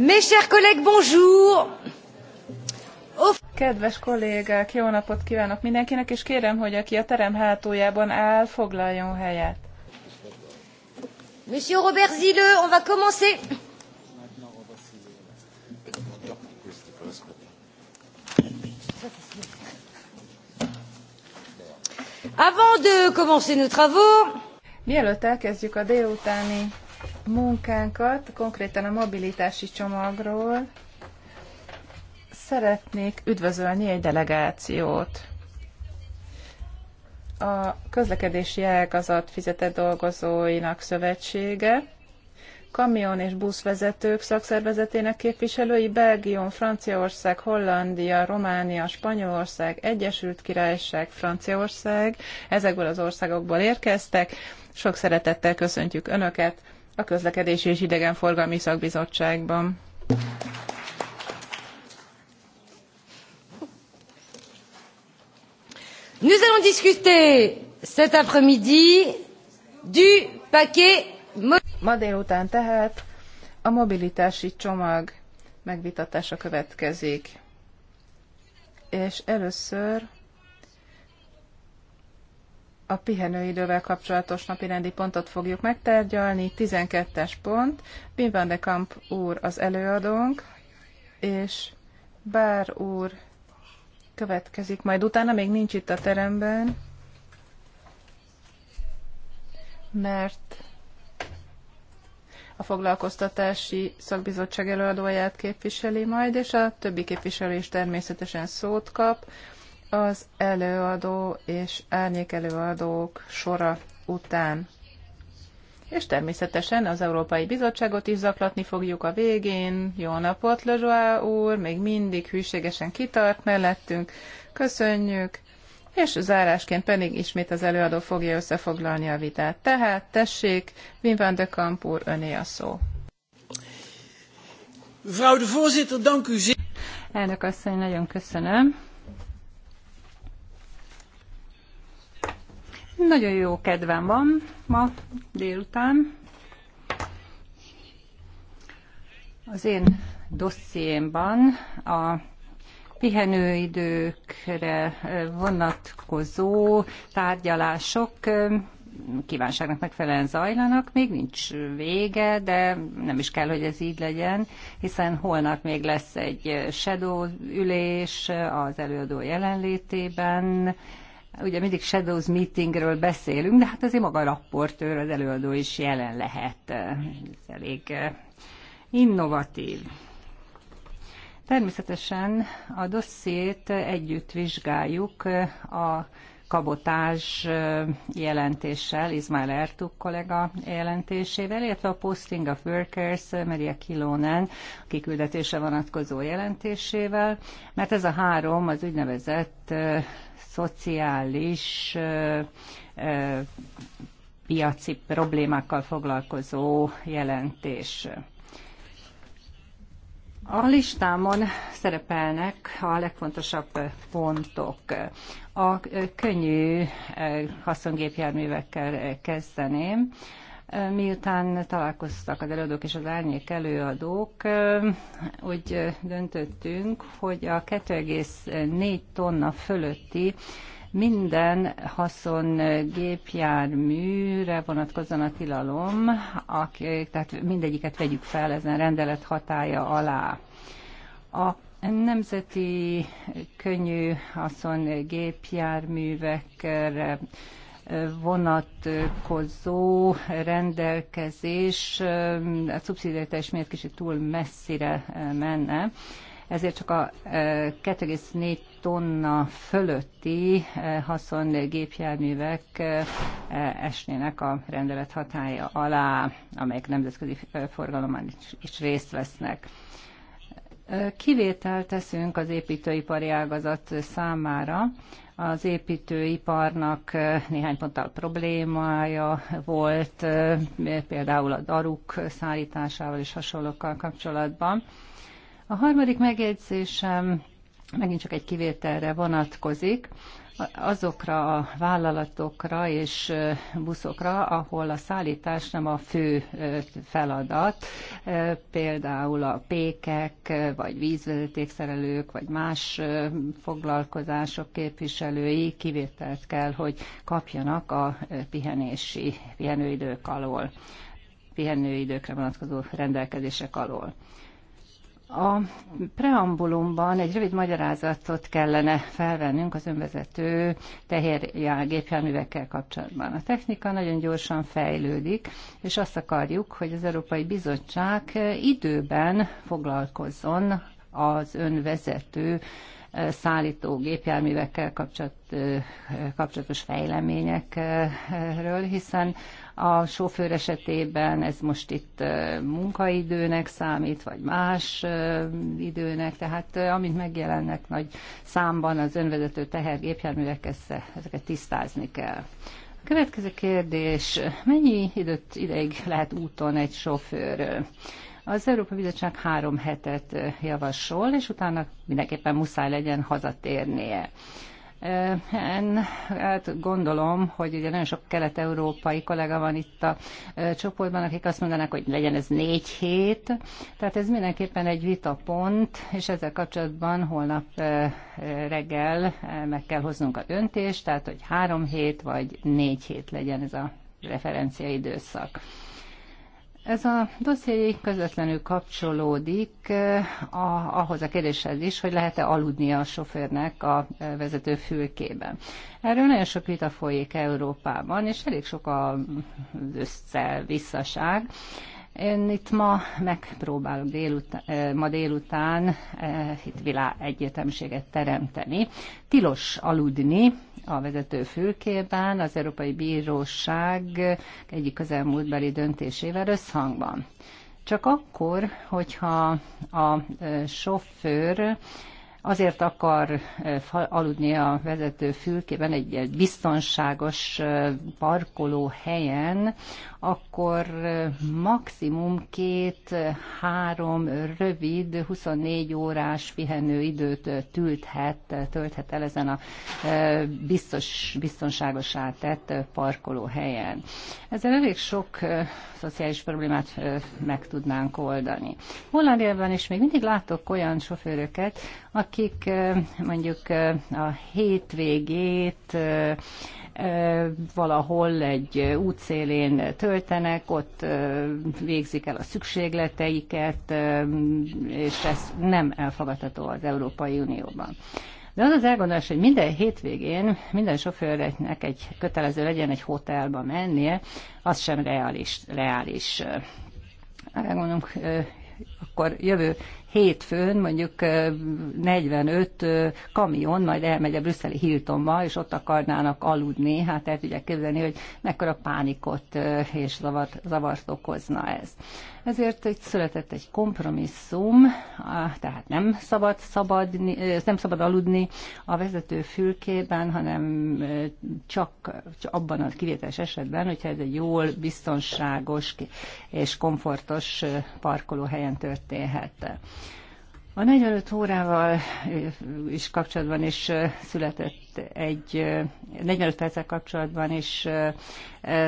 Mes chers collègues, bonjour! Kedves kollégák, jó napot kívánok mindenkinek, és kérem, hogy aki a terem hátuljában áll, foglaljon helyet. Monsieur Robert Zille, on va commencer. Avant de commencer nos travaux, Mielőtt elkezdjük a délutáni munkánkat, konkrétan a mobilitási csomagról szeretnék üdvözölni egy delegációt. A közlekedési ágazat fizetett dolgozóinak szövetsége, kamion és buszvezetők szakszervezetének képviselői Belgium, Franciaország, Hollandia, Románia, Spanyolország, Egyesült Királyság, Franciaország, ezekből az országokból érkeztek. Sok szeretettel köszöntjük Önöket! a Közlekedési és Idegenforgalmi Szakbizottságban. Nous allons discuter cet après-midi du paquet Ma délután tehát a mobilitási csomag megvitatása következik. És először a pihenőidővel kapcsolatos napirendi pontot fogjuk megtárgyalni. 12-es pont. Wim van de Kamp úr az előadónk, és Bár úr következik majd utána, még nincs itt a teremben, mert a foglalkoztatási szakbizottság előadóját képviseli majd, és a többi képviselő is természetesen szót kap az előadó és árnyék előadók sora után. És természetesen az Európai Bizottságot is zaklatni fogjuk a végén. Jó napot, Lezsóá úr, még mindig hűségesen kitart mellettünk. Köszönjük! És zárásként pedig ismét az előadó fogja összefoglalni a vitát. Tehát tessék, Wim van de Kamp úr, öné a szó. Mevrouw de voorzitter, dank u zeer. Elnök asszony, nagyon köszönöm. Nagyon jó kedvem van ma délután. Az én dossziémban a pihenőidőkre vonatkozó tárgyalások kívánságnak megfelelően zajlanak, még nincs vége, de nem is kell, hogy ez így legyen, hiszen holnap még lesz egy shadow ülés az előadó jelenlétében, Ugye mindig Shadows meetingről beszélünk, de hát azért maga a rapportőr, az előadó is jelen lehet. Ez elég innovatív. Természetesen a dossziét együtt vizsgáljuk a kabotás jelentéssel, Izmail Ertug kollega jelentésével, illetve a Posting of Workers Maria Kilonen kiküldetése vonatkozó jelentésével, mert ez a három az úgynevezett szociális piaci problémákkal foglalkozó jelentés. A listámon szerepelnek a legfontosabb pontok. A könnyű eh, haszongépjárművekkel kezdeném. Eh, miután találkoztak az előadók és az árnyék előadók, eh, úgy döntöttünk, hogy a 2,4 tonna fölötti minden haszon gépjárműre vonatkozzon a tilalom, tehát mindegyiket vegyük fel ezen rendelet hatája alá. A Nemzeti könnyű haszon gépjárművekre vonatkozó rendelkezés a szubszidiaritás miatt kicsit túl messzire menne, ezért csak a 2,4 e, tonna fölötti e, haszon gépjárművek e, esnének a rendelet hatája alá, amelyek nemzetközi forgalomban is részt vesznek. Kivételt teszünk az építőipari ágazat számára. Az építőiparnak néhány ponttal problémája volt, például a daruk szállításával és hasonlókkal kapcsolatban. A harmadik megjegyzésem megint csak egy kivételre vonatkozik azokra a vállalatokra és buszokra, ahol a szállítás nem a fő feladat, például a pékek, vagy vízvezetékszerelők, vagy más foglalkozások képviselői kivételt kell, hogy kapjanak a pihenési pihenőidők alól pihenőidőkre vonatkozó rendelkezések alól. A preambulumban egy rövid magyarázatot kellene felvennünk az önvezető gépjárművekkel kapcsolatban. A technika nagyon gyorsan fejlődik, és azt akarjuk, hogy az Európai Bizottság időben foglalkozzon az önvezető e, szállító gépjárművekkel kapcsolat, e, kapcsolatos fejleményekről, hiszen a sofőr esetében ez most itt munkaidőnek számít, vagy más időnek, tehát amint megjelennek nagy számban az önvezető tehergépjárművek, e, ezeket tisztázni kell. A következő kérdés, mennyi időt ideig lehet úton egy sofőr? Az Európa Bizottság három hetet javasol, és utána mindenképpen muszáj legyen hazatérnie. Én hát gondolom, hogy ugye nagyon sok kelet-európai kollega van itt a csoportban, akik azt mondanak, hogy legyen ez négy hét. Tehát ez mindenképpen egy vitapont, és ezzel kapcsolatban holnap reggel meg kell hoznunk a döntést, tehát hogy három hét vagy négy hét legyen ez a referencia időszak. Ez a dosszié közvetlenül kapcsolódik eh, a, ahhoz a kérdéshez is, hogy lehet-e aludni a sofőrnek a eh, vezető fülkében. Erről nagyon sok vita folyik Európában, és elég sok az mm, össze visszaság. Én itt ma megpróbálok délután, ma délután itt világ egyértelműséget teremteni. Tilos aludni a vezető fülkében az Európai Bíróság egyik közelmúltbeli döntésével összhangban. Csak akkor, hogyha a sofőr azért akar aludni a vezető fülkében egy biztonságos parkoló helyen, akkor maximum két-három rövid, 24 órás időt tülthet, tölthet el ezen a biztos, biztonságosá tett parkolóhelyen. Ezzel elég sok szociális problémát meg tudnánk oldani. Hollandiában is még mindig látok olyan sofőröket, akik mondjuk a hétvégét valahol egy útszélén töltenek, ott végzik el a szükségleteiket, és ez nem elfogadható az Európai Unióban. De az az elgondolás, hogy minden hétvégén minden sofőrnek egy kötelező legyen egy hotelba mennie, az sem reális. reális. Elgondolunk, akkor jövő hétfőn mondjuk 45 kamion majd elmegy a brüsszeli Hiltonba, és ott akarnának aludni, hát el tudják képzelni, hogy mekkora pánikot és zavart, zavart okozna ez. Ezért itt született egy kompromisszum, tehát nem szabad, szabad, nem szabad aludni a vezető fülkében, hanem csak, csak abban a kivételes esetben, hogyha ez egy jól, biztonságos és komfortos parkolóhelyen történhet. A 45 órával is kapcsolatban is született egy, 45 perccel kapcsolatban is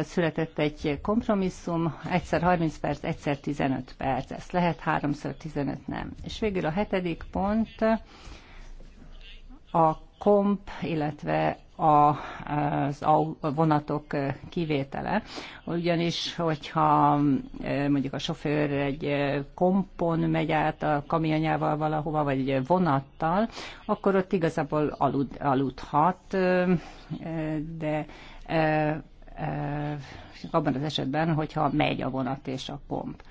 született egy kompromisszum, egyszer 30 perc, egyszer 15 perc, ezt lehet, háromszor 15 nem. És végül a hetedik pont a komp, illetve a, az a vonatok kivétele, ugyanis hogyha mondjuk a sofőr egy kompon megy át a kamionjával valahova, vagy vonattal, akkor ott igazából alud, aludhat, de abban az esetben, hogyha megy a vonat és a komp.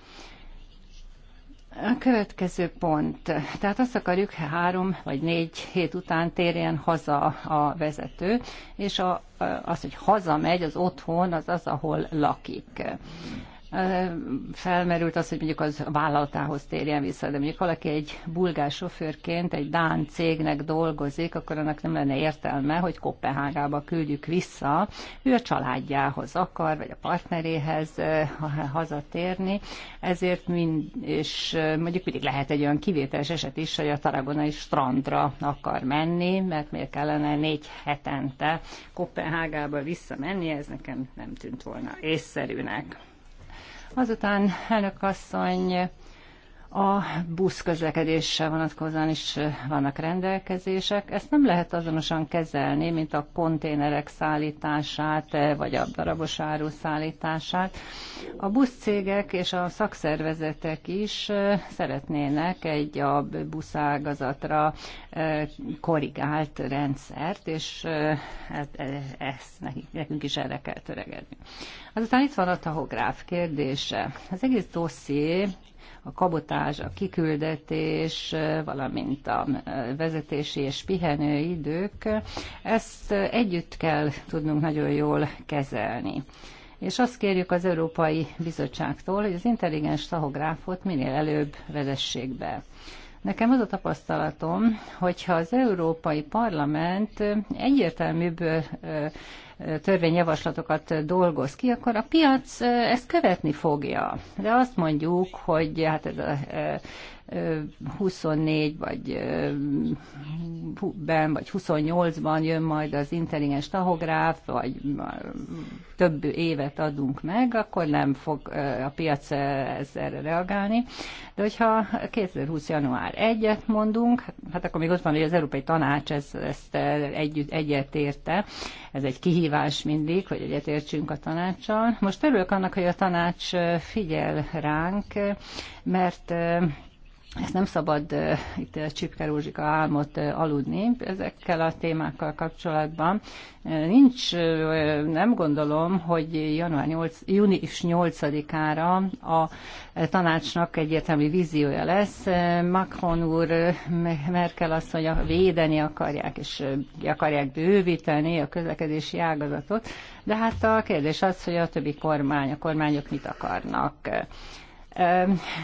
A következő pont. Tehát azt akarjuk, három vagy négy hét után térjen haza a vezető, és a, az, hogy hazamegy, az otthon, az az, ahol lakik felmerült az, hogy mondjuk az vállalatához térjen vissza, de mondjuk valaki egy bulgár sofőrként egy Dán cégnek dolgozik, akkor annak nem lenne értelme, hogy Kopenhágába küldjük vissza, ő a családjához akar, vagy a partneréhez hazatérni, ezért mind, és mondjuk mindig lehet egy olyan kivételes eset is, hogy a Taragonai strandra akar menni, mert miért kellene négy hetente Kopenhágába visszamenni, ez nekem nem tűnt volna észszerűnek. Azután elnök asszony a busz közlekedéssel vonatkozóan is vannak rendelkezések. Ezt nem lehet azonosan kezelni, mint a konténerek szállítását, vagy a darabos áru szállítását. A buszcégek és a szakszervezetek is szeretnének egy a buszágazatra korrigált rendszert, és hát, e, ezt nekünk is erre kell töregedni. Azután itt van a tahográf kérdése. Az egész dosszié a kabotás, a kiküldetés, valamint a vezetési és idők. ezt együtt kell tudnunk nagyon jól kezelni. És azt kérjük az Európai Bizottságtól, hogy az intelligens tahográfot minél előbb vezessék be. Nekem az a tapasztalatom, hogyha az Európai Parlament egyértelműbb törvényjavaslatokat dolgoz ki, akkor a piac eh, ezt követni fogja. De azt mondjuk, hogy hát ez a eh, 24 vagy ben, vagy 28-ban jön majd az intelligens tahográf, vagy több évet adunk meg, akkor nem fog a piac ezzel reagálni. De hogyha 2020. január 1-et mondunk, hát akkor még ott van, hogy az Európai Tanács ezt, ezt együtt egyetérte. Ez egy kihívás mindig, hogy egyetértsünk a tanácssal. Most örülök annak, hogy a tanács figyel ránk, mert ezt nem szabad itt a Csipke Rózsika álmot aludni ezekkel a témákkal kapcsolatban. Nincs, nem gondolom, hogy január 8, június 8-ára a tanácsnak egyértelmű víziója lesz. Macron úr, Merkel mondja, védeni akarják, és akarják bővíteni a közlekedési ágazatot, de hát a kérdés az, hogy a többi kormány, a kormányok mit akarnak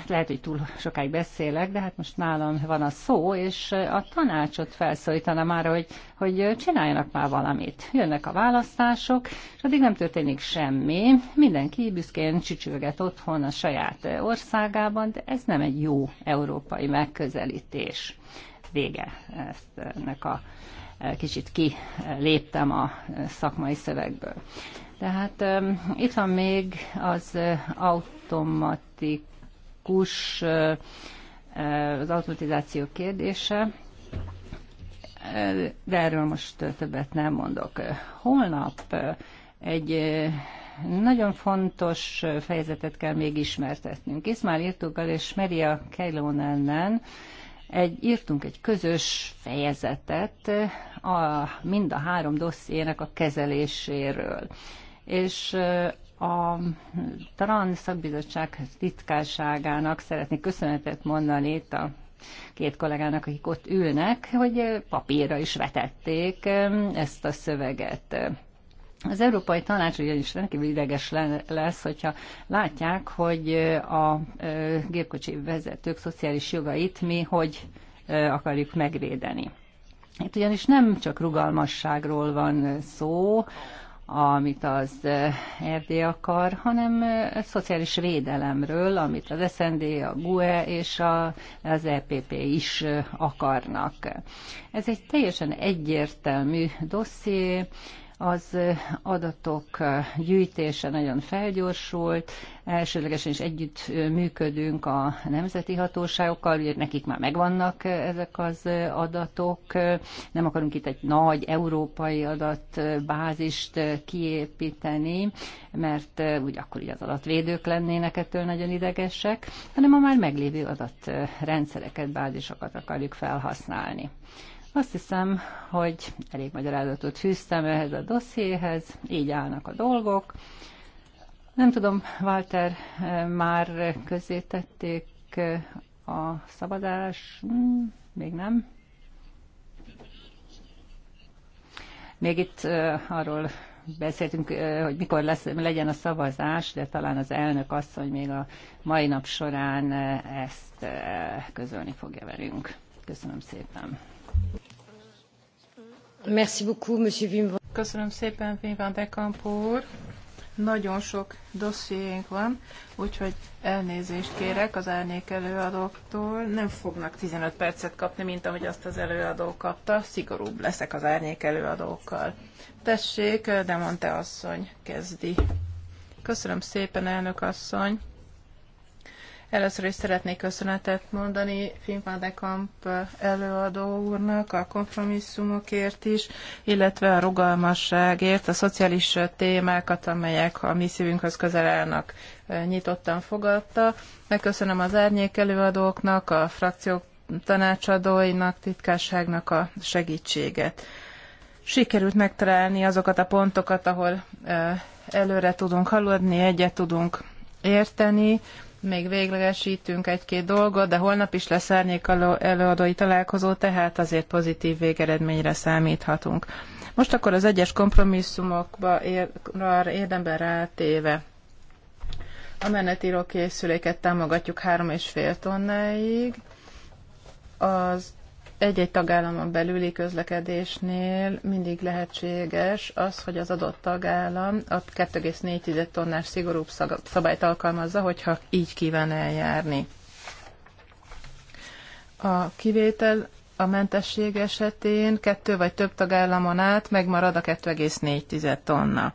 lehet, hogy túl sokáig beszélek, de hát most nálam van a szó, és a tanácsot felszólítanám már, hogy, hogy csináljanak már valamit. Jönnek a választások, és addig nem történik semmi. Mindenki büszkén csücsülget otthon a saját országában, de ez nem egy jó európai megközelítés. Vége ezt ennek a kicsit kiléptem a szakmai szövegből. Tehát itt van még az automatikus, az automatizáció kérdése, de erről most többet nem mondok. Holnap egy nagyon fontos fejezetet kell még ismertetnünk. Ismail Irtugal és Maria Kejlón ellen egy, írtunk egy közös fejezetet a, mind a három dossziének a kezeléséről és a Taran Szakbizottság titkárságának szeretnék köszönetet mondani itt a két kollégának, akik ott ülnek, hogy papírra is vetették ezt a szöveget. Az Európai Tanács ugyanis rendkívül ideges lesz, hogyha látják, hogy a gépkocsi vezetők szociális jogait mi hogy akarjuk megvédeni. Itt ugyanis nem csak rugalmasságról van szó, amit az eh, Erdély akar, hanem eh, szociális védelemről, amit az SND, a GUE és a, az EPP is eh, akarnak. Ez egy teljesen egyértelmű dosszié, az adatok gyűjtése nagyon felgyorsult, elsőlegesen is együtt működünk a nemzeti hatóságokkal, ugye nekik már megvannak ezek az adatok, nem akarunk itt egy nagy európai adatbázist kiépíteni, mert úgy akkor így az adatvédők lennének ettől nagyon idegesek, hanem a már meglévő adatrendszereket, bázisokat akarjuk felhasználni. Azt hiszem, hogy elég magyarázatot fűztem ehhez a dossziéhez, így állnak a dolgok. Nem tudom, Walter, eh, már közé tették eh, a szabadás? Hmm, még nem. Még itt eh, arról beszéltünk, hogy mikor lesz, legyen a szavazás, de talán az elnök asszony még a mai nap során ezt közölni fogja velünk. Köszönöm szépen. Köszönöm szépen, Wim de Kamp úr. Nagyon sok dossziénk van, úgyhogy elnézést kérek az árnyék előadóktól. Nem fognak 15 percet kapni, mint ahogy azt az előadó kapta. Szigorúbb leszek az árnyék előadókkal. Tessék, de mondta asszony kezdi. Köszönöm szépen, elnök asszony. Először is szeretnék köszönetet mondani van de Kamp előadó úrnak a kompromisszumokért is, illetve a rugalmasságért, a szociális témákat, amelyek a mi szívünkhöz közel állnak, nyitottan fogadta. Megköszönöm az árnyék előadóknak, a frakciók tanácsadóinak, titkárságnak a segítséget. Sikerült megtalálni azokat a pontokat, ahol előre tudunk haladni, egyet tudunk érteni, még véglegesítünk egy-két dolgot, de holnap is lesz árnyék előadói találkozó, tehát azért pozitív végeredményre számíthatunk. Most akkor az egyes kompromisszumokba ér, érdemben rátéve. A menetíró készüléket támogatjuk 3,5 tonnáig, az egy-egy tagállamon belüli közlekedésnél mindig lehetséges az, hogy az adott tagállam a 2,4 tonnás szigorúbb szabályt alkalmazza, hogyha így kíván eljárni. A kivétel a mentesség esetén kettő vagy több tagállamon át megmarad a 2,4 tonna.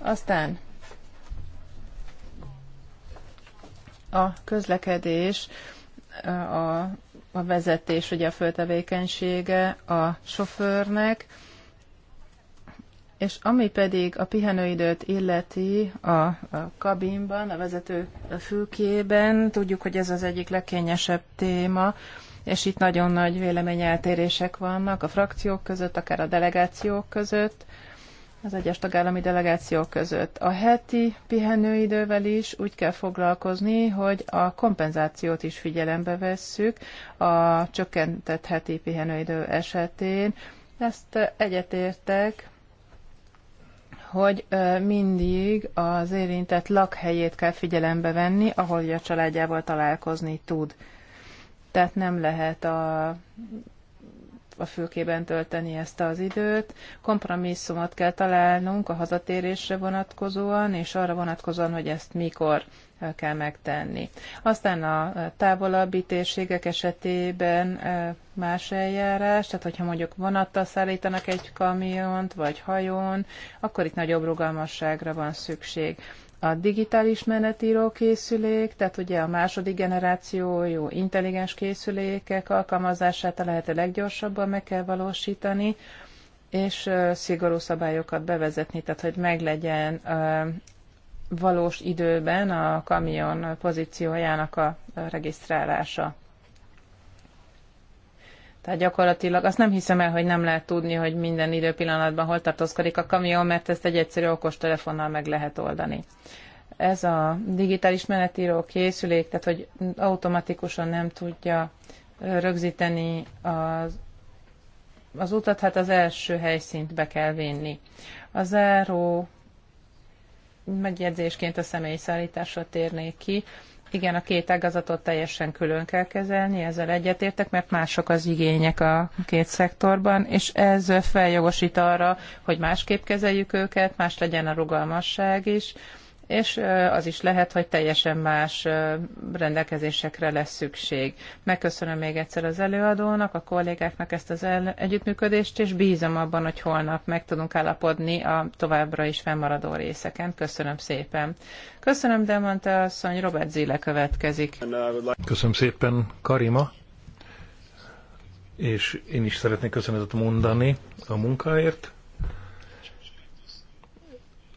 Aztán a közlekedés a a vezetés, ugye a föltevékenysége a sofőrnek, és ami pedig a pihenőidőt illeti a, a kabinban, a vezető fülkében, tudjuk, hogy ez az egyik legkényesebb téma, és itt nagyon nagy véleményeltérések vannak a frakciók között, akár a delegációk között az egyes tagállami delegáció között. A heti pihenőidővel is úgy kell foglalkozni, hogy a kompenzációt is figyelembe vesszük a csökkentett heti pihenőidő esetén. Ezt egyetértek, hogy mindig az érintett lakhelyét kell figyelembe venni, ahol a családjával találkozni tud. Tehát nem lehet a a fülkében tölteni ezt az időt. Kompromisszumot kell találnunk a hazatérésre vonatkozóan, és arra vonatkozóan, hogy ezt mikor kell megtenni. Aztán a távolabbi térségek esetében más eljárás, tehát hogyha mondjuk vonattal szállítanak egy kamiont, vagy hajón, akkor itt nagyobb rugalmasságra van szükség a digitális menetíró készülék, tehát ugye a második generáció jó intelligens készülékek alkalmazását a lehető leggyorsabban meg kell valósítani, és szigorú szabályokat bevezetni, tehát hogy meglegyen valós időben a kamion pozíciójának a regisztrálása. Tehát gyakorlatilag azt nem hiszem el, hogy nem lehet tudni, hogy minden időpillanatban hol tartózkodik a kamion, mert ezt egy egyszerű okostelefonnal meg lehet oldani. Ez a digitális menetíró készülék, tehát hogy automatikusan nem tudja rögzíteni az, az utat, hát az első helyszínt be kell vinni. A záró megjegyzésként a személyszállításra térnék ki. Igen, a két ágazatot teljesen külön kell kezelni, ezzel egyetértek, mert mások az igények a két szektorban, és ez feljogosít arra, hogy másképp kezeljük őket, más legyen a rugalmasság is és az is lehet, hogy teljesen más rendelkezésekre lesz szükség. Megköszönöm még egyszer az előadónak, a kollégáknak ezt az együttműködést, és bízom abban, hogy holnap meg tudunk állapodni a továbbra is fennmaradó részeken. Köszönöm szépen. Köszönöm, mondta asszony, Robert Zile következik. Köszönöm szépen, Karima és én is szeretnék köszönetet mondani a munkáért.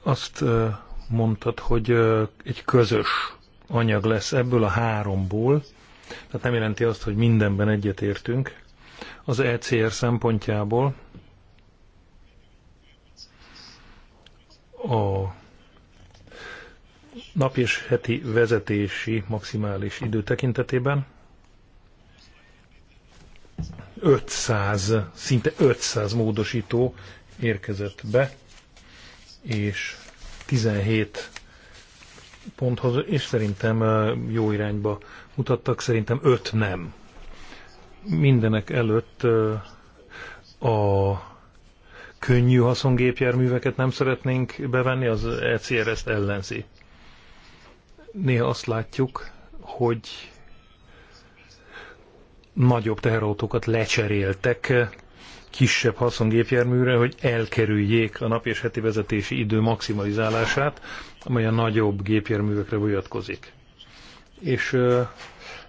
Azt mondtad, hogy egy közös anyag lesz ebből a háromból, tehát nem jelenti azt, hogy mindenben egyetértünk. Az ECR szempontjából a nap és heti vezetési maximális idő tekintetében 500, szinte 500 módosító érkezett be, és 17 ponthoz, és szerintem jó irányba mutattak, szerintem 5 nem. Mindenek előtt a könnyű haszongépjárműveket nem szeretnénk bevenni, az ECR ezt ellenzi. Néha azt látjuk, hogy nagyobb teherautókat lecseréltek kisebb haszongépjárműre, hogy elkerüljék a nap és heti vezetési idő maximalizálását, amely a nagyobb gépjárművekre vonatkozik. És,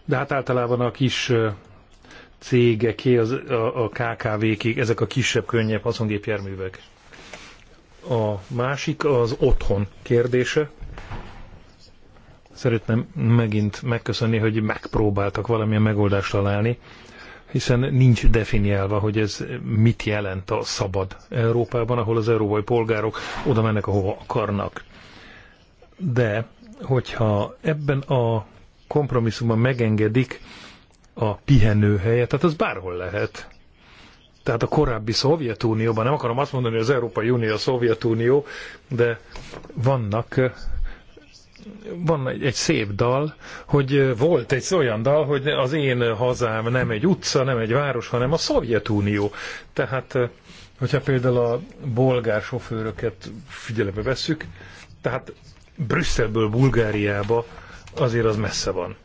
de hát általában a kis cégeké, az, a, a KKV-kék, ezek a kisebb, könnyebb haszongépjárművek. A másik az otthon kérdése. Szeretném megint megköszönni, hogy megpróbáltak valamilyen megoldást találni hiszen nincs definiálva, hogy ez mit jelent a szabad Európában, ahol az európai polgárok oda mennek, ahova akarnak. De, hogyha ebben a kompromisszumban megengedik a pihenőhelyet, tehát az bárhol lehet. Tehát a korábbi Szovjetunióban, nem akarom azt mondani, hogy az Európai Unió a Szovjetunió, de vannak van egy, egy szép dal, hogy volt egy olyan dal, hogy az én hazám nem egy utca, nem egy város, hanem a Szovjetunió. Tehát, hogyha például a bolgár sofőröket figyelembe vesszük, tehát Brüsszelből Bulgáriába azért az messze van.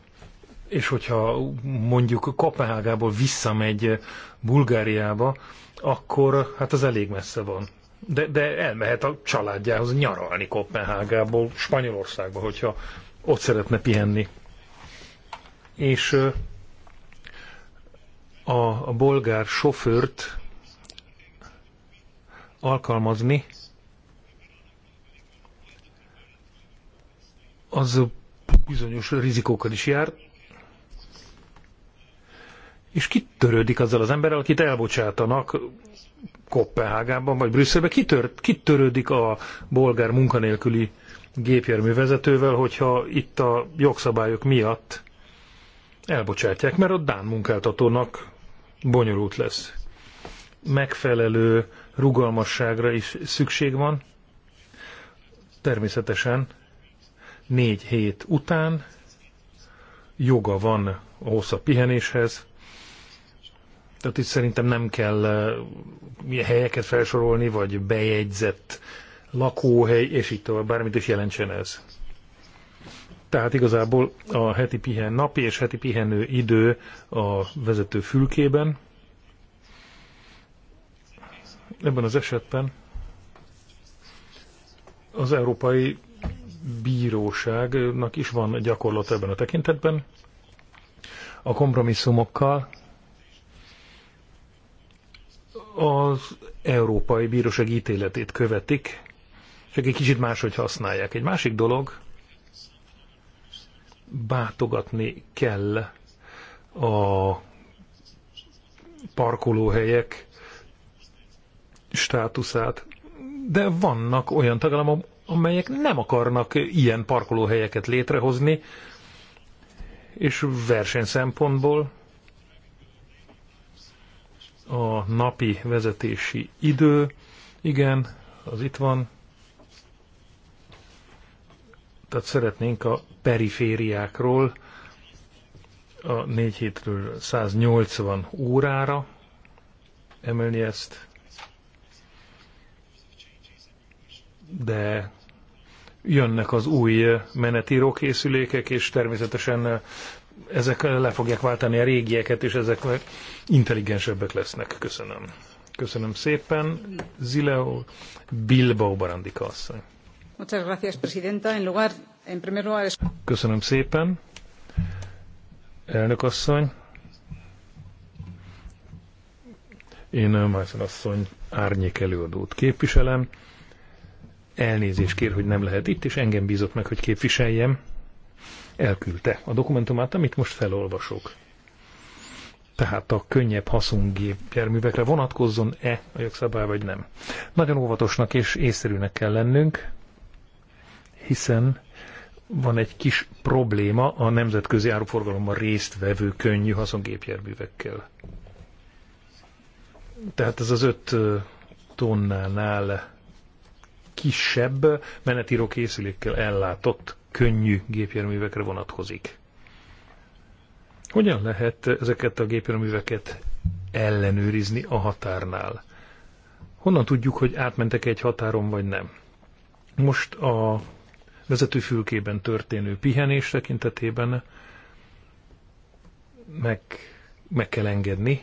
És hogyha mondjuk Kopenhágából visszamegy Bulgáriába, akkor hát az elég messze van de, de elmehet a családjához nyaralni Kopenhágából, Spanyolországba, hogyha ott szeretne pihenni. És a, a bolgár sofőrt alkalmazni az bizonyos rizikókkal is jár, és kitörődik azzal az emberrel, akit elbocsátanak Kopenhágában vagy Brüsszelben kitört, kitörődik a bolgár munkanélküli gépjárművezetővel, hogyha itt a jogszabályok miatt elbocsátják, mert a Dán munkáltatónak bonyolult lesz. Megfelelő rugalmasságra is szükség van. Természetesen négy hét után joga van a hosszabb pihenéshez, tehát itt szerintem nem kell eh, helyeket felsorolni, vagy bejegyzett lakóhely, és így tovább, bármit is jelentsen ez. Tehát igazából a heti pihen napi és heti pihenő idő a vezető fülkében. Ebben az esetben az Európai Bíróságnak is van gyakorlat ebben a tekintetben. A kompromisszumokkal az Európai Bíróság ítéletét követik, csak egy kicsit máshogy használják. Egy másik dolog, bátogatni kell a parkolóhelyek státuszát, de vannak olyan tagállamok, amelyek nem akarnak ilyen parkolóhelyeket létrehozni, és verseny szempontból a napi vezetési idő, igen, az itt van. Tehát szeretnénk a perifériákról a 4 hétről 180 órára emelni ezt, de jönnek az új menetíró készülékek, és természetesen ezek le fogják váltani a régieket, és ezek intelligensebbek lesznek. Köszönöm. Köszönöm szépen. Zileo Bilbao Barandika asszony. Köszönöm szépen. Elnök asszony. Én eh, Májszon asszony árnyék előadót képviselem. Elnézést kér, hogy nem lehet itt, és engem bízott meg, hogy képviseljem. Elküldte a dokumentumát, amit most felolvasok tehát a könnyebb haszongép járművekre vonatkozzon-e a jogszabály, vagy nem. Nagyon óvatosnak és észszerűnek kell lennünk, hiszen van egy kis probléma a nemzetközi áruforgalomban résztvevő könnyű haszongépjárművekkel. Tehát ez az öt tonnánál kisebb menetíró készülékkel ellátott könnyű gépjárművekre vonatkozik. Hogyan lehet ezeket a gépjárműveket ellenőrizni a határnál? Honnan tudjuk, hogy átmentek egy határon, vagy nem? Most a vezetőfülkében történő pihenés tekintetében meg, meg kell engedni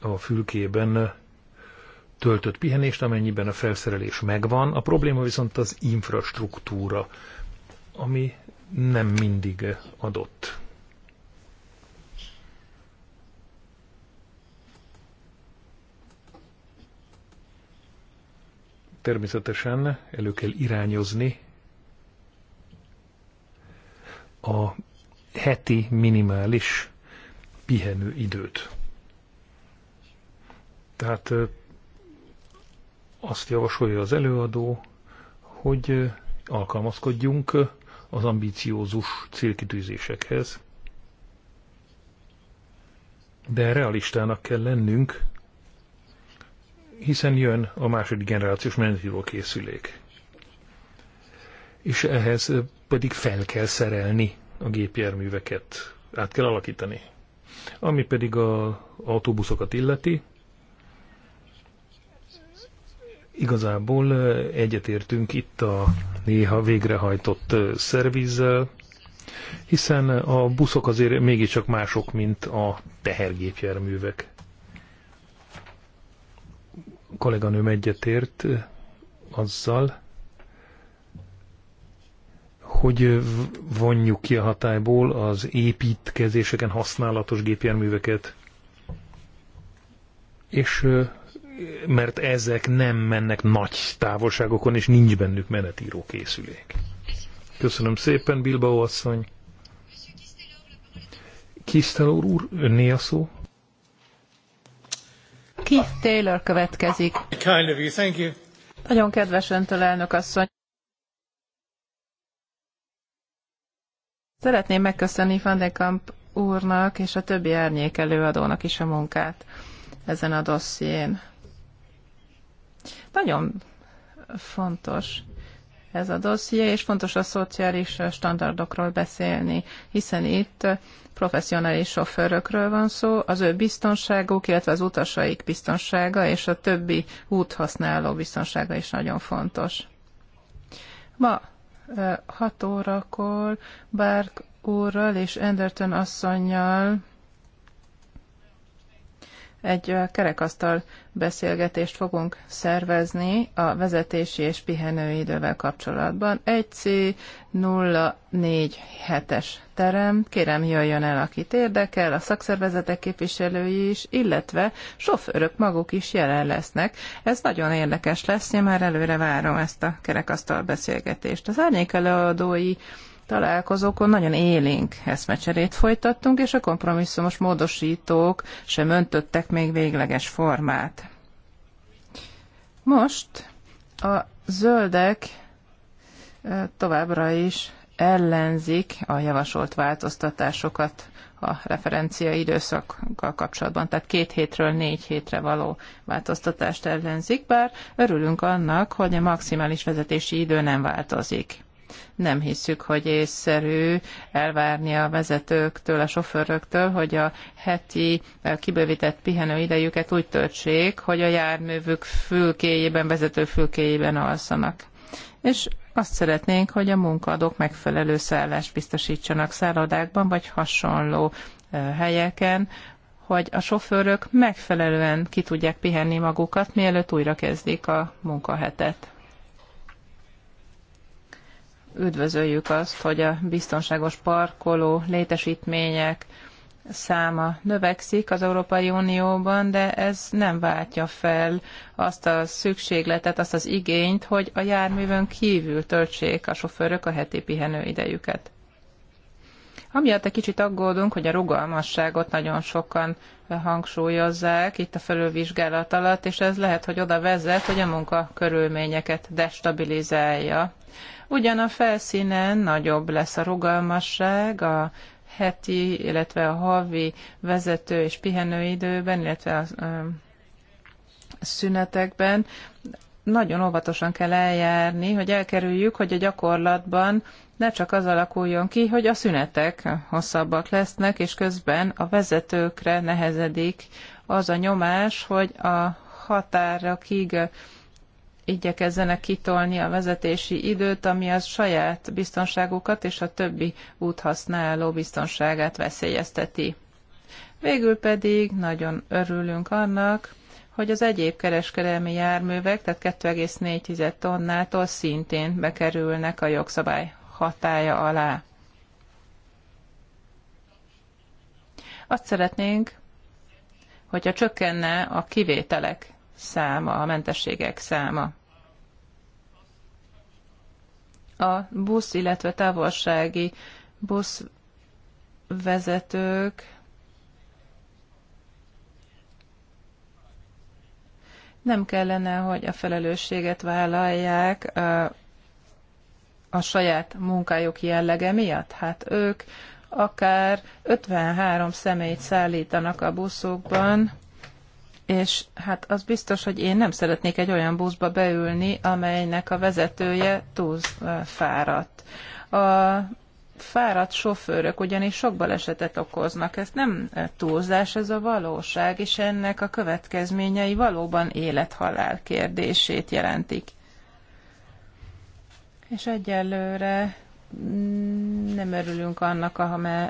a fülkében töltött pihenést, amennyiben a felszerelés megvan. A probléma viszont az infrastruktúra, ami nem mindig adott. természetesen elő kell irányozni a heti minimális időt. Tehát azt javasolja az előadó, hogy alkalmazkodjunk az ambíciózus célkitűzésekhez, de realistának kell lennünk hiszen jön a második generációs menetjúró készülék. És ehhez pedig fel kell szerelni a gépjárműveket, át kell alakítani. Ami pedig az autóbuszokat illeti, igazából egyetértünk itt a néha végrehajtott szervizzel, hiszen a buszok azért mégiscsak mások, mint a tehergépjárművek kolléganőm egyetért azzal, hogy vonjuk ki a hatályból az építkezéseken használatos gépjárműveket, és mert ezek nem mennek nagy távolságokon, és nincs bennük menetíró készülék. Köszönöm szépen, Bilbao asszony. Kisztelor úr, önné a szó? Keith Taylor következik. Kind of you, thank you. Nagyon kedves öntől, elnök asszony. Szeretném megköszönni Van de Kamp úrnak és a többi árnyék előadónak is a munkát ezen a dosszién. Nagyon fontos ez a dosszié, és fontos a szociális standardokról beszélni, hiszen itt professzionális sofőrökről van szó, az ő biztonságuk, illetve az utasaik biztonsága és a többi úthasználó biztonsága is nagyon fontos. Ma 6 órakor Bárk úrral és Enderton asszonynal egy kerekasztal beszélgetést fogunk szervezni a vezetési és pihenőidővel kapcsolatban. 1C047-es terem, kérem jöjjön el, akit érdekel, a szakszervezetek képviselői is, illetve sofőrök maguk is jelen lesznek. Ez nagyon érdekes lesz, én már előre várom ezt a kerekasztal beszélgetést. Az árnyékelőadói találkozókon nagyon élénk eszmecserét folytattunk, és a kompromisszumos módosítók sem öntöttek még végleges formát. Most a zöldek továbbra is ellenzik a javasolt változtatásokat a referencia időszakkal kapcsolatban, tehát két hétről négy hétre való változtatást ellenzik, bár örülünk annak, hogy a maximális vezetési idő nem változik. Nem hiszük, hogy észszerű elvárni a vezetőktől, a sofőröktől, hogy a heti eh, kibővített pihenőidejüket úgy töltsék, hogy a járművük fülkéjében, vezető fülkéjében alszanak. És azt szeretnénk, hogy a munkaadók megfelelő szállást biztosítsanak szállodákban vagy hasonló eh, helyeken, hogy a sofőrök megfelelően ki tudják pihenni magukat, mielőtt újra kezdik a munkahetet üdvözöljük azt, hogy a biztonságos parkoló létesítmények száma növekszik az Európai Unióban, de ez nem váltja fel azt a szükségletet, azt az igényt, hogy a járművön kívül töltsék a sofőrök a heti pihenőidejüket. Amiatt egy kicsit aggódunk, hogy a rugalmasságot nagyon sokan hangsúlyozzák itt a felülvizsgálat alatt, és ez lehet, hogy oda vezet, hogy a munkakörülményeket destabilizálja Ugyan a felszínen nagyobb lesz a rugalmasság, a heti, illetve a havi vezető és pihenőidőben, illetve a szünetekben nagyon óvatosan kell eljárni, hogy elkerüljük, hogy a gyakorlatban ne csak az alakuljon ki, hogy a szünetek hosszabbak lesznek, és közben a vezetőkre nehezedik az a nyomás, hogy a határokig igyekezzenek kitolni a vezetési időt, ami az saját biztonságukat és a többi úthasználó biztonságát veszélyezteti. Végül pedig nagyon örülünk annak, hogy az egyéb kereskedelmi járművek, tehát 2,4 tonnától szintén bekerülnek a jogszabály hatája alá. Azt szeretnénk, hogyha csökkenne a kivételek száma, a mentességek száma a busz, illetve távolsági buszvezetők nem kellene, hogy a felelősséget vállalják a, a saját munkájuk jellege miatt? Hát ők akár 53 személyt szállítanak a buszokban, és hát az biztos, hogy én nem szeretnék egy olyan buszba beülni, amelynek a vezetője túl fáradt. A fáradt sofőrök ugyanis sok balesetet okoznak. Ez nem túlzás, ez a valóság, és ennek a következményei valóban élethalál kérdését jelentik. És egyelőre nem örülünk annak,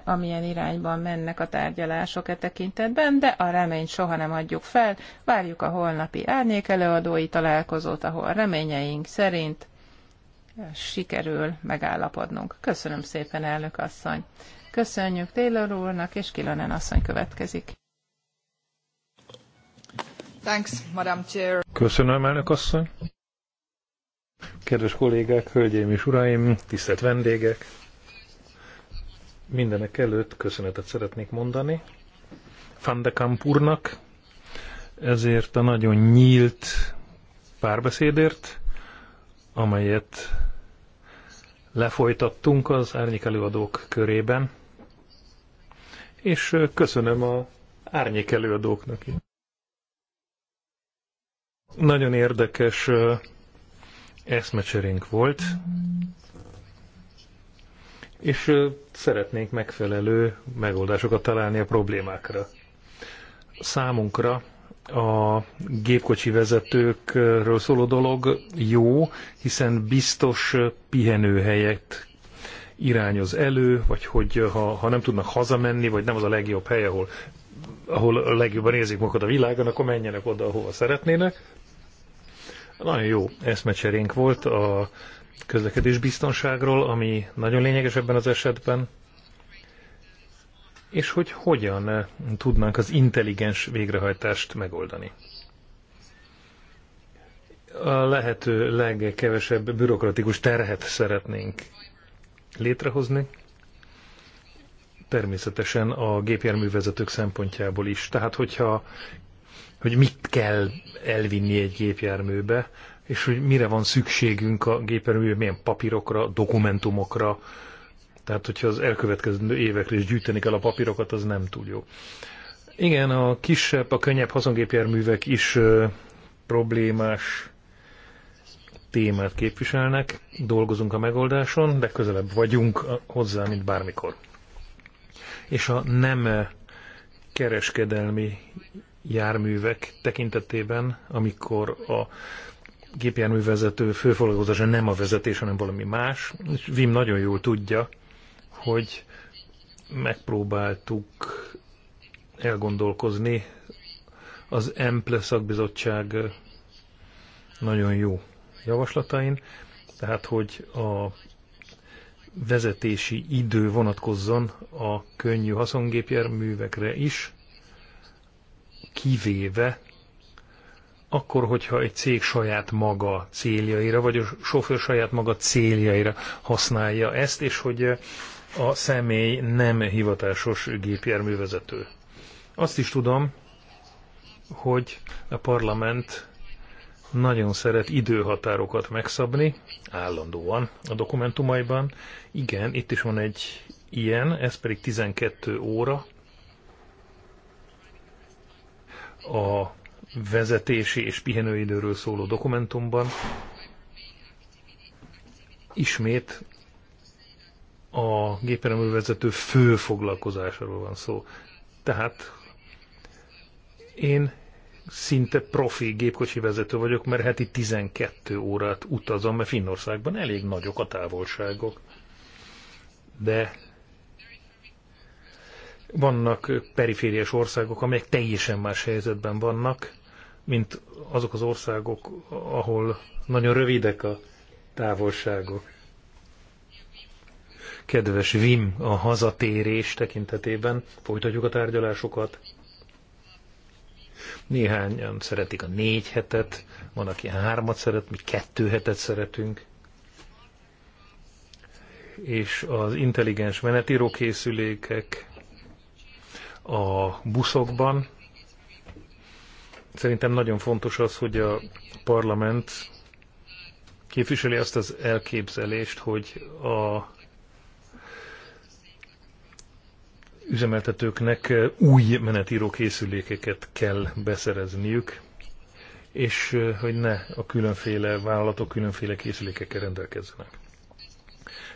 amilyen irányban mennek a tárgyalások e tekintetben, de a reményt soha nem adjuk fel. Várjuk a holnapi árnyékelőadói találkozót, ahol reményeink szerint sikerül megállapodnunk. Köszönöm szépen, elnök asszony! Köszönjük Taylor úrnak, és Kilonen asszony következik. Thanks, Madam Chair. Köszönöm, elnök asszony! Kedves kollégák, hölgyeim és uraim, tisztelt vendégek! Mindenek előtt köszönetet szeretnék mondani Fandekampurnak ezért a nagyon nyílt párbeszédért, amelyet lefolytattunk az árnyék előadók körében, és köszönöm a árnyék előadóknak Nagyon érdekes eszmecserénk volt, és szeretnénk megfelelő megoldásokat találni a problémákra. Számunkra a gépkocsi vezetőkről szóló dolog jó, hiszen biztos pihenőhelyet irányoz elő, vagy hogy ha, ha nem tudnak hazamenni, vagy nem az a legjobb hely, ahol, ahol a legjobban érzik magukat a világon, akkor menjenek oda, ahova szeretnének. Nagyon jó eszmecserénk volt a közlekedés biztonságról, ami nagyon lényeges ebben az esetben, és hogy hogyan tudnánk az intelligens végrehajtást megoldani. A lehető legkevesebb bürokratikus terhet szeretnénk létrehozni, természetesen a gépjárművezetők szempontjából is. Tehát, hogyha hogy mit kell elvinni egy gépjárműbe, és hogy mire van szükségünk a gépjárműbe, milyen papírokra, dokumentumokra. Tehát, hogyha az elkövetkező évekre is gyűjteni kell a papírokat, az nem túl jó. Igen, a kisebb, a könnyebb hazongépjárművek is ö, problémás témát képviselnek, dolgozunk a megoldáson, de közelebb vagyunk hozzá, mint bármikor. És a nem kereskedelmi járművek tekintetében, amikor a gépjárművezető főfoglalkozása nem a vezetés, hanem valami más. És Vim nagyon jól tudja, hogy megpróbáltuk elgondolkozni. Az EMPLE szakbizottság nagyon jó javaslatain, tehát hogy a vezetési idő vonatkozzon a könnyű haszongépjárművekre is, kivéve akkor, hogyha egy cég saját maga céljaira, vagy a sofőr saját maga céljaira használja ezt, és hogy a személy nem hivatásos gépjárművezető. Azt is tudom, hogy a parlament nagyon szeret időhatárokat megszabni, állandóan a dokumentumaiban. Igen, itt is van egy ilyen, ez pedig 12 óra, a vezetési és pihenőidőről szóló dokumentumban ismét a gépjárművezető fő foglalkozásáról van szó. Tehát én szinte profi gépkocsi vezető vagyok, mert heti 12 órát utazom, mert Finnországban elég nagyok a távolságok. De vannak perifériás országok, amelyek teljesen más helyzetben vannak, mint azok az országok, ahol nagyon rövidek a távolságok. Kedves Vim, a hazatérés tekintetében folytatjuk a tárgyalásokat. Néhányan szeretik a négy hetet, van, aki hármat szeret, mi kettő hetet szeretünk. És az intelligens menetírókészülékek a buszokban. Szerintem nagyon fontos az, hogy a parlament képviseli azt az elképzelést, hogy a üzemeltetőknek új menetíró készülékeket kell beszerezniük, és hogy ne a különféle vállalatok különféle készülékekkel rendelkezzenek.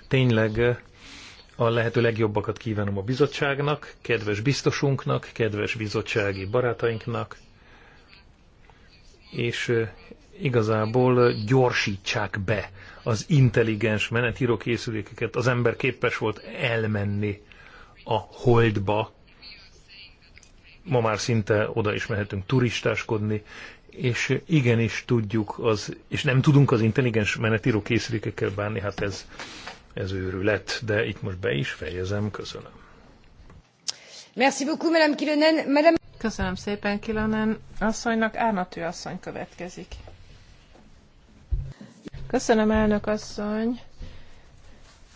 Tényleg a lehető legjobbakat kívánom a bizottságnak, kedves biztosunknak, kedves bizottsági barátainknak, és igazából gyorsítsák be az intelligens menetírókészülékeket. Az ember képes volt elmenni a holdba, ma már szinte oda is mehetünk turistáskodni, és igenis tudjuk, az, és nem tudunk az intelligens menetírókészülékekkel bánni, hát ez ez őrület, de itt most be is fejezem, köszönöm. Merci beaucoup, Madame Kilonen. Madame... Köszönöm szépen, Kilonen asszonynak. Árnatő asszony következik. Köszönöm, elnök asszony.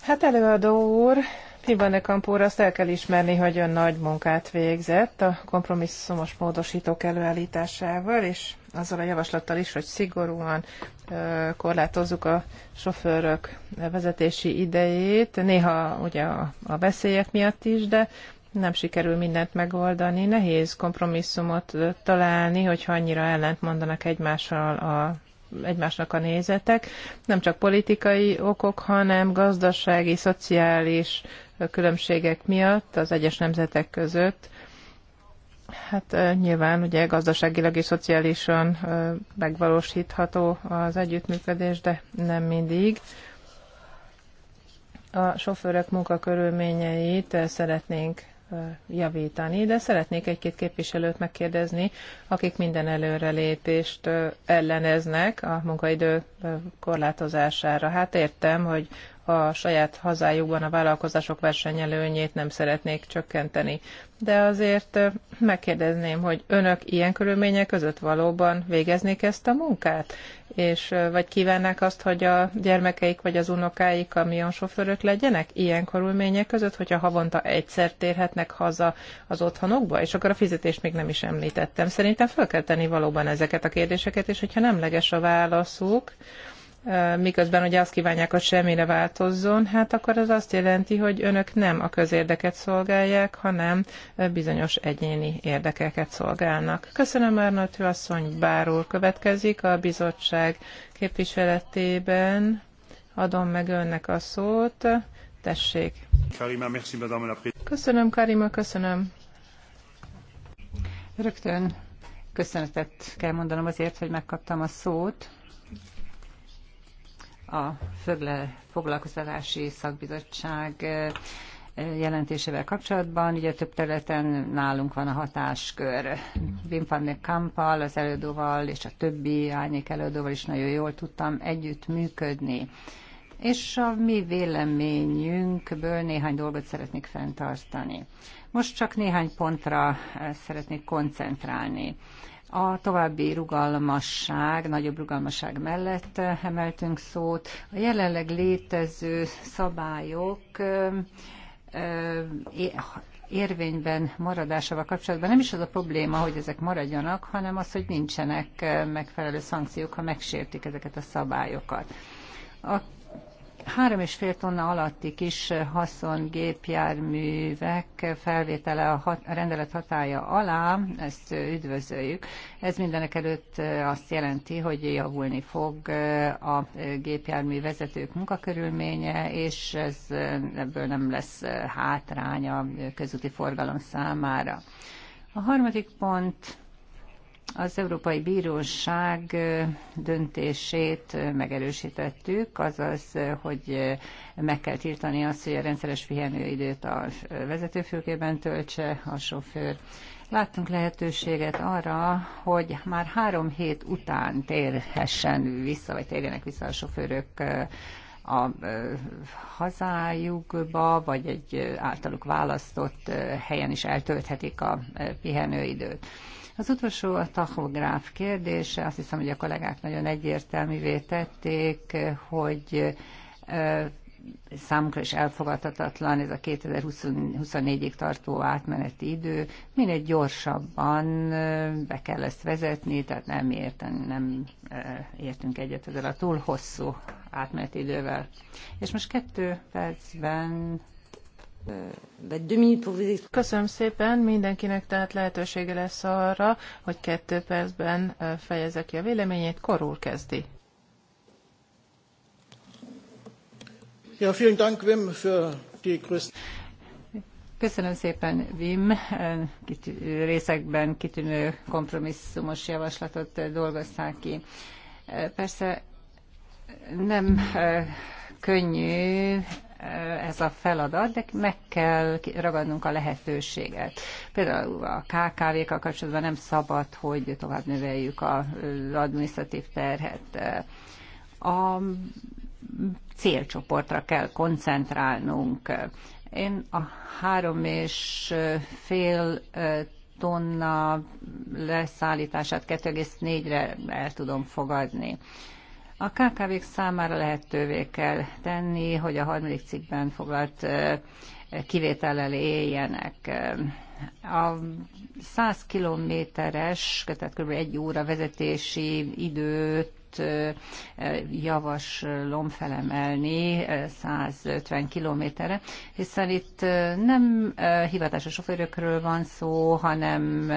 Hát előadó úr, Tibane Kampúr, azt el kell ismerni, hogy ön nagy munkát végzett a kompromisszumos módosítók előállításával, és azzal a javaslattal is, hogy szigorúan korlátozzuk a sofőrök vezetési idejét, néha ugye a veszélyek miatt is, de nem sikerül mindent megoldani. Nehéz kompromisszumot találni, hogyha annyira ellent mondanak egymással a egymásnak a nézetek, nem csak politikai okok, hanem gazdasági, szociális különbségek miatt az egyes nemzetek között Hát nyilván ugye gazdaságilag és szociálisan megvalósítható az együttműködés, de nem mindig. A sofőrök munkakörülményeit szeretnénk javítani, de szeretnék egy-két képviselőt megkérdezni, akik minden előrelépést elleneznek a munkaidő korlátozására. Hát értem, hogy a saját hazájukban a vállalkozások versenyelőnyét nem szeretnék csökkenteni. De azért megkérdezném, hogy önök ilyen körülmények között valóban végeznék ezt a munkát? És vagy kívánnák azt, hogy a gyermekeik vagy az unokáik sofőrök legyenek ilyen körülmények között, hogyha havonta egyszer térhetnek haza az otthonokba? És akkor a fizetést még nem is említettem. Szerintem fel kell tenni valóban ezeket a kérdéseket, és hogyha nemleges a válaszuk, miközben ugye azt kívánják, hogy semmire változzon, hát akkor az azt jelenti, hogy önök nem a közérdeket szolgálják, hanem bizonyos egyéni érdekeket szolgálnak. Köszönöm, Arnott asszony, bárul következik a bizottság képviseletében. Adom meg önnek a szót. Tessék. Karima, Köszönöm, Karima, köszönöm. Rögtön köszönetet kell mondanom azért, hogy megkaptam a szót a foglalkoztatási szakbizottság jelentésével kapcsolatban. Ugye több területen nálunk van a hatáskör. Wim van der Kampal, az előadóval és a többi árnyék előadóval is nagyon jól tudtam együtt működni. És a mi véleményünkből néhány dolgot szeretnék fenntartani. Most csak néhány pontra szeretnék koncentrálni. A további rugalmasság, nagyobb rugalmasság mellett eh, emeltünk szót. A jelenleg létező szabályok eh, eh, érvényben maradásával kapcsolatban nem is az a probléma, hogy ezek maradjanak, hanem az, hogy nincsenek megfelelő szankciók, ha megsértik ezeket a szabályokat. A Három és fél tonna alatti kis haszon gépjárművek felvétele a, hat, a rendelet hatája alá, ezt üdvözöljük. Ez mindenek előtt azt jelenti, hogy javulni fog a gépjármű vezetők munkakörülménye, és ez ebből nem lesz hátrány a közúti forgalom számára. A harmadik pont az Európai Bíróság döntését megerősítettük, azaz, hogy meg kell tiltani azt, hogy a rendszeres pihenőidőt a vezetőfülkében töltse a sofőr. Láttunk lehetőséget arra, hogy már három hét után térhessen vissza, vagy térjenek vissza a sofőrök a hazájukba, vagy egy általuk választott helyen is eltölthetik a pihenőidőt. Az utolsó a tachográf kérdése. Azt hiszem, hogy a kollégák nagyon egyértelművé tették, hogy számukra is elfogadhatatlan ez a 2024-ig tartó átmeneti idő. Minél gyorsabban be kell ezt vezetni, tehát nem, érten, nem értünk egyet ezzel a túl hosszú átmeneti idővel. És most kettő percben Köszönöm szépen, mindenkinek tehát lehetősége lesz arra, hogy kettő percben fejezze ki a véleményét. Korul kezdi. Ja, vielen Dank, Wim, für die größten... Köszönöm szépen, Vim. Részekben kitűnő kompromisszumos javaslatot dolgozták ki. Persze nem könnyű ez a feladat, de meg kell ragadnunk a lehetőséget. Például a KKV-kkal kapcsolatban nem szabad, hogy tovább növeljük az administratív terhet. A célcsoportra kell koncentrálnunk. Én a három és fél tonna leszállítását 2,4-re el tudom fogadni. A KKV-k számára lehetővé kell tenni, hogy a harmadik cikkben foglalt kivétellel éljenek. A 100 kilométeres, tehát kb. egy óra vezetési időt javaslom felemelni 150 kilométerre, hiszen itt nem hivatásos sofőrökről van szó, hanem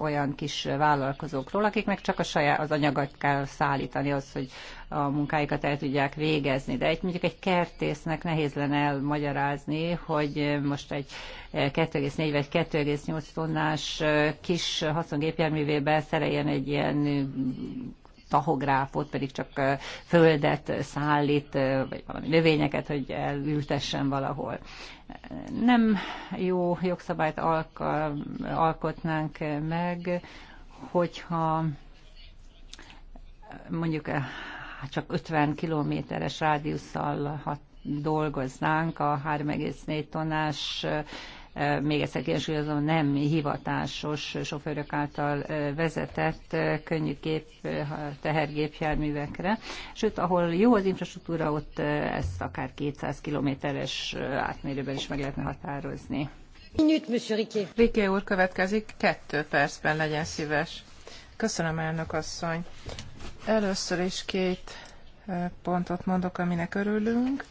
olyan kis vállalkozókról, akiknek csak a saját az anyagat kell szállítani az, hogy a munkáikat el tudják végezni. De egy, mondjuk egy kertésznek nehéz lenne elmagyarázni, hogy most egy 2,4 eh, vagy 2,8 tonnás eh, kis haszongépjárművébe szereljen egy ilyen eh, tahográfot, pedig csak földet szállít, vagy valami növényeket, hogy elültessen valahol. Nem jó jogszabályt alkotnánk meg, hogyha mondjuk Hát csak 50 kilométeres rádiusszal hat, dolgoznánk a 3,4 tonás, még egyszer kihangsúlyozom, nem hivatásos sofőrök által vezetett könnyű gép, tehergépjárművekre, sőt, ahol jó az infrastruktúra, ott ezt akár 200 kilométeres átmérőben is meg lehetne határozni. Minut, Monsieur Riké. Riké úr következik, kettő percben legyen szíves. Köszönöm, elnök asszony. Először is két pontot mondok, aminek örülünk.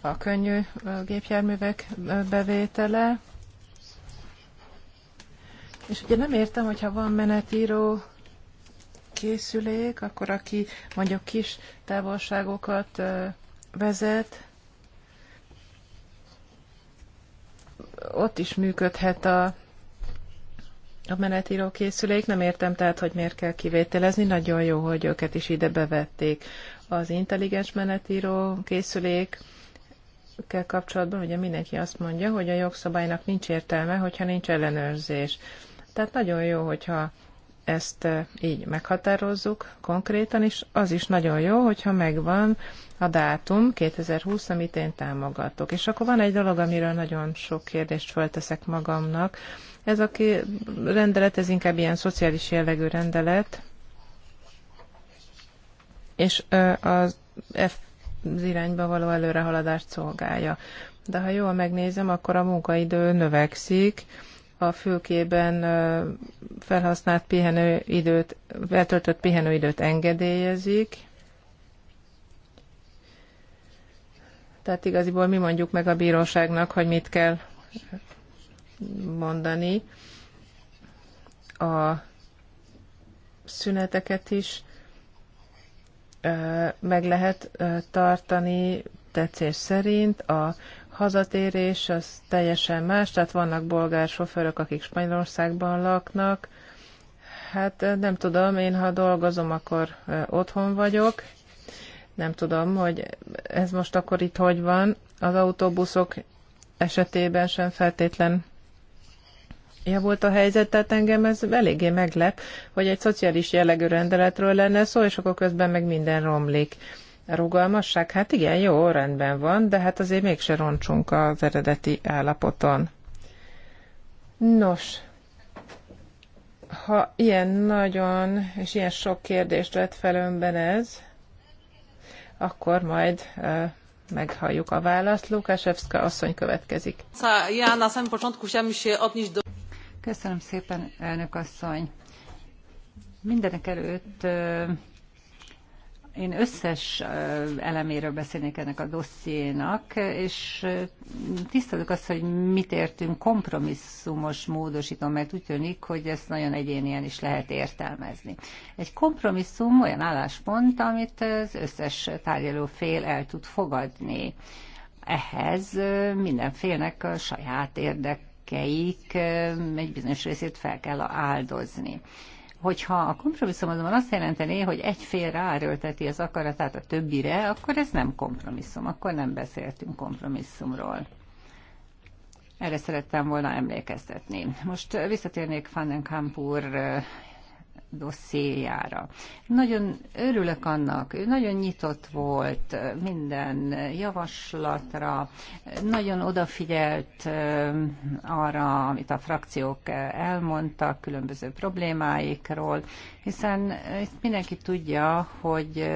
A könnyű gépjárművek bevétele. És ugye nem értem, hogyha van menetíró készülék, akkor aki mondjuk kis távolságokat vezet, ott is működhet a a menetíró készülék. Nem értem tehát, hogy miért kell kivételezni. Nagyon jó, hogy őket is ide bevették. Az intelligens menetíró készülék kell kapcsolatban ugye mindenki azt mondja, hogy a jogszabálynak nincs értelme, hogyha nincs ellenőrzés. Tehát nagyon jó, hogyha ezt eh, így meghatározzuk konkrétan, és az is nagyon jó, hogyha megvan a dátum 2020, amit én támogatok. És akkor van egy dolog, amiről nagyon sok kérdést fölteszek magamnak, ez a rendelet, ez inkább ilyen szociális jellegű rendelet, és az F az irányba való előrehaladást szolgálja. De ha jól megnézem, akkor a munkaidő növekszik, a fülkében felhasznált pihenőidőt, eltöltött pihenőidőt engedélyezik, tehát igaziból mi mondjuk meg a bíróságnak, hogy mit kell mondani. A szüneteket is meg lehet tartani tetszés szerint. A hazatérés az teljesen más, tehát vannak bolgár sofőrök, akik Spanyolországban laknak. Hát nem tudom, én ha dolgozom, akkor otthon vagyok. Nem tudom, hogy ez most akkor itt hogy van. Az autóbuszok esetében sem feltétlen volt a helyzet, tehát engem ez eléggé meglep, hogy egy szociális jellegű rendeletről lenne szó, és akkor közben meg minden romlik. A rugalmasság? Hát igen, jó, rendben van, de hát azért mégse roncsunk az eredeti állapoton. Nos, ha ilyen nagyon és ilyen sok kérdést vett fel önben ez, akkor majd uh, meghalljuk a választ. Lukásevszka asszony következik. Köszönöm szépen, elnök asszony. Mindenek előtt én összes eleméről beszélnék ennek a dossziénak, és tisztelük azt, hogy mit értünk kompromisszumos módosítom, mert úgy tűnik, hogy ezt nagyon egyénien is lehet értelmezni. Egy kompromisszum olyan álláspont, amit az összes tárgyaló fél el tud fogadni. Ehhez minden félnek a saját érdek érdekeik egy bizonyos részét fel kell áldozni. Hogyha a kompromisszum azonban azt jelenteni, hogy egy fél ráerőlteti az akaratát a többire, akkor ez nem kompromisszum, akkor nem beszéltünk kompromisszumról. Erre szerettem volna emlékeztetni. Most visszatérnék Fandenkamp úr dossziéjára. Nagyon örülök annak, ő nagyon nyitott volt minden javaslatra, nagyon odafigyelt arra, amit a frakciók elmondtak, különböző problémáikról, hiszen itt mindenki tudja, hogy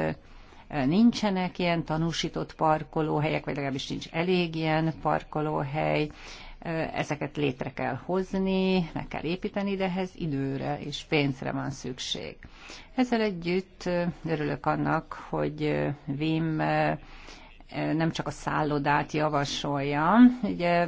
nincsenek ilyen tanúsított parkolóhelyek, vagy legalábbis nincs elég ilyen parkolóhely, ezeket létre kell hozni, meg kell építeni, de ehhez időre és pénzre van szükség. Ezzel együtt örülök annak, hogy Vim nem csak a szállodát javasolja. Ugye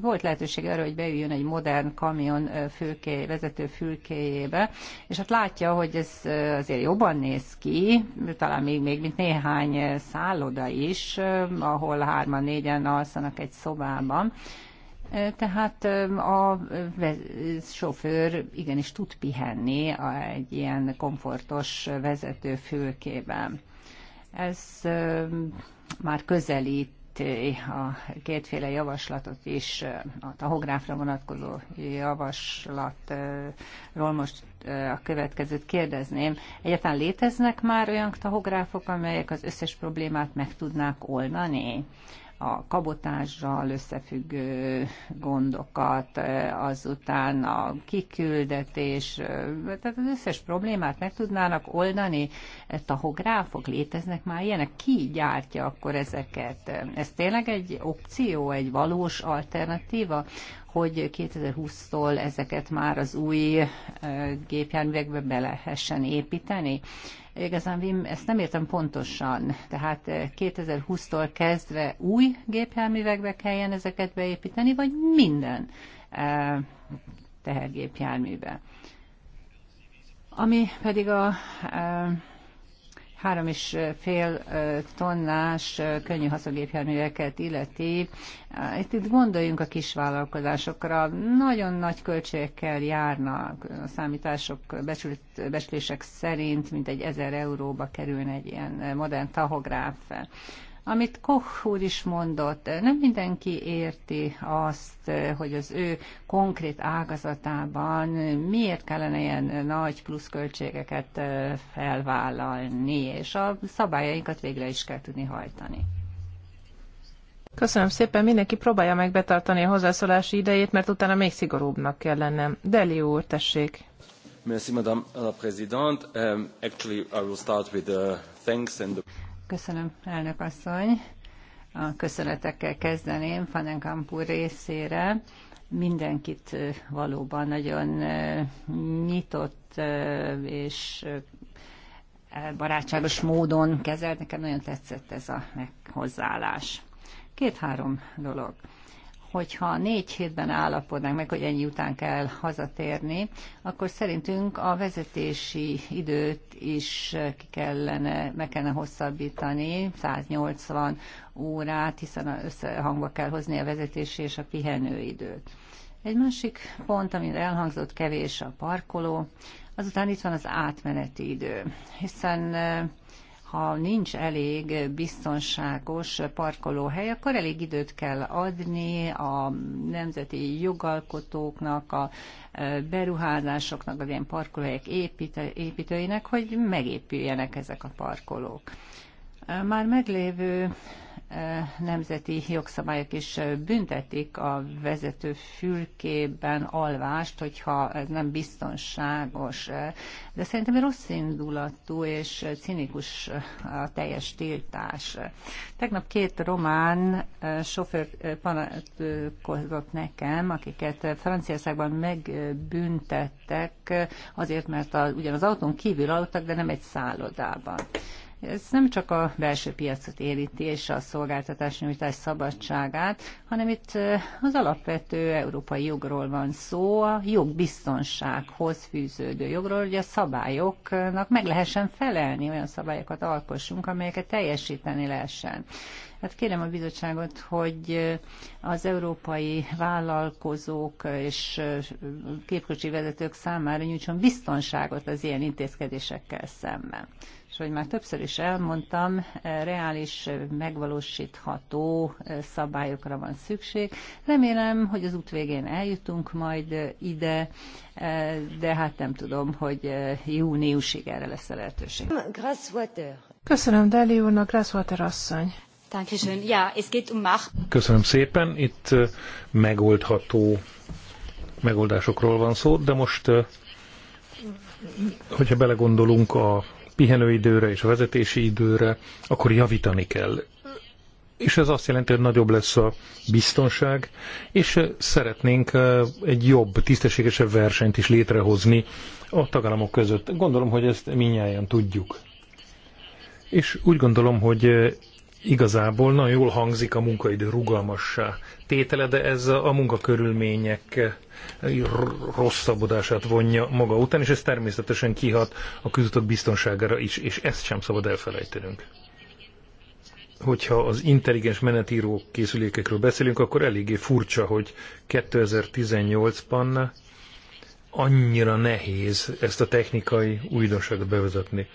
volt lehetőség arra, hogy beüljön egy modern kamion fülké, vezető fülkéjébe, és hát látja, hogy ez azért jobban néz ki, talán még, még mint néhány szálloda is, ahol hárman, négyen alszanak egy szobában. Tehát a sofőr igenis tud pihenni egy ilyen komfortos vezető fülkében. Ez már közelít a kétféle javaslatot is, a tahográfra vonatkozó javaslatról most a következőt kérdezném. Egyáltalán léteznek már olyan tahográfok, amelyek az összes problémát meg tudnák oldani? a kabotással összefüggő gondokat, azután a kiküldetés, tehát az összes problémát meg tudnának oldani e, tahográfok, léteznek már ilyenek, ki gyártja akkor ezeket? Ez tényleg egy opció, egy valós alternatíva, hogy 2020-tól ezeket már az új gépjárművekbe be lehessen építeni? Igazán Vim, ezt nem értem pontosan, tehát 2020-tól eh, kezdve új gépjárművekbe kelljen ezeket beépíteni, vagy minden eh, tehergépjárműbe. Ami pedig a eh, három és fél tonnás könnyű haszongépjárműveket illeti. Itt, itt gondoljunk a kisvállalkozásokra. Nagyon nagy költségekkel járnak a számítások, becsült, becslések szerint egy ezer euróba kerülne egy ilyen modern tahográf. Amit Koch úr is mondott, nem mindenki érti azt, hogy az ő konkrét ágazatában miért kellene ilyen nagy pluszköltségeket felvállalni, és a szabályainkat végre is kell tudni hajtani. Köszönöm szépen, mindenki próbálja meg betartani a hozzászólási idejét, mert utána még szigorúbbnak kell lennem. Deli úr, tessék! Merci, Madame la Présidente. Um, actually, I will start with the uh, thanks and the... Köszönöm, elnök asszony. A köszönetekkel kezdeném Fanenkamp úr részére. Mindenkit valóban nagyon nyitott és e, barátságos módon kezelt. Nekem nagyon tetszett ez a hozzáállás. Két-három dolog hogyha négy hétben állapodnánk meg, hogy ennyi után kell hazatérni, akkor szerintünk a vezetési időt is ki kellene, meg kellene hosszabbítani, 180 órát, hiszen összehangba kell hozni a vezetési és a pihenőidőt. Egy másik pont, amire elhangzott kevés a parkoló, azután itt van az átmeneti idő, hiszen ha nincs elég biztonságos parkolóhely, akkor elég időt kell adni a nemzeti jogalkotóknak, a e, beruházásoknak, az ilyen parkolóhelyek építőinek, hogy megépüljenek ezek a parkolók. E, már meglévő nemzeti jogszabályok is büntetik a vezető fülkében alvást, hogyha ez nem biztonságos. De szerintem rossz indulatú és cinikus a teljes tiltás. Tegnap két román sofőr panatkozott nekem, akiket Franciaországban megbüntettek azért, mert a, ugyanaz autón kívül aludtak, de nem egy szállodában. Ez nem csak a belső piacot érinti és a szolgáltatás nyújtás szabadságát, hanem itt az alapvető európai jogról van szó, a jogbiztonsághoz fűződő jogról, hogy a szabályoknak meg lehessen felelni, olyan szabályokat alkossunk, amelyeket teljesíteni lehessen. Hát kérem a bizottságot, hogy az európai vállalkozók és képkocsi vezetők számára nyújtson biztonságot az ilyen intézkedésekkel szemben és hogy már többször is elmondtam, reális, megvalósítható eh, szabályokra van szükség. Remélem, hogy az út végén eljutunk majd eh, ide, eh, de hát nem tudom, hogy júniusig erre lesz a lehetőség. Köszönöm Deli úrnak, Grasswater asszony. Um Köszönöm szépen, itt megoldható megoldásokról van szó, de most hogyha belegondolunk a pihenőidőre és a vezetési időre, akkor javítani kell. És ez azt jelenti, hogy nagyobb lesz a biztonság, és szeretnénk egy jobb, tisztességesebb versenyt is létrehozni a tagállamok között. Gondolom, hogy ezt minnyáján tudjuk. És úgy gondolom, hogy Igazából nagyon jól hangzik a munkaidő rugalmassá tétele, de ez a munkakörülmények eh, rosszabbodását vonja maga után, és ez természetesen kihat a küzdött biztonságára is, és ezt sem szabad elfelejtenünk hogyha az intelligens menetíró készülékekről beszélünk, akkor eléggé furcsa, hogy 2018-ban annyira nehéz ezt a technikai újdonságot bevezetni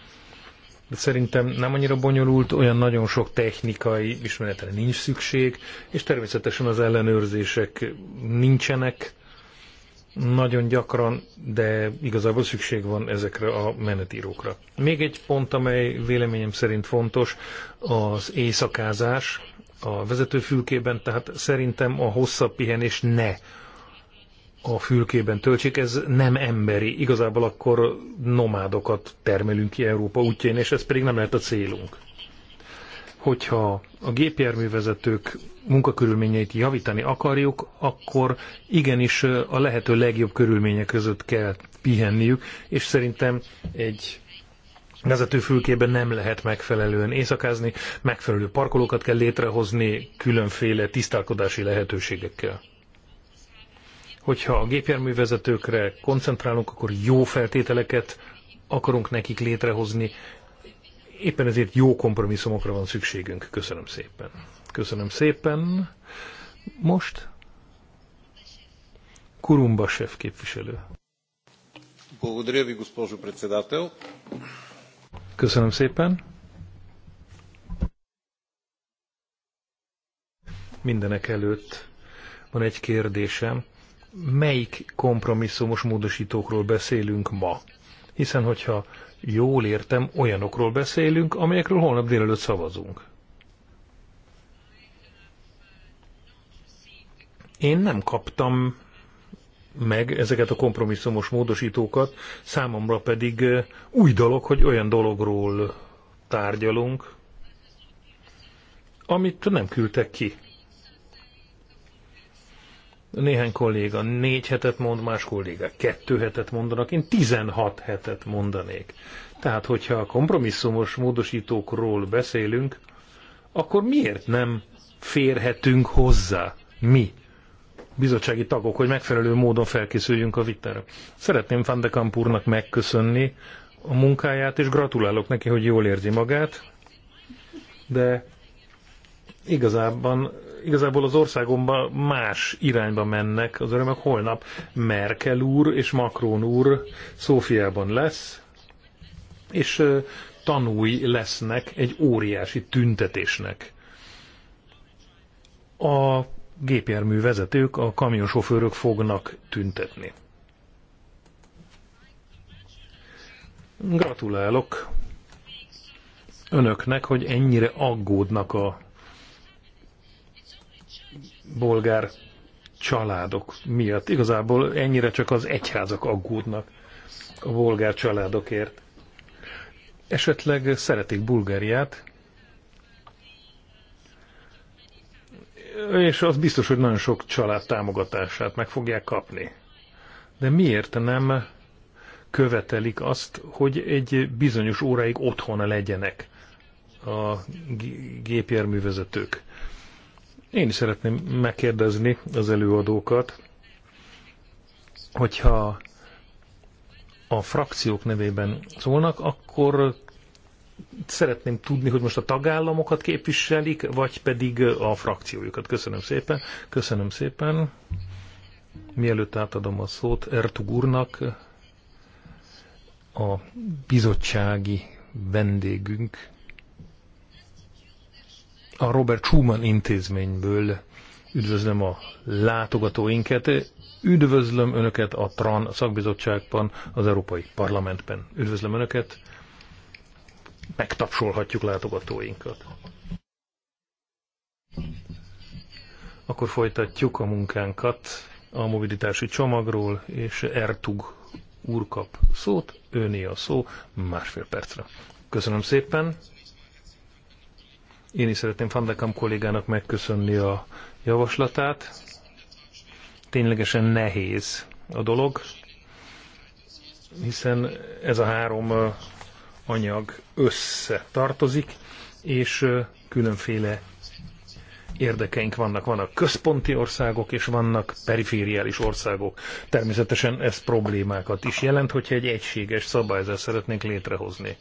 de szerintem nem annyira bonyolult, olyan nagyon sok technikai ismeretre nincs szükség, és természetesen az ellenőrzések nincsenek nagyon gyakran, de igazából szükség van ezekre a menetírókra. Még egy pont, amely véleményem szerint fontos, az éjszakázás a vezetőfülkében, tehát szerintem a hosszabb pihenés ne a fülkében töltsék, ez nem emberi. Igazából akkor nomádokat termelünk ki Európa útjain, és ez pedig nem lehet a célunk. Hogyha a gépjárművezetők munkakörülményeit javítani akarjuk, akkor igenis a lehető legjobb körülmények között kell pihenniük, és szerintem egy vezetőfülkében nem lehet megfelelően éjszakázni, megfelelő parkolókat kell létrehozni, különféle tisztálkodási lehetőségekkel hogyha a gépjárművezetőkre koncentrálunk, akkor jó feltételeket akarunk nekik létrehozni. Éppen ezért jó kompromisszumokra van szükségünk. Köszönöm szépen. Köszönöm szépen. Most Sef képviselő. Köszönöm szépen. Mindenek előtt van egy kérdésem melyik kompromisszumos módosítókról beszélünk ma. Hiszen, hogyha jól értem, olyanokról beszélünk, amelyekről holnap délelőtt szavazunk. Én nem kaptam meg ezeket a kompromisszumos módosítókat, számomra pedig új dolog, hogy olyan dologról tárgyalunk, amit nem küldtek ki. Néhány kolléga négy hetet mond, más kollégák kettő hetet mondanak, én 16 hetet mondanék. Tehát, hogyha a kompromisszumos módosítókról beszélünk, akkor miért nem férhetünk hozzá mi, bizottsági tagok, hogy megfelelő módon felkészüljünk a vitára. Szeretném Van de Kamp úrnak megköszönni a munkáját, és gratulálok neki, hogy jól érzi magát, de igazában igazából az országomban más irányba mennek az örömök. Holnap Merkel úr és Macron úr Szófiában lesz, és tanúi lesznek egy óriási tüntetésnek. A gépjármű vezetők, a kamionsofőrök fognak tüntetni. Gratulálok önöknek, hogy ennyire aggódnak a bolgár családok miatt. Igazából ennyire csak az egyházak aggódnak a bolgár családokért. Esetleg szeretik Bulgáriát, és az biztos, hogy nagyon sok család támogatását meg fogják kapni. De miért nem követelik azt, hogy egy bizonyos óráig otthona legyenek a gépjárművezetők? Én is szeretném megkérdezni az előadókat, hogyha a frakciók nevében szólnak, akkor szeretném tudni, hogy most a tagállamokat képviselik, vagy pedig a frakciójukat. Köszönöm szépen. Köszönöm szépen. Mielőtt átadom a szót Ertug úrnak, a bizottsági vendégünk a Robert Schumann intézményből üdvözlöm a látogatóinket, üdvözlöm Önöket a TRAN szakbizottságban, az Európai Parlamentben. Üdvözlöm Önöket, megtapsolhatjuk látogatóinkat. Akkor folytatjuk a munkánkat a mobilitási csomagról, és Ertug úr kap szót, őné a szó másfél percre. Köszönöm szépen! Én is szeretném Fandekam kollégának megköszönni a javaslatát. Ténylegesen nehéz a dolog, hiszen ez a három anyag összetartozik, és különféle érdekeink vannak. Vannak központi országok, és vannak perifériális országok. Természetesen ez problémákat is jelent, hogyha egy egységes szabályzást szeretnénk létrehozni.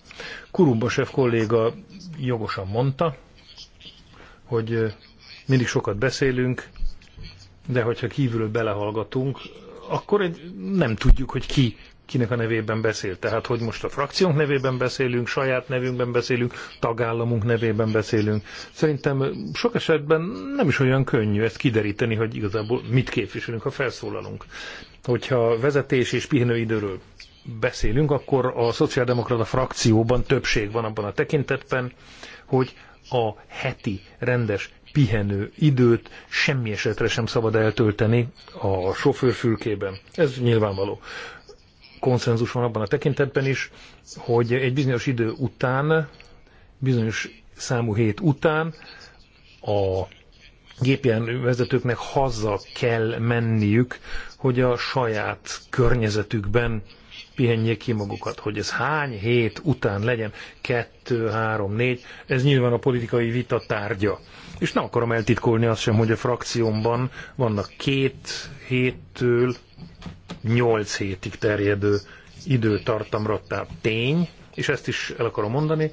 Kurumbasev kolléga jogosan mondta, hogy mindig sokat beszélünk, de hogyha kívülről belehallgatunk, akkor nem tudjuk, hogy ki kinek a nevében beszél. Tehát, hogy most a frakciónk nevében beszélünk, saját nevünkben beszélünk, tagállamunk nevében beszélünk. Szerintem sok esetben nem is olyan könnyű ezt kideríteni, hogy igazából mit képviselünk, ha felszólalunk. Hogyha vezetés és pihenőidőről beszélünk, akkor a szociáldemokrata frakcióban többség van abban a tekintetben, hogy a heti rendes pihenő időt semmi esetre sem szabad eltölteni a sofőrfülkében. Ez nyilvánvaló. Konszenzus van abban a tekintetben is, hogy egy bizonyos idő után, bizonyos számú hét után a gépjárművezetőknek haza kell menniük, hogy a saját környezetükben pihenjék ki magukat, hogy ez hány hét után legyen, kettő, három, négy, ez nyilván a politikai vita tárgya. És nem akarom eltitkolni azt sem, hogy a frakciómban vannak két héttől nyolc hétig terjedő időtartamra tehát tény, és ezt is el akarom mondani,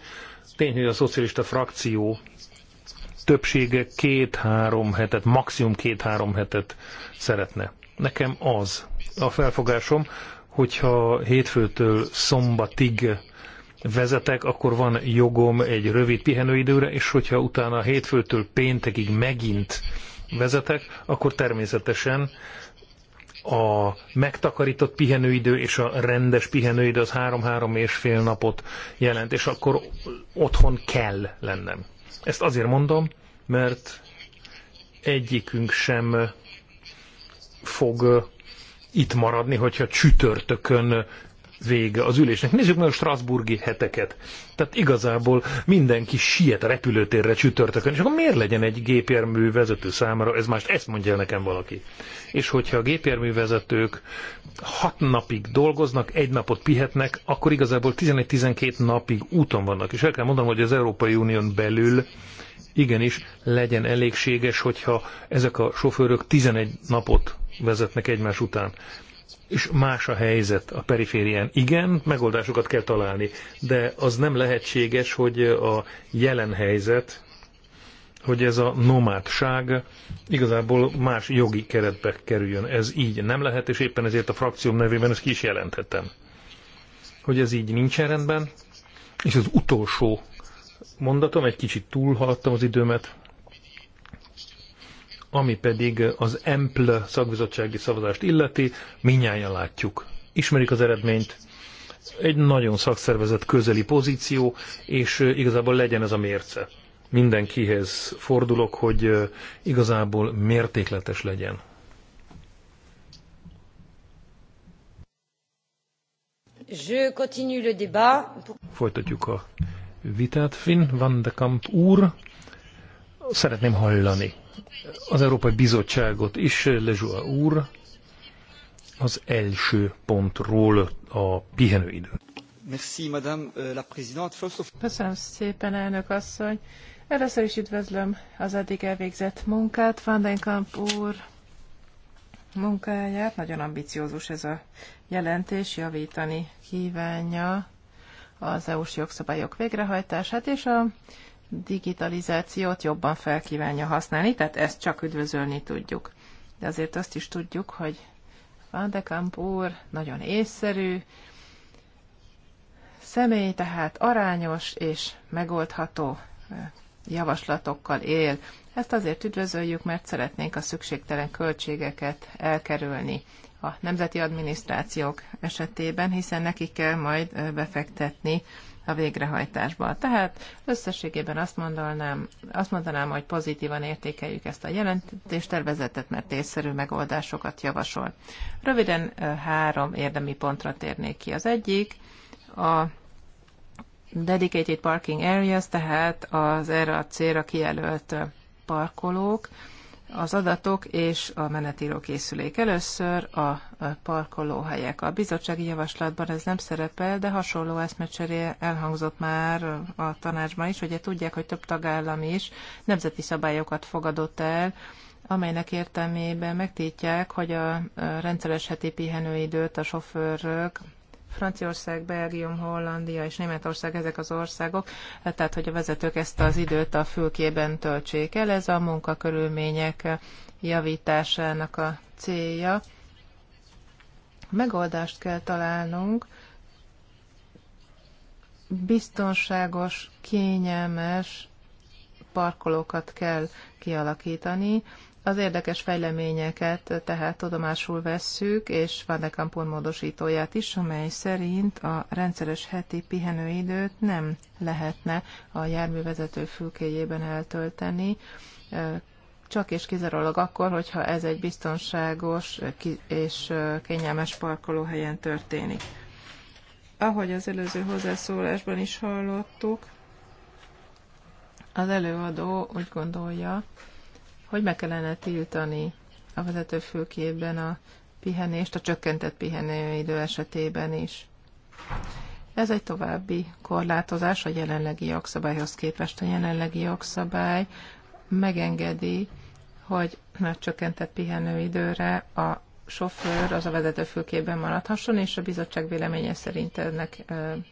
tény, hogy a szocialista frakció többsége két-három hetet, maximum két-három hetet szeretne. Nekem az a felfogásom, hogyha hétfőtől szombatig vezetek, akkor van jogom egy rövid pihenőidőre, és hogyha utána hétfőtől péntekig megint vezetek, akkor természetesen a megtakarított pihenőidő és a rendes pihenőidő az három-három és fél napot jelent, és akkor otthon kell lennem. Ezt azért mondom, mert egyikünk sem fog itt maradni, hogyha csütörtökön vége az ülésnek. Nézzük meg a Strasburgi heteket. Tehát igazából mindenki siet a repülőtérre csütörtökön, és akkor miért legyen egy gépjármű vezető számára, ez más, ezt mondja el nekem valaki. És hogyha a gépjármű vezetők hat napig dolgoznak, egy napot pihetnek, akkor igazából 11-12 napig úton vannak. És el kell mondanom, hogy az Európai Unión belül igenis legyen elégséges, hogyha ezek a sofőrök 11 napot vezetnek egymás után. És más a helyzet a periférián. Igen, megoldásokat kell találni, de az nem lehetséges, hogy a jelen helyzet, hogy ez a nomádság igazából más jogi keretbe kerüljön. Ez így nem lehet, és éppen ezért a frakcióm nevében ezt ki is jelenthetem. Hogy ez így nincsen rendben, és az utolsó mondatom, egy kicsit túlhaladtam az időmet, ami pedig az EMPL szakbizottsági szavazást illeti, minnyáján látjuk. Ismerik az eredményt, egy nagyon szakszervezet közeli pozíció, és eh, igazából legyen ez a mérce. Mindenkihez fordulok, hogy eh, igazából mértékletes legyen. Je continue le débat. Folytatjuk a vitát. Finn van de Kamp úr, szeretném hallani az Európai Bizottságot is, Lezsua úr, az első pontról a pihenőidő. Merci, Madame euh, la Présidente. Köszönöm szépen, elnök asszony. Először is üdvözlöm az eddig elvégzett munkát, Van den Kamp úr munkáját. Nagyon ambiciózus ez a jelentés, javítani kívánja az EU-s jogszabályok végrehajtását, és a digitalizációt jobban felkívánja használni, tehát ezt csak üdvözölni tudjuk. De azért azt is tudjuk, hogy Van de Kamp úr nagyon észszerű, személy tehát arányos és megoldható javaslatokkal él. Ezt azért üdvözöljük, mert szeretnénk a szükségtelen költségeket elkerülni a nemzeti adminisztrációk esetében, hiszen nekik kell majd befektetni a végrehajtásba. Tehát összességében azt mondanám, azt mondanám, hogy pozitívan értékeljük ezt a jelentéstervezetet, mert észszerű megoldásokat javasol. Röviden három érdemi pontra térnék ki. Az egyik a dedicated parking areas, tehát az erre a célra kijelölt parkolók, az adatok és a menetíró készülék. Először a parkolóhelyek. A bizottsági javaslatban ez nem szerepel, de hasonló eszmecseré elhangzott már a tanácsban is, hogy tudják, hogy több tagállam is nemzeti szabályokat fogadott el, amelynek értelmében megtiltják, hogy a rendszeres heti pihenőidőt a sofőrök Franciaország, Belgium, Hollandia és Németország ezek az országok, tehát hogy a vezetők ezt az időt a fülkében töltsék el, ez a munkakörülmények javításának a célja. Megoldást kell találnunk, biztonságos, kényelmes parkolókat kell kialakítani, az érdekes fejleményeket tehát tudomásul vesszük, és Van de Kampon módosítóját is, amely szerint a rendszeres heti pihenőidőt nem lehetne a járművezető fülkéjében eltölteni, csak és kizárólag akkor, hogyha ez egy biztonságos és kényelmes parkolóhelyen történik. Ahogy az előző hozzászólásban is hallottuk, az előadó úgy gondolja, hogy meg kellene tiltani a vezetőfülkében a pihenést, a csökkentett pihenőidő esetében is. Ez egy további korlátozás a jelenlegi jogszabályhoz képest. A jelenlegi jogszabály megengedi, hogy a csökkentett pihenőidőre a sofőr az a vezetőfülkében maradhasson, és a bizottság véleménye szerint ennek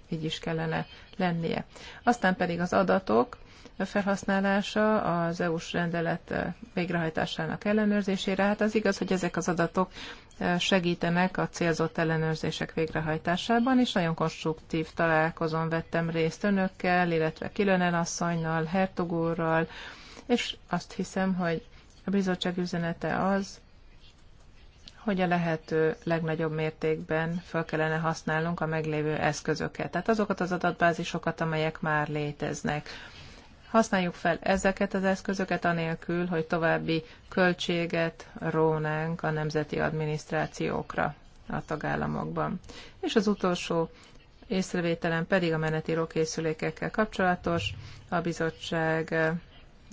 így is kellene lennie. Aztán pedig az adatok, felhasználása az EU-s rendelet eh, végrehajtásának ellenőrzésére. Hát az igaz, hogy ezek az adatok eh, segítenek a célzott ellenőrzések végrehajtásában, és nagyon konstruktív találkozón vettem részt önökkel, illetve Kilönen asszonynal, Hertogúrral, és azt hiszem, hogy a bizottság üzenete az, hogy a lehető legnagyobb mértékben fel kellene használnunk a meglévő eszközöket, tehát azokat az adatbázisokat, amelyek már léteznek Használjuk fel ezeket az eszközöket anélkül, hogy további költséget rónánk a nemzeti adminisztrációkra a tagállamokban. És az utolsó észrevételem pedig a menetíró készülékekkel kapcsolatos. A bizottság eh,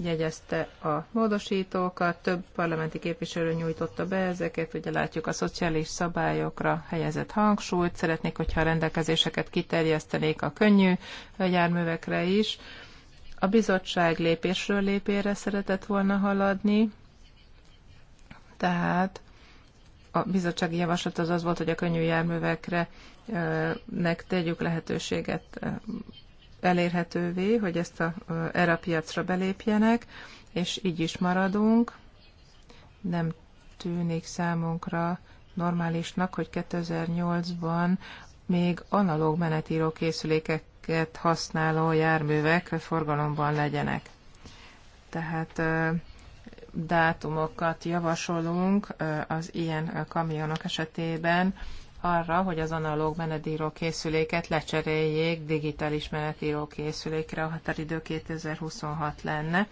jegyezte a módosítókat, több parlamenti képviselő nyújtotta be ezeket, ugye látjuk a szociális szabályokra helyezett hangsúlyt, szeretnék, hogyha a rendelkezéseket kiterjesztenék a könnyű eh, járművekre is, a bizottság lépésről lépésre szeretett volna haladni, tehát a bizottsági javaslat az az volt, hogy a könnyű járművekre nek tegyük lehetőséget elérhetővé, hogy ezt a, erre a piacra belépjenek, és így is maradunk. Nem tűnik számunkra normálisnak, hogy 2008-ban még analóg menetíró készülékek ezeket használó járművek forgalomban legyenek. Tehát dátumokat javasolunk az ilyen kamionok esetében arra, hogy az analóg menetíró készüléket lecseréljék digitális menetíró készülékre, a határidő 2026 lenne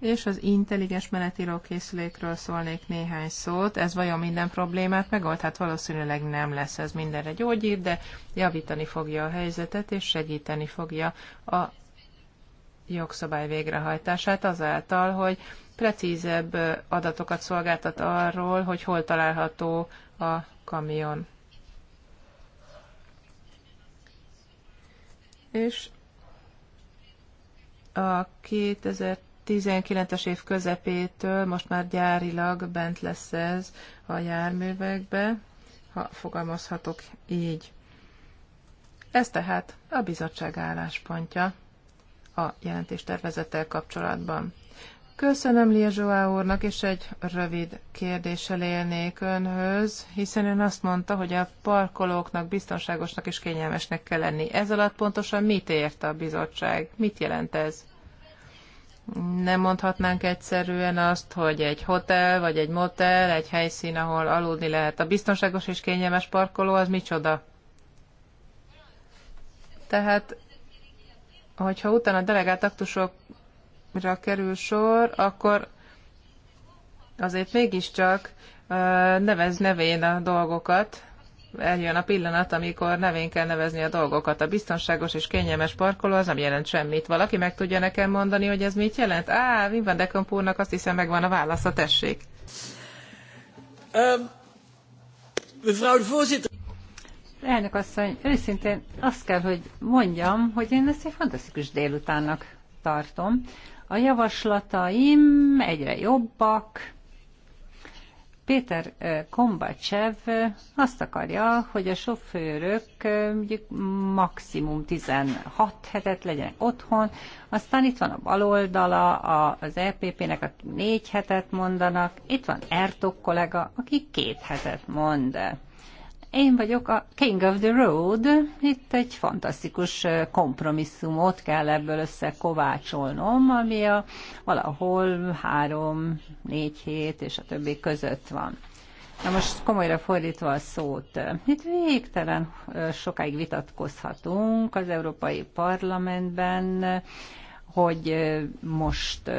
és az intelligens menetíró készülékről szólnék néhány szót. Ez vajon minden problémát megold? Hát valószínűleg nem lesz ez mindenre gyógyír, de javítani fogja a helyzetet, és segíteni fogja a jogszabály végrehajtását azáltal, hogy precízebb adatokat szolgáltat arról, hogy hol található a kamion. És a 2000 19-es év közepétől most már gyárilag bent lesz ez a járművekbe, ha fogalmazhatok így. Ez tehát a bizottság álláspontja a jelentéstervezettel kapcsolatban. Köszönöm Liezsóá úrnak, és egy rövid kérdéssel élnék önhöz, hiszen ön azt mondta, hogy a parkolóknak biztonságosnak és kényelmesnek kell lenni. Ez alatt pontosan mit ért a bizottság? Mit jelent ez? nem mondhatnánk egyszerűen azt, hogy egy hotel, vagy egy motel, egy helyszín, ahol aludni lehet. A biztonságos és kényelmes parkoló az micsoda? Tehát, hogyha utána delegált aktusokra kerül sor, akkor azért mégiscsak nevez nevén a dolgokat, eljön a pillanat, amikor nevén kell nevezni a dolgokat. A biztonságos és kényelmes parkoló az nem jelent semmit. Valaki meg tudja nekem mondani, hogy ez mit jelent? Á, mi van Dekampúrnak, azt hiszem megvan a a tessék. Um, mevrouw de voorzitter. Elnök asszony, őszintén azt kell, hogy mondjam, hogy én ezt egy fantasztikus délutánnak tartom. A javaslataim egyre jobbak, Péter Kombacsev azt akarja, hogy a sofőrök mondjuk maximum 16 hetet legyenek otthon, aztán itt van a baloldala, az EPP-nek, a négy hetet mondanak, itt van Ertok kollega, aki két hetet mond. Én vagyok a King of the Road, itt egy fantasztikus kompromisszumot kell ebből összekovácsolnom, ami a valahol három, négy hét és a többi között van. Na most komolyra fordítva a szót, itt végtelen sokáig vitatkozhatunk az Európai Parlamentben, hogy most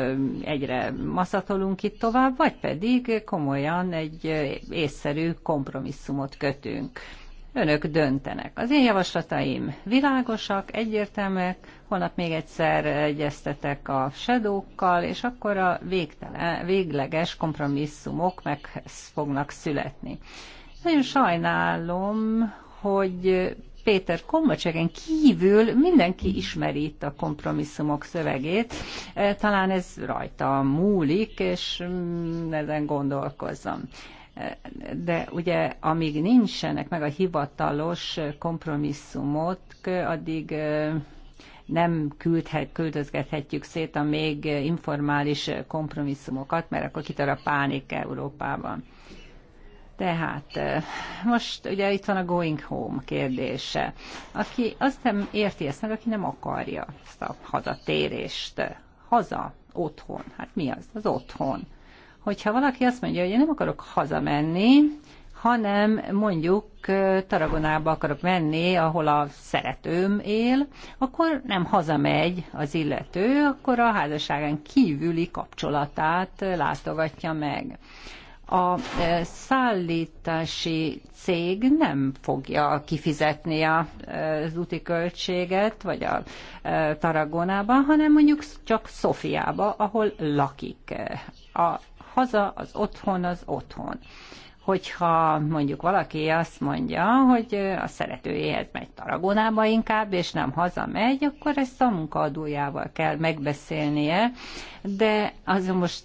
egyre maszatolunk itt tovább, vagy pedig komolyan egy észszerű kompromisszumot kötünk. Önök döntenek. Az én javaslataim világosak, egyértelműek, holnap még egyszer egyeztetek a sedókkal, és akkor a végtelen, végleges kompromisszumok meg fognak születni. Nagyon sajnálom, hogy Péter Kommacsegen kívül mindenki ismeri itt a kompromisszumok szövegét. E, talán ez rajta múlik, és mm, ezen gondolkozom. E, de ugye amíg nincsenek meg a hivatalos kompromisszumok, addig e, nem küldhet, küldözgethetjük szét a még informális kompromisszumokat, mert akkor kitör a pánik Európában. Tehát most ugye itt van a going home kérdése. Aki azt nem érti ezt meg, aki nem akarja ezt a hazatérést, haza, otthon. Hát mi az? Az otthon. Hogyha valaki azt mondja, hogy én nem akarok hazamenni, hanem mondjuk Taragonába akarok menni, ahol a szeretőm él, akkor nem hazamegy az illető, akkor a házasságán kívüli kapcsolatát látogatja meg a e, szállítási cég nem fogja kifizetni e, az úti költséget, vagy a e, Taragonába, hanem mondjuk csak Szofiába, ahol lakik. A haza, az otthon, az otthon hogyha mondjuk valaki azt mondja, hogy a szeretőjéhez megy Taragonába inkább, és nem hazamegy, akkor ezt a munkaadójával kell megbeszélnie, de az most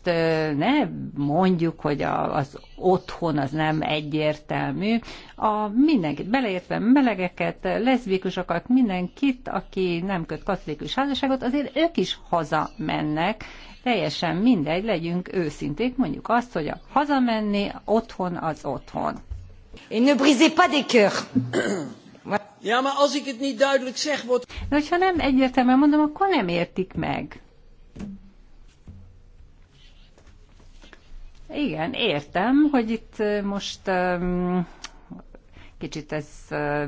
ne mondjuk, hogy az otthon az nem egyértelmű. A mindenkit, beleértve melegeket, leszbikusokat, mindenkit, aki nem köt katolikus házasságot, azért ők is hazamennek, Teljesen mindegy, legyünk őszinték, mondjuk azt, hogy a hazamenni otthon az otthon. Én ne brisez pas des Ja, maar als ik het niet duidelijk zeg, wordt... De hogyha nem egyértelműen mondom, akkor nem értik meg. Igen, értem, hogy itt most um, kicsit ez uh,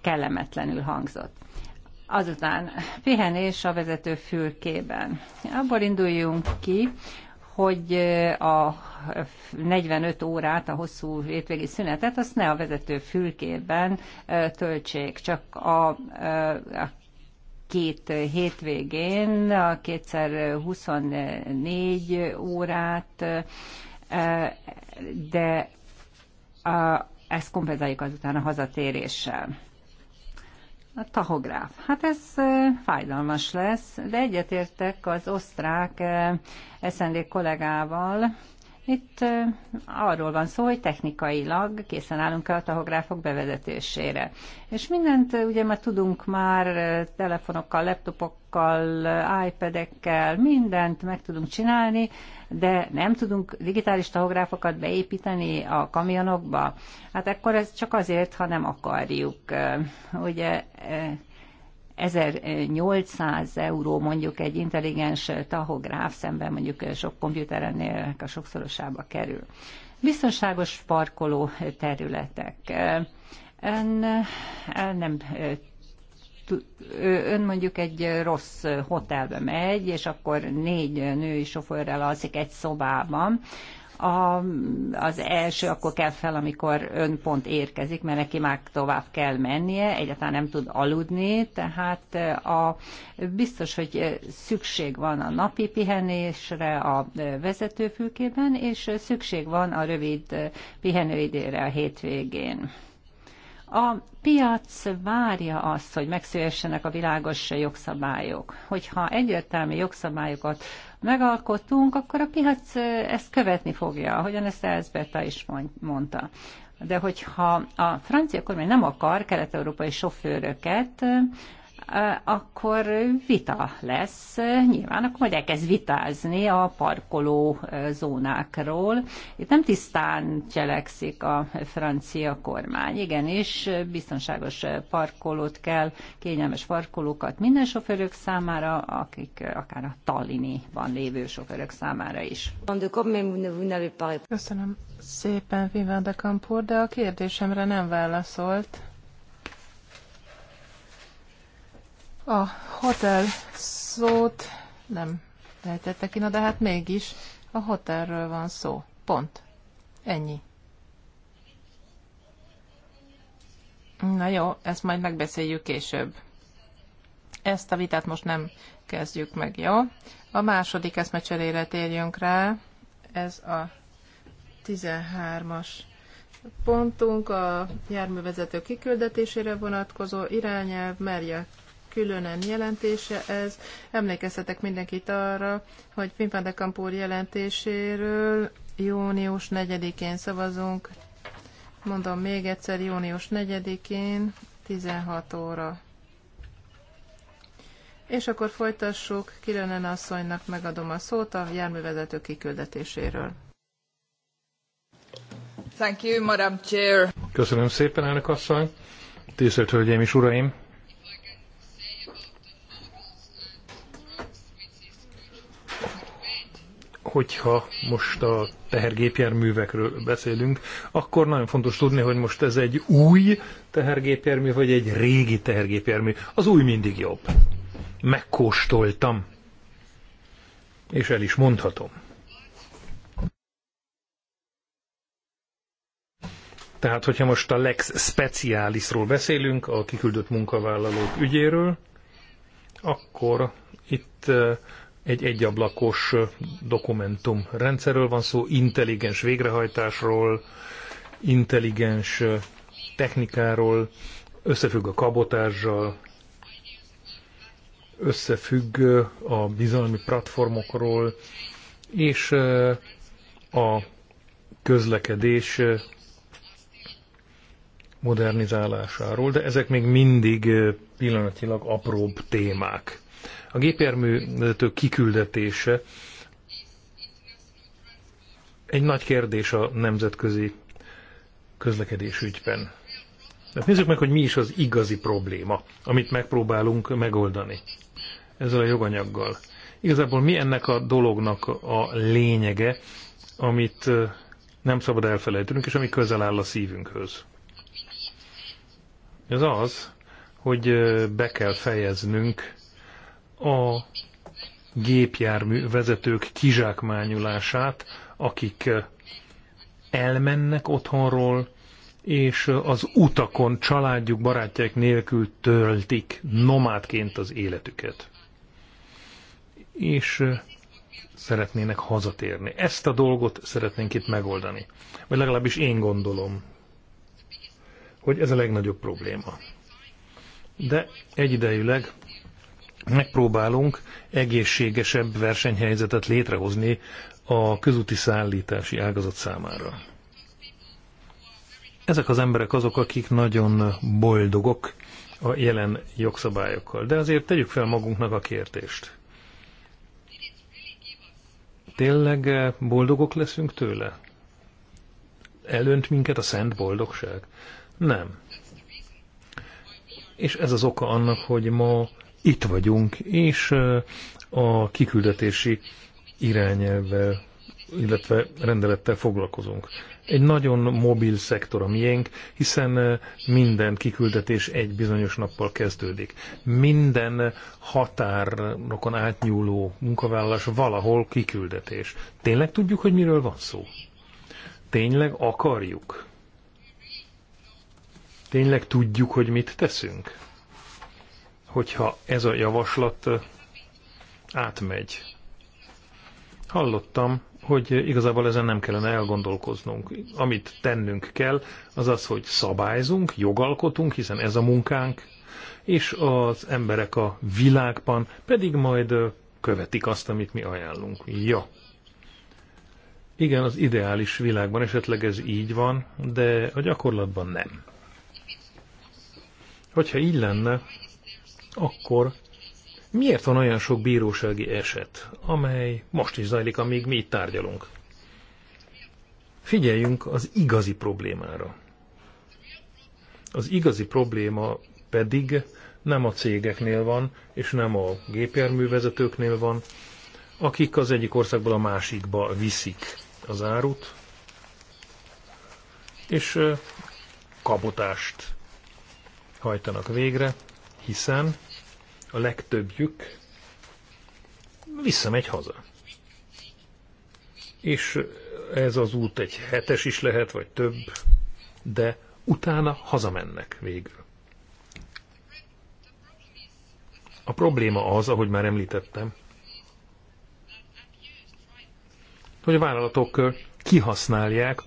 kellemetlenül hangzott. Azután pihenés a vezető fülkében. Abból induljunk ki, hogy eh, a 45 órát, a hosszú hétvégi szünetet, azt ne a vezető fülkében eh, töltsék, csak a, eh, a két hétvégén, a kétszer 24 órát, de ezt kompenzáljuk azután a hazatéréssel a tahográf. Hát ez fájdalmas lesz, de egyetértek az osztrák eszendék kollégával, itt arról van szó, hogy technikailag készen állunk a tahográfok bevezetésére. És mindent ugye már tudunk már telefonokkal, laptopokkal, iPad-ekkel, mindent meg tudunk csinálni, de nem tudunk digitális tahográfokat beépíteni a kamionokba. Hát akkor ez csak azért, ha nem akarjuk. Ugye 1800 euró mondjuk egy intelligens tahográf szemben mondjuk sok komputerennél a sokszorosába kerül. Biztonságos parkoló területek. Ön, nem ön mondjuk egy rossz hotelbe megy, és akkor négy női sofőrrel alszik egy szobában, a, az első akkor kell fel, amikor ön pont érkezik, mert neki már tovább kell mennie, egyáltalán nem tud aludni, tehát eh, a, biztos, hogy eh, szükség van a napi pihenésre a eh, vezetőfülkében, és szükség van a rövid pihenőidére a hétvégén. A piac várja azt, hogy megszülessenek a világos jogszabályok. Hogyha egyértelmű jogszabályokat megalkottunk, akkor a piac ezt követni fogja, ahogyan ezt Elzbeta is mondta. De hogyha a francia kormány nem akar kelet-európai sofőröket, Eh, akkor vita lesz. Nyilván akkor majd elkezd vitázni a parkoló eh, zónákról. Itt nem tisztán cselekszik a francia kormány. Igenis, biztonságos parkolót kell, kényelmes parkolókat minden sofőrök számára, akik eh, akár a Talliniban lévő sofőrök számára is. Köszönöm szépen, Vivian de Campur, de a kérdésemre nem válaszolt. A hotel szót nem lehetett, ki, de hát mégis a hotelről van szó. Pont. Ennyi. Na jó, ezt majd megbeszéljük később. Ezt a vitát most nem kezdjük meg, jó? A második eszmecserére térjünk rá. Ez a 13-as pontunk a járművezető kiküldetésére vonatkozó irányelv merje különen jelentése ez. Emlékeztetek mindenkit arra, hogy Pimpán de Kampúr jelentéséről június 4-én szavazunk. Mondom még egyszer, június 4-én 16 óra. És akkor folytassuk, Kirönen asszonynak megadom a szót a járművezető kiküldetéséről. Thank you, Madam Chair. Köszönöm szépen, elnök asszony. Tisztelt Hölgyeim és Uraim! hogyha most a tehergépjárművekről beszélünk, akkor nagyon fontos tudni, hogy most ez egy új tehergépjármű, vagy egy régi tehergépjármű. Az új mindig jobb. Megkóstoltam. És el is mondhatom. Tehát, hogyha most a Lex Specialisról beszélünk, a kiküldött munkavállalók ügyéről, akkor itt eh, egy egyablakos dokumentum van szó, intelligens végrehajtásról, intelligens technikáról, összefügg a kabotással, összefügg a bizalmi platformokról, és a közlekedés modernizálásáról, de ezek még mindig pillanatilag apróbb témák. A gépjárműtől kiküldetése egy nagy kérdés a nemzetközi közlekedés ügyben. De hát nézzük meg, hogy mi is az igazi probléma, amit megpróbálunk megoldani ezzel a joganyaggal. Igazából mi ennek a dolognak a lényege, amit nem szabad elfelejtenünk, és ami közel áll a szívünkhöz. Ez az, hogy be kell fejeznünk a gépjármű vezetők kizsákmányulását, akik elmennek otthonról, és az utakon családjuk, barátjaik nélkül töltik nomádként az életüket. És szeretnének hazatérni. Ezt a dolgot szeretnénk itt megoldani. Vagy legalábbis én gondolom, hogy ez a legnagyobb probléma. De egyidejűleg megpróbálunk egészségesebb versenyhelyzetet létrehozni a közúti szállítási ágazat számára. Ezek az emberek azok, akik nagyon boldogok a jelen jogszabályokkal. De azért tegyük fel magunknak a kérdést. Tényleg boldogok leszünk tőle? Elönt minket a szent boldogság? Nem. És ez az oka annak, hogy ma itt vagyunk, és a kiküldetési irányelvvel, illetve rendelettel foglalkozunk. Egy nagyon mobil szektor a miénk, hiszen minden kiküldetés egy bizonyos nappal kezdődik. Minden határokon átnyúló munkavállalás valahol kiküldetés. Tényleg tudjuk, hogy miről van szó? Tényleg akarjuk? Tényleg tudjuk, hogy mit teszünk? hogyha ez a javaslat átmegy. Hallottam, hogy igazából ezen nem kellene elgondolkoznunk. Amit tennünk kell, az az, hogy szabályzunk, jogalkotunk, hiszen ez a munkánk, és az emberek a világban pedig majd követik azt, amit mi ajánlunk. Ja. Igen, az ideális világban esetleg ez így van, de a gyakorlatban nem. Hogyha így lenne, akkor miért van olyan sok bírósági eset, amely most is zajlik, amíg mi itt tárgyalunk? Figyeljünk az igazi problémára. Az igazi probléma pedig nem a cégeknél van, és nem a gépjárművezetőknél van, akik az egyik országból a másikba viszik az árut, és kabotást hajtanak végre, hiszen a legtöbbjük visszamegy haza. És ez az út egy hetes is lehet, vagy több, de utána hazamennek végül. A probléma az, ahogy már említettem, hogy a vállalatok kihasználják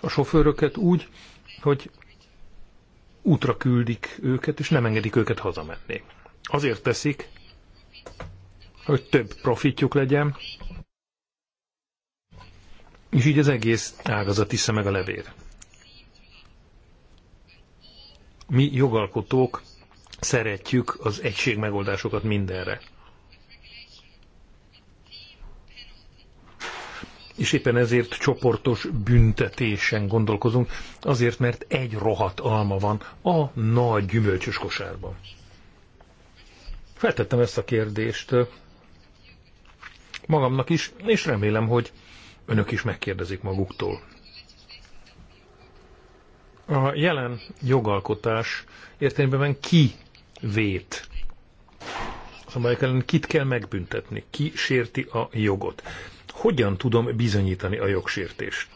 a sofőröket úgy, hogy útra küldik őket, és nem engedik őket hazamenni. Azért teszik, hogy több profitjuk legyen, és így az egész ágazat isze meg a levér. Mi jogalkotók szeretjük az egység megoldásokat mindenre. és éppen ezért csoportos büntetésen gondolkozunk, azért mert egy rohadt alma van a nagy gyümölcsös kosárban. Feltettem ezt a kérdést magamnak is, és remélem, hogy önök is megkérdezik maguktól. A jelen jogalkotás értelemben ki vét, Szóval kit kell megbüntetni, ki sérti a jogot hogyan tudom bizonyítani a jogsértést?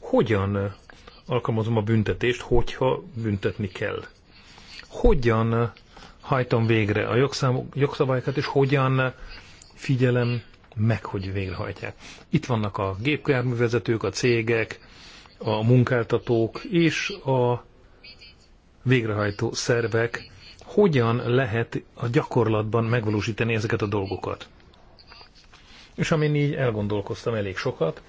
Hogyan alkalmazom a büntetést, hogyha büntetni kell? Hogyan hajtom végre a jogszabályokat, és hogyan figyelem meg, hogy végrehajtják. Itt vannak a gépjárművezetők, a cégek, a munkáltatók és a végrehajtó szervek. Hogyan lehet a gyakorlatban megvalósítani ezeket a dolgokat? És amin így elgondolkoztam elég sokat,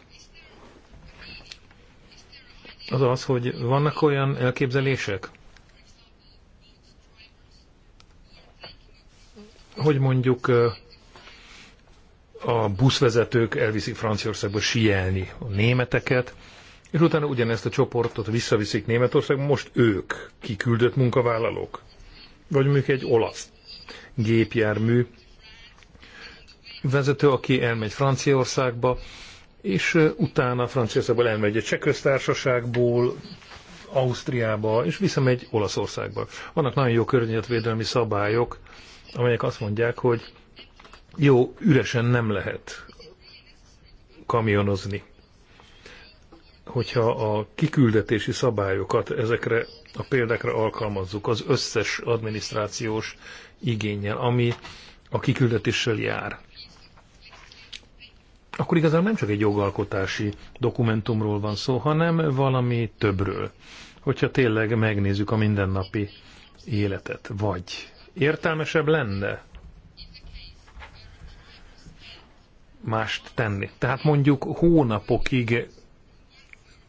az az, hogy vannak olyan elképzelések, hogy mondjuk a buszvezetők elviszik Franciaországba sielni a németeket, és utána ugyanezt a csoportot visszaviszik Németországba, most ők kiküldött munkavállalók. Vagy mondjuk egy olasz gépjármű vezető, aki elmegy Franciaországba, és utána Franciaországból elmegy a Csehköztársaságból, Ausztriába, és visszamegy Olaszországba. Vannak nagyon jó környezetvédelmi szabályok, amelyek azt mondják, hogy jó, üresen nem lehet kamionozni. Hogyha a kiküldetési szabályokat ezekre a példákra alkalmazzuk az összes adminisztrációs igényel, ami a kiküldetéssel jár akkor igazán nem csak egy jogalkotási dokumentumról van szó, hanem valami többről. Hogyha tényleg megnézzük a mindennapi életet, vagy értelmesebb lenne mást tenni. Tehát mondjuk hónapokig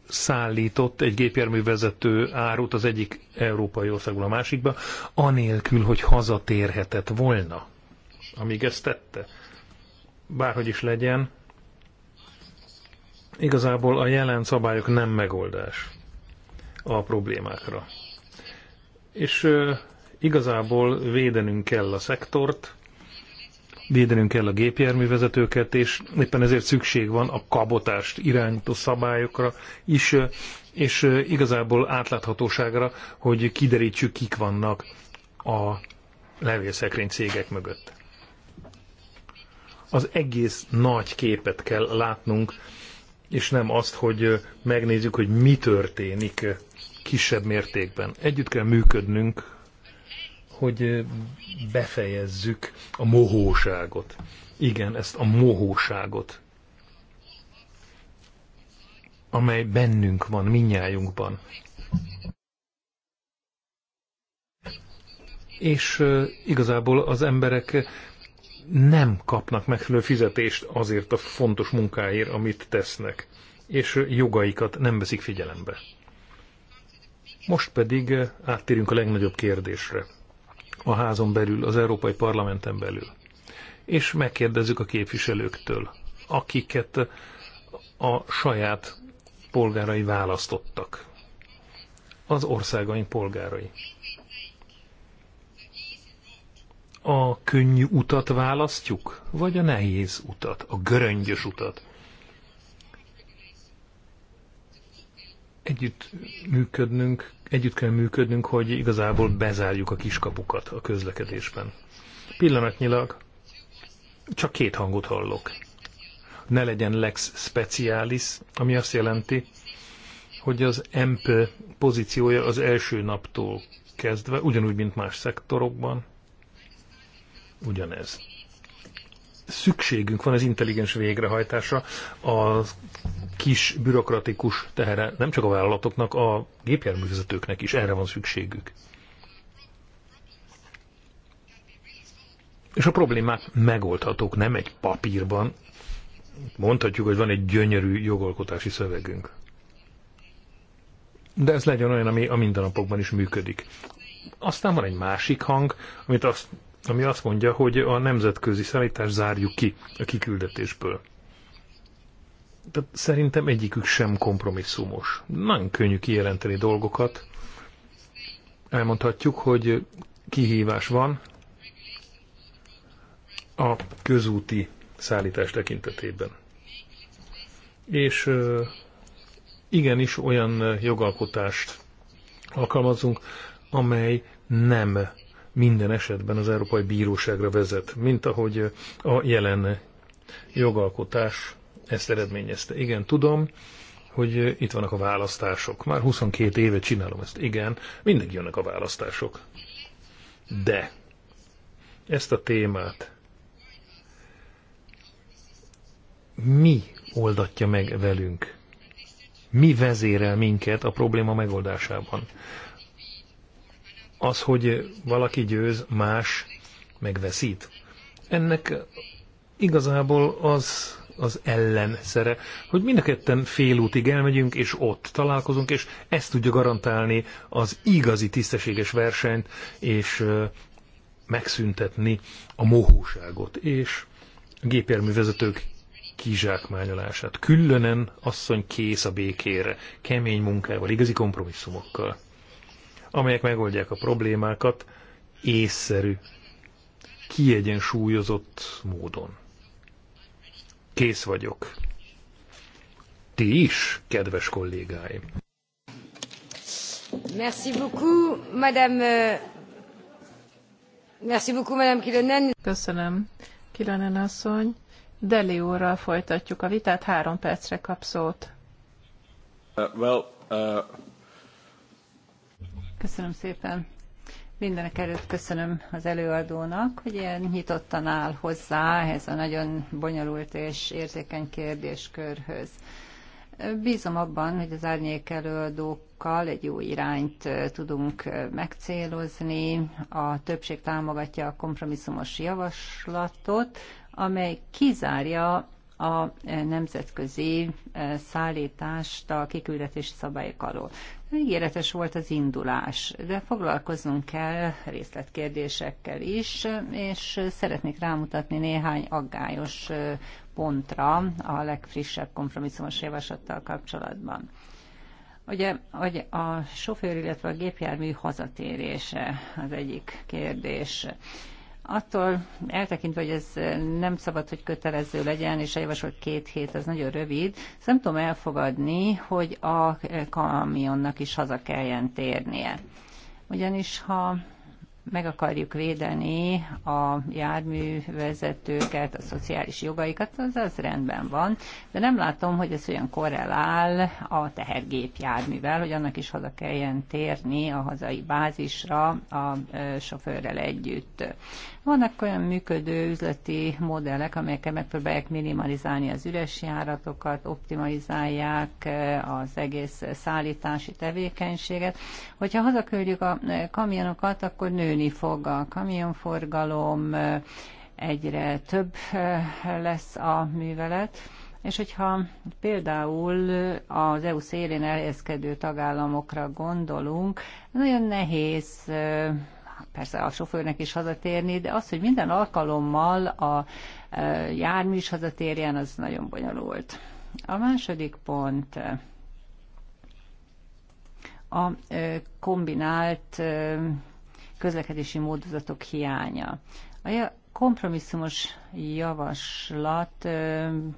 szállított egy gépjárművezető árut az egyik európai országból a másikba, anélkül, hogy hazatérhetett volna, amíg ezt tette. Bárhogy is legyen, Igazából a jelen szabályok nem megoldás a problémákra. És igazából védenünk kell a szektort, védenünk kell a gépjárművezetőket, és éppen ezért szükség van a kabotást irányító szabályokra is, és igazából átláthatóságra, hogy kiderítsük, kik vannak a levélszekrény cégek mögött. Az egész nagy képet kell látnunk, és nem azt, hogy megnézzük, hogy mi történik kisebb mértékben. Együtt kell működnünk, hogy befejezzük a mohóságot. Igen, ezt a mohóságot, amely bennünk van, minnyájunkban. És igazából az emberek nem kapnak megfelelő fizetést azért a fontos munkáért, amit tesznek, és jogaikat nem veszik figyelembe. Most pedig eh, áttérünk a legnagyobb kérdésre. A házon belül, az Európai Parlamenten belül. És megkérdezzük a képviselőktől, akiket a saját polgárai választottak. Az országaink polgárai. a könnyű utat választjuk, vagy a nehéz utat, a göröngyös utat? Együtt működnünk, együtt kell működnünk, hogy igazából bezárjuk a kiskapukat a közlekedésben. Pillanatnyilag csak két hangot hallok. Ne legyen lex specialis, ami azt jelenti, hogy az MP pozíciója az első naptól kezdve, ugyanúgy, mint más szektorokban, ugyanez. Szükségünk van az intelligens végrehajtásra, a kis bürokratikus teherre, nem csak a vállalatoknak, a gépjárművezetőknek is erre van szükségük. És a problémák megoldhatók, nem egy papírban. Mondhatjuk, hogy van egy gyönyörű jogalkotási szövegünk. De ez legyen olyan, ami a mindennapokban is működik. Aztán van egy másik hang, amit azt ami azt mondja, hogy a nemzetközi szállítást zárjuk ki a kiküldetésből. Tehát szerintem egyikük sem kompromisszumos. Nagyon könnyű kijelenteni dolgokat. Elmondhatjuk, hogy kihívás van a közúti szállítás tekintetében. És igenis olyan jogalkotást alkalmazunk, amely nem minden esetben az Európai Bíróságra vezet, mint ahogy a jelen jogalkotás ezt eredményezte. Igen, tudom, hogy itt vannak a választások. Már 22 éve csinálom ezt. Igen, mindig jönnek a választások. De ezt a témát mi oldatja meg velünk? Mi vezérel minket a probléma megoldásában? az, hogy valaki győz, más megveszít. Ennek igazából az az ellenszere, hogy mind a ketten fél útig elmegyünk, és ott találkozunk, és ezt tudja garantálni az igazi tisztességes versenyt, és megszüntetni a mohóságot, és a gépjárművezetők kizsákmányolását. Különen asszony kész a békére, kemény munkával, igazi kompromisszumokkal amelyek megoldják a problémákat észszerű, kiegyensúlyozott módon. Kész vagyok. Ti is, kedves kollégáim. Merci beaucoup, madame. Euh, merci beaucoup, madame Kilonen. Köszönöm, Kilonen asszony. Deli úrral folytatjuk a vitát, három percre kap szót. Uh, well, uh... Köszönöm szépen. Mindenek előtt köszönöm az előadónak, hogy ilyen nyitottan áll hozzá ehhez a nagyon bonyolult és érzékeny kérdéskörhöz. Bízom abban, hogy az árnyék előadókkal egy jó irányt tudunk megcélozni. A többség támogatja a kompromisszumos javaslatot, amely kizárja a e, nemzetközi e, szállítást a kiküldetési szabályok alól. Ígéretes volt az indulás, de foglalkoznunk kell részletkérdésekkel is, és szeretnék rámutatni néhány aggályos e, pontra a legfrissebb kompromisszumos javaslattal kapcsolatban. Ugye, hogy a sofőr, illetve a gépjármű hazatérése az egyik kérdés. Attól eltekintve, hogy ez nem szabad, hogy kötelező legyen, és a javasolt két hét, az nagyon rövid, ezt szóval nem tudom elfogadni, hogy a kamionnak is haza kelljen térnie. Ugyanis ha meg akarjuk védeni a járművezetőket, a szociális jogaikat, az, az rendben van, de nem látom, hogy ez olyan korrelál a járművel, hogy annak is haza kelljen térni a hazai bázisra a sofőrrel együtt. Vannak olyan működő üzleti modellek, amelyekkel megpróbálják minimalizálni az üres járatokat, optimalizálják eh, az egész szállítási tevékenységet. Hogyha hazaküldjük a eh, kamionokat, akkor nőni fog a kamionforgalom, eh, egyre több lesz a művelet. És hogyha például az EU szélén elhelyezkedő tagállamokra gondolunk, nagyon nehéz persze a sofőrnek is hazatérni, de az, hogy minden alkalommal a e, jármű is hazatérjen, az nagyon bonyolult. A második pont e, a e, kombinált közlekedési módozatok hiánya. A kompromisszumos javaslat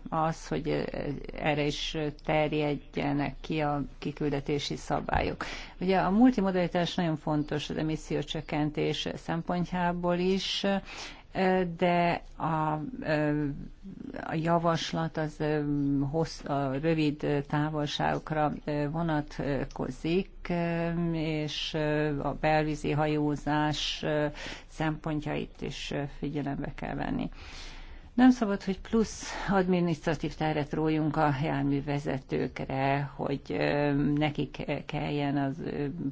az, hogy erre is terjedjenek ki a kiküldetési szabályok. Ugye a multimodalitás nagyon fontos az emissziócsökkentés szempontjából is, de a, a javaslat az hossz, a rövid távolságokra vonatkozik, és a belvízi hajózás szempontjait is figyelembe kell venni. Nem szabad, hogy plusz adminisztratív teret rójunk a járművezetőkre, hogy nekik kelljen az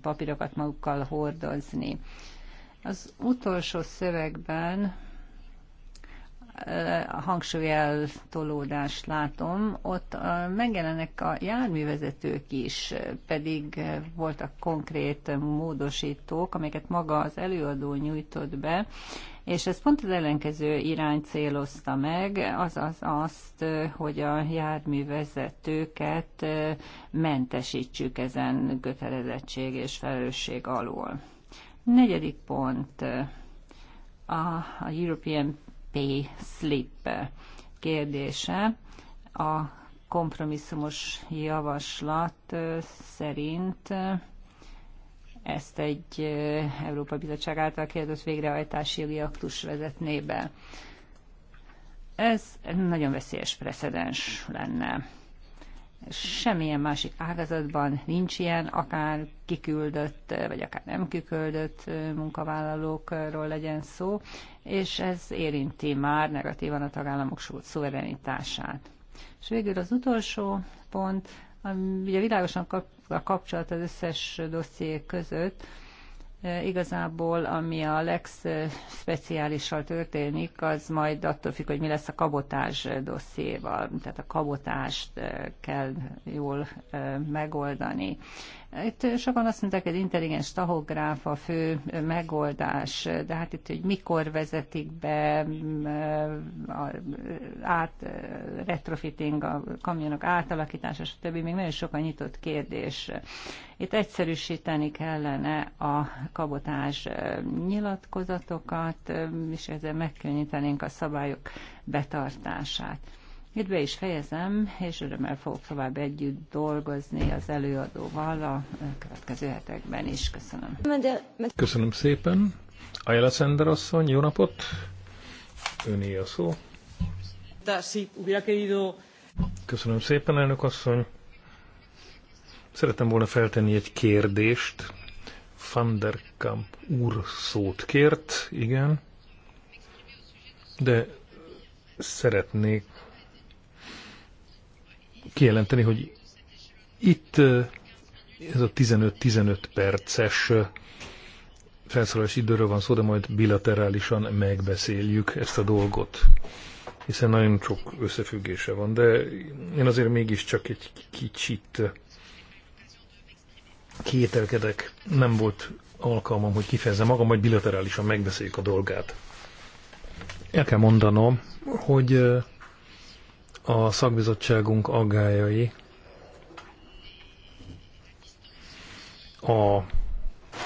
papírokat magukkal hordozni. Az utolsó szövegben a hangsúlyeltolódást látom, ott megjelennek a járművezetők is, pedig voltak konkrét módosítók, amiket maga az előadó nyújtott be, és ez pont az ellenkező irány célozta meg, azaz azt, hogy a járművezetőket mentesítsük ezen kötelezettség és felelősség alól. Negyedik pont a, a European pay slip kérdése. A kompromisszumos javaslat szerint ezt egy Európa Bizottság által kiadott végrehajtási jogi aktus vezetné be. Ez nagyon veszélyes precedens lenne. Semmilyen másik ágazatban nincs ilyen, akár kiküldött, vagy akár nem kiküldött munkavállalókról legyen szó, és ez érinti már negatívan a tagállamok szuverenitását. És végül az utolsó pont, ugye világosan a kapcsolat az összes dosszié között, E, igazából, ami a legspeciálissal történik, az majd attól függ, hogy mi lesz a kabotás dosszéval. Tehát a kabotást e, kell jól e, megoldani. Itt sokan azt mondták, hogy intelligens tahográf a fő megoldás, de hát itt, hogy mikor vezetik be mm, át, retrofitting, a kamionok átalakítása, stb. Még nagyon sokan nyitott kérdés. Itt egyszerűsíteni kellene a kabotás nyilatkozatokat, és ezzel megkönnyítenénk a szabályok betartását. Itt be is fejezem, és örömmel fogok tovább együtt dolgozni az előadóval a következő hetekben is. Köszönöm. Köszönöm szépen. Ajla Szender asszony, jó napot! Öné a szó. Köszönöm szépen, elnök asszony. Szeretem volna feltenni egy kérdést. Van der Kamp úr szót kért, igen, de szeretnék kijelenteni, hogy itt ez a 15-15 perces felszólalási időről van szó, de majd bilaterálisan megbeszéljük ezt a dolgot. Hiszen nagyon sok összefüggése van, de én azért mégiscsak egy kicsit kételkedek. Nem volt alkalmam, hogy kifejezze magam, majd bilaterálisan megbeszéljük a dolgát. El kell mondanom, hogy a szakbizottságunk aggájai a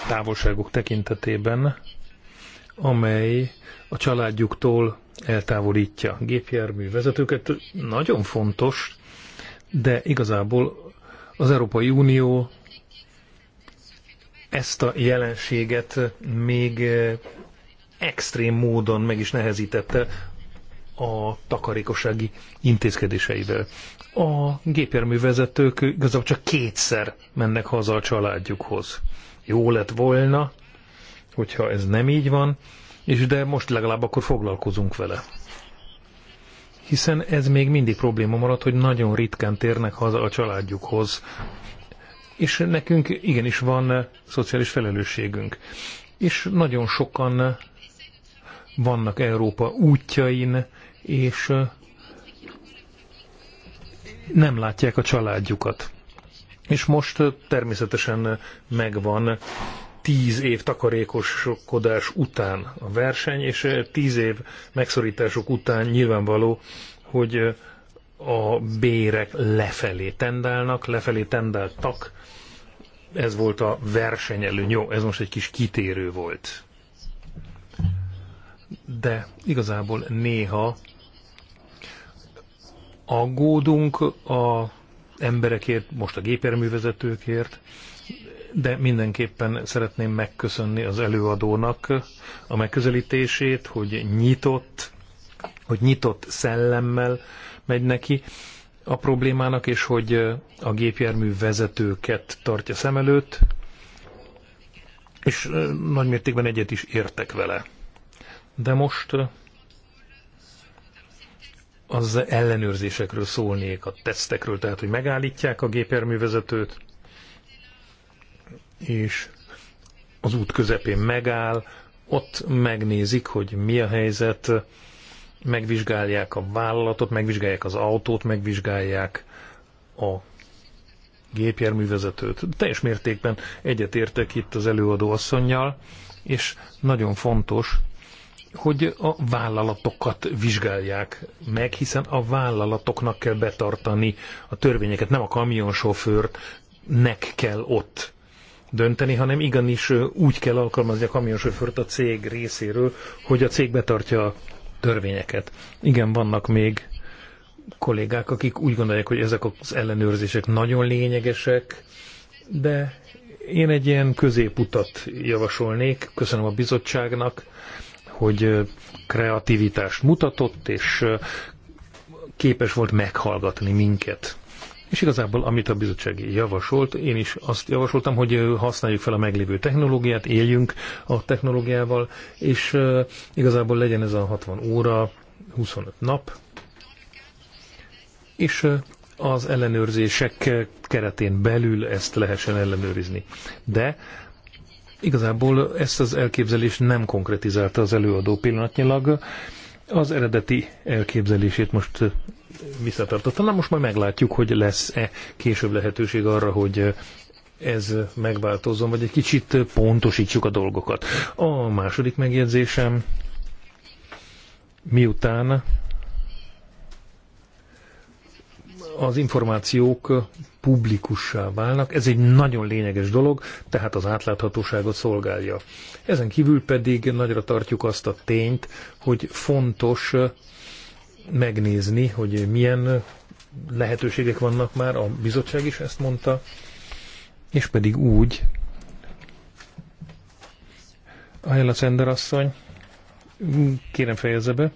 távolságok tekintetében, amely a családjuktól eltávolítja gépjármű vezetőket. Nagyon fontos, de igazából az Európai Unió ezt a jelenséget még extrém módon meg is nehezítette a takarékossági intézkedéseivel. A gépjárművezetők igazából csak kétszer mennek haza a családjukhoz. Jó lett volna, hogyha ez nem így van, és de most legalább akkor foglalkozunk vele. Hiszen ez még mindig probléma marad, hogy nagyon ritkán térnek haza a családjukhoz, és nekünk igenis van szociális felelősségünk. És nagyon sokan vannak Európa útjain, és nem látják a családjukat. És most természetesen megvan tíz év takarékoskodás után a verseny, és tíz év megszorítások után nyilvánvaló, hogy a bérek lefelé tendálnak, lefelé tendáltak. Ez volt a előny. Jó, ez most egy kis kitérő volt. De igazából néha aggódunk a emberekért, most a gépjárművezetőkért, de mindenképpen szeretném megköszönni az előadónak a megközelítését, hogy nyitott, hogy nyitott szellemmel megy neki a problémának, és hogy a gépjármű vezetőket tartja szem előtt, és nagymértékben egyet is értek vele. De most az ellenőrzésekről szólnék, a tesztekről, tehát hogy megállítják a gépjárművezetőt, és az út közepén megáll, ott megnézik, hogy mi a helyzet, megvizsgálják a vállalatot, megvizsgálják az autót, megvizsgálják a gépjárművezetőt. Teljes mértékben egyetértek itt az előadó asszonynal, és nagyon fontos, hogy a vállalatokat vizsgálják meg, hiszen a vállalatoknak kell betartani a törvényeket, nem a kamionsofőrnek kell ott dönteni, hanem igenis úgy kell alkalmazni a kamionsofőrt a cég részéről, hogy a cég betartja a törvényeket. Igen, vannak még kollégák, akik úgy gondolják, hogy ezek az ellenőrzések nagyon lényegesek, de én egy ilyen középutat javasolnék, köszönöm a bizottságnak, hogy kreativitást mutatott, és képes volt meghallgatni minket. És igazából, amit a bizottság javasolt, én is azt javasoltam, hogy használjuk fel a meglévő technológiát, éljünk a technológiával, és igazából legyen ez a 60 óra, 25 nap, és az ellenőrzések keretén belül ezt lehessen ellenőrizni. De Igazából ezt az elképzelést nem konkretizálta az előadó pillanatnyilag. Az eredeti elképzelését most eh, visszatartotta. Na most majd meglátjuk, hogy lesz-e később lehetőség arra, hogy eh, ez megváltozzon, vagy egy kicsit pontosítsuk a dolgokat. A második megjegyzésem, miután az információk publikussá válnak. Ez egy nagyon lényeges dolog, tehát az átláthatóságot szolgálja. Ezen kívül pedig nagyra tartjuk azt a tényt, hogy fontos megnézni, hogy milyen lehetőségek vannak már, a bizottság is ezt mondta, és pedig úgy, Ajla Szender asszony, kérem fejezze be.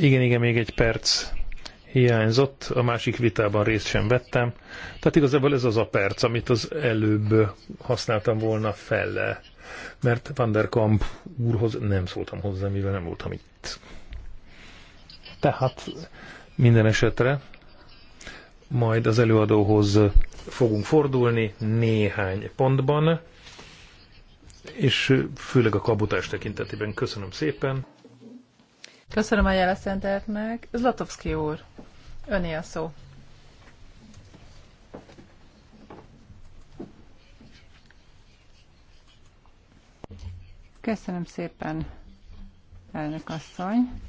Igen, igen, még egy perc hiányzott, a másik vitában részt sem vettem. Tehát igazából ez az a perc, amit az előbb használtam volna felle, mert Van der Kamp úrhoz nem szóltam hozzá, mivel nem voltam itt. Tehát minden esetre majd az előadóhoz fogunk fordulni néhány pontban, és főleg a kabutás tekintetében köszönöm szépen. Köszönöm a jelesentertnek. Zlatowski úr, öné a szó. Köszönöm szépen, elnök asszony.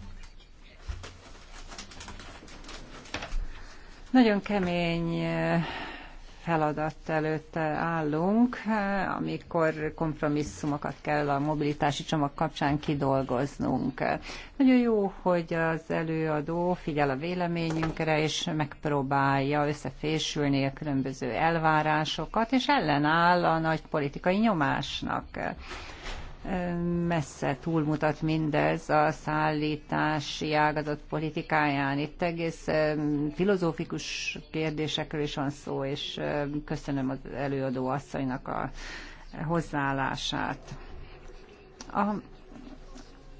Nagyon kemény feladat előtt állunk, amikor kompromisszumokat kell a mobilitási csomag kapcsán kidolgoznunk. Nagyon jó, hogy az előadó figyel a véleményünkre, és megpróbálja összefésülni a különböző elvárásokat, és ellenáll a nagy politikai nyomásnak messze túlmutat mindez a szállítási ágazat politikáján. Itt egész filozófikus kérdésekről is van szó, és köszönöm az előadó asszonynak a hozzáállását. A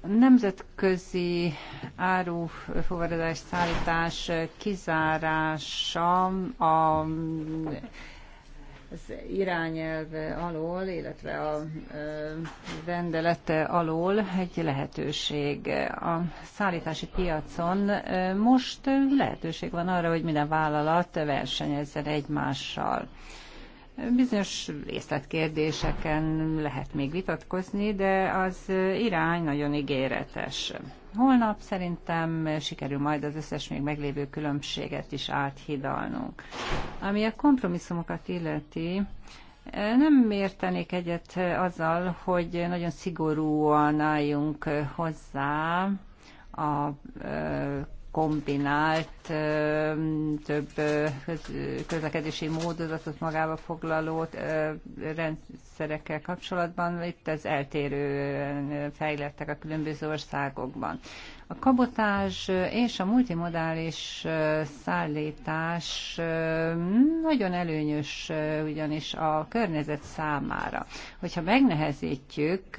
nemzetközi árufogadás szállítás kizárása a az irányelve alól, illetve a rendelete alól egy lehetőség. A szállítási piacon most lehetőség van arra, hogy minden vállalat versenyezzen egymással. Bizonyos részletkérdéseken lehet még vitatkozni, de az irány nagyon ígéretes holnap szerintem sikerül majd az összes még meglévő különbséget is áthidalnunk. Ami a kompromisszumokat illeti, nem értenék egyet azzal, hogy nagyon szigorúan álljunk hozzá a kombinált több közlekedési módozatot magába foglaló gyógyszerekkel kapcsolatban, itt ez eltérő fejlettek a különböző országokban. A kabotás és a multimodális szállítás nagyon előnyös ugyanis a környezet számára. Hogyha megnehezítjük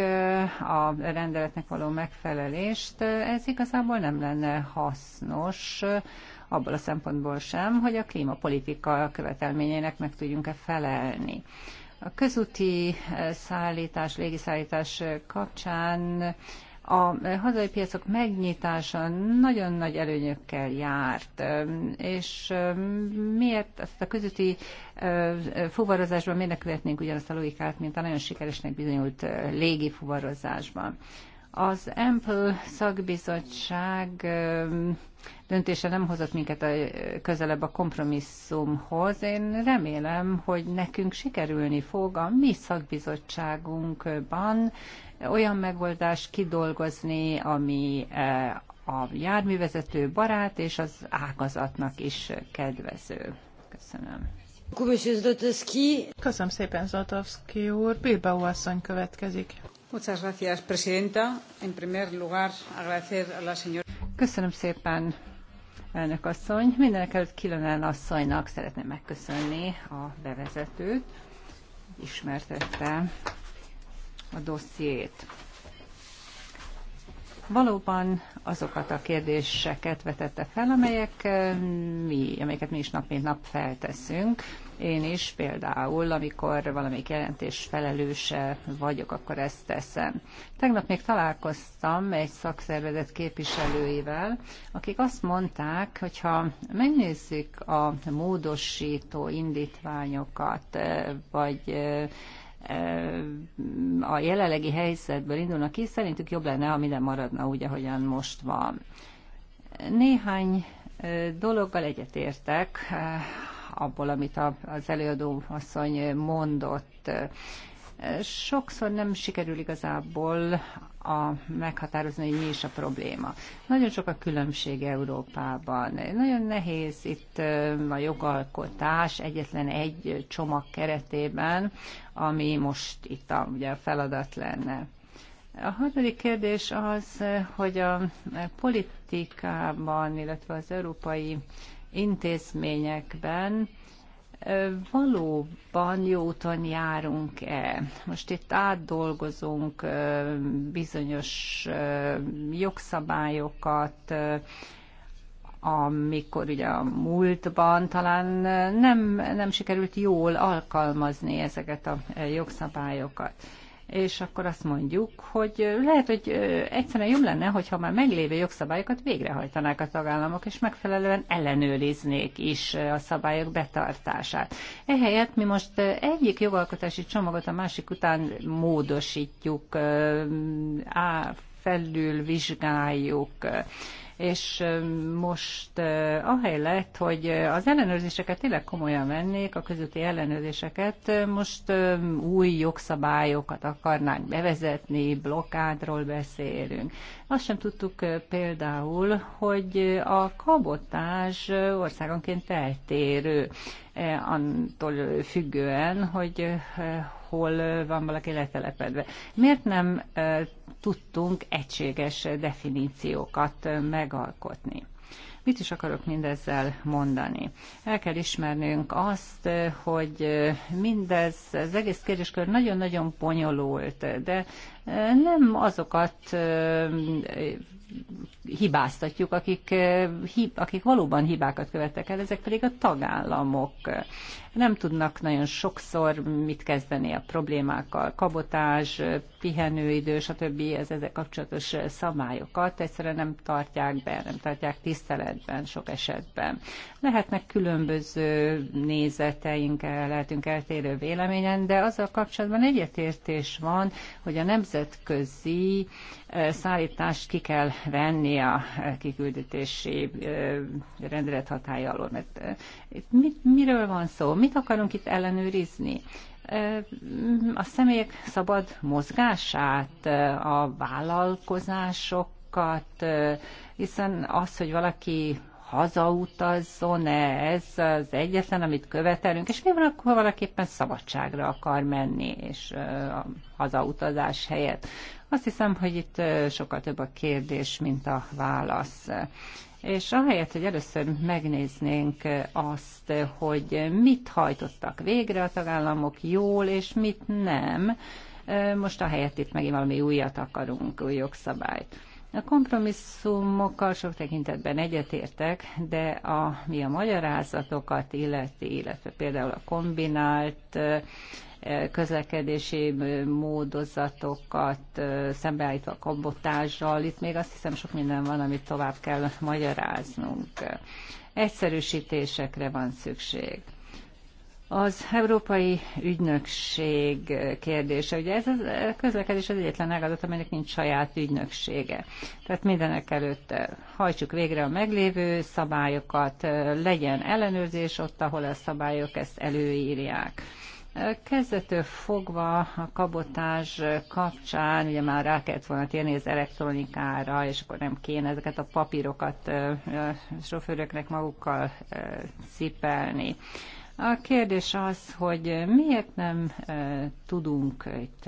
a rendeletnek való megfelelést, ez igazából nem lenne hasznos abból a szempontból sem, hogy a klímapolitika követelményeinek meg tudjunk-e felelni. A közúti eh, szállítás, légiszállítás eh, kapcsán a eh, hazai piacok megnyitása nagyon nagy előnyökkel járt, és miért ezt a közötti fuvarozásban miért ne követnénk ugyanazt a logikát, mint a nagyon sikeresnek bizonyult légi fuvarozásban. Az Ample szakbizottság döntése nem hozott minket a, közelebb a kompromisszumhoz. Én remélem, hogy nekünk sikerülni fog a mi szakbizottságunkban olyan megoldást kidolgozni, ami a járművezető barát és az ágazatnak is kedvező. Köszönöm. Köszönöm szépen, Zlotowski úr. Bilbao asszony következik. Köszönöm szépen, elnök asszony. Mindenek előtt Kilonel asszonynak szeretném megköszönni a bevezetőt, ismertette a dossziét valóban azokat a kérdéseket vetette fel, amelyek mi, amelyeket mi is nap mint nap felteszünk. Én is például, amikor valamelyik jelentés felelőse vagyok, akkor ezt teszem. Tegnap még találkoztam egy szakszervezet képviselőivel, akik azt mondták, hogy ha megnézzük a módosító indítványokat, vagy a jelenlegi helyzetből indulnak ki, szerintük jobb lenne, ha minden maradna úgy, ahogyan most van. Néhány dologgal egyetértek abból, amit az előadó asszony mondott. Sokszor nem sikerül igazából a, meghatározni, hogy mi is a probléma. Nagyon sok a különbség Európában. Nagyon nehéz itt a jogalkotás egyetlen egy csomag keretében, ami most itt a, ugye a feladat lenne. A harmadik kérdés az, hogy a politikában, illetve az európai intézményekben valóban jó úton járunk-e. Most itt átdolgozunk bizonyos jogszabályokat, amikor ugye a múltban talán nem, nem sikerült jól alkalmazni ezeket a jogszabályokat és akkor azt mondjuk, hogy lehet, hogy egyszerűen jobb lenne, hogyha már meglévő jogszabályokat végrehajtanák a tagállamok, és megfelelően ellenőriznék is a szabályok betartását. Ehelyett mi most egyik jogalkotási csomagot a másik után módosítjuk, á, felülvizsgáljuk és most a lett, hogy az ellenőrzéseket tényleg komolyan vennék, a közötti ellenőrzéseket, most új jogszabályokat akarnánk bevezetni, blokádról beszélünk. Azt sem tudtuk például, hogy a kabotás országonként eltérő, attól függően, hogy hol van valaki letelepedve. Miért nem tudtunk egységes definíciókat megalkotni? Mit is akarok mindezzel mondani? El kell ismernünk azt, hogy mindez, az egész kérdéskör nagyon-nagyon bonyolult, de nem azokat hibáztatjuk, akik, akik valóban hibákat követtek el, ezek pedig a tagállamok. Nem tudnak nagyon sokszor mit kezdeni a problémákkal, kabotás, pihenőidő, stb. Ez ezek kapcsolatos szabályokat egyszerűen nem tartják be, nem tartják tiszteletben sok esetben. Lehetnek különböző nézeteink, lehetünk eltérő véleményen, de azzal kapcsolatban egyetértés van, hogy a nem nemzetközi szállítást ki kell venni a kiküldetési rendelet hatája alól. Mert itt mit, miről van szó? Mit akarunk itt ellenőrizni? A személyek szabad mozgását, a vállalkozásokat, hiszen az, hogy valaki hazautazzon-e, ez az egyetlen, amit követelünk, és mi van, akkor ha valaképpen szabadságra akar menni, és a hazautazás helyett. Azt hiszem, hogy itt sokkal több a kérdés, mint a válasz. És ahelyett, hogy először megnéznénk azt, hogy mit hajtottak végre a tagállamok jól, és mit nem, most a itt megint valami újat akarunk, új jogszabályt. A kompromisszumokkal sok tekintetben egyetértek, de a, mi a magyarázatokat illeti, illetve például a kombinált közlekedési módozatokat szembeállítva a kombotással, itt még azt hiszem sok minden van, amit tovább kell magyaráznunk. Egyszerűsítésekre van szükség. Az Európai Ügynökség kérdése, ugye ez a eh, közlekedés az egyetlen ágazat, amelynek nincs saját ügynöksége. Tehát mindenek előtt eh, hajtsuk végre a meglévő szabályokat, eh, legyen ellenőrzés ott, ahol a szabályok ezt előírják. Kezdetől fogva a kabotás kapcsán ugye már rá kellett volna térni az elektronikára, és akkor nem kéne ezeket a papírokat a sofőröknek magukkal cipelni. A kérdés az, hogy miért nem tudunk itt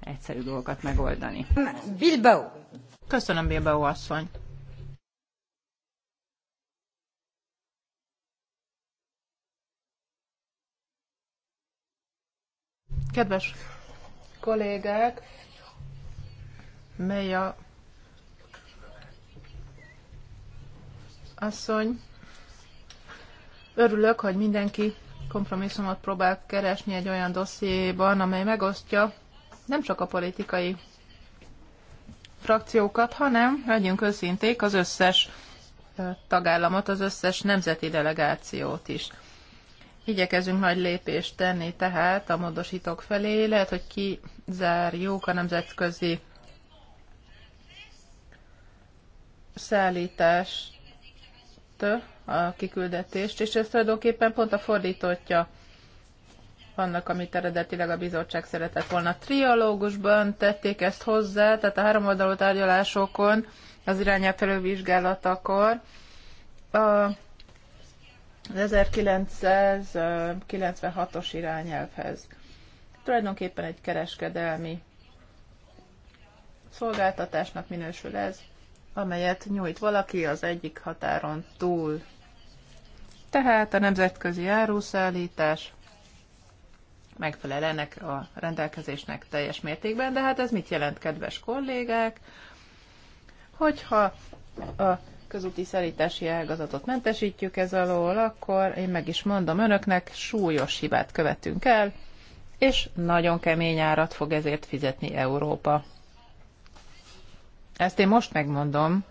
egyszerű dolgokat megoldani. Bilbao. Köszönöm, Bilbao asszony. Kedves kollégák, mely a asszony Örülök, hogy mindenki kompromisszumot próbál keresni egy olyan dossziéban, amely megosztja nem csak a politikai frakciókat, hanem, legyünk őszinték, az összes tagállamot, az összes nemzeti delegációt is. Igyekezünk nagy lépést tenni tehát a módosítók felé, lehet, hogy kizárjuk a nemzetközi szállítást, a kiküldetést, és ez tulajdonképpen pont a fordítottja annak, amit eredetileg a bizottság szeretett volna. Trialógusban tették ezt hozzá, tehát a háromoldalú tárgyalásokon, az irányá felülvizsgálatakor. A 1996-os irányelvhez. Tulajdonképpen egy kereskedelmi szolgáltatásnak minősül ez, amelyet nyújt valaki az egyik határon túl. Tehát a nemzetközi áruszállítás megfelel ennek a rendelkezésnek teljes mértékben, de hát ez mit jelent, kedves kollégák? Hogyha a közúti szállítási ágazatot mentesítjük ez alól, akkor én meg is mondom önöknek, súlyos hibát követünk el, és nagyon kemény árat fog ezért fizetni Európa. Ezt én most megmondom.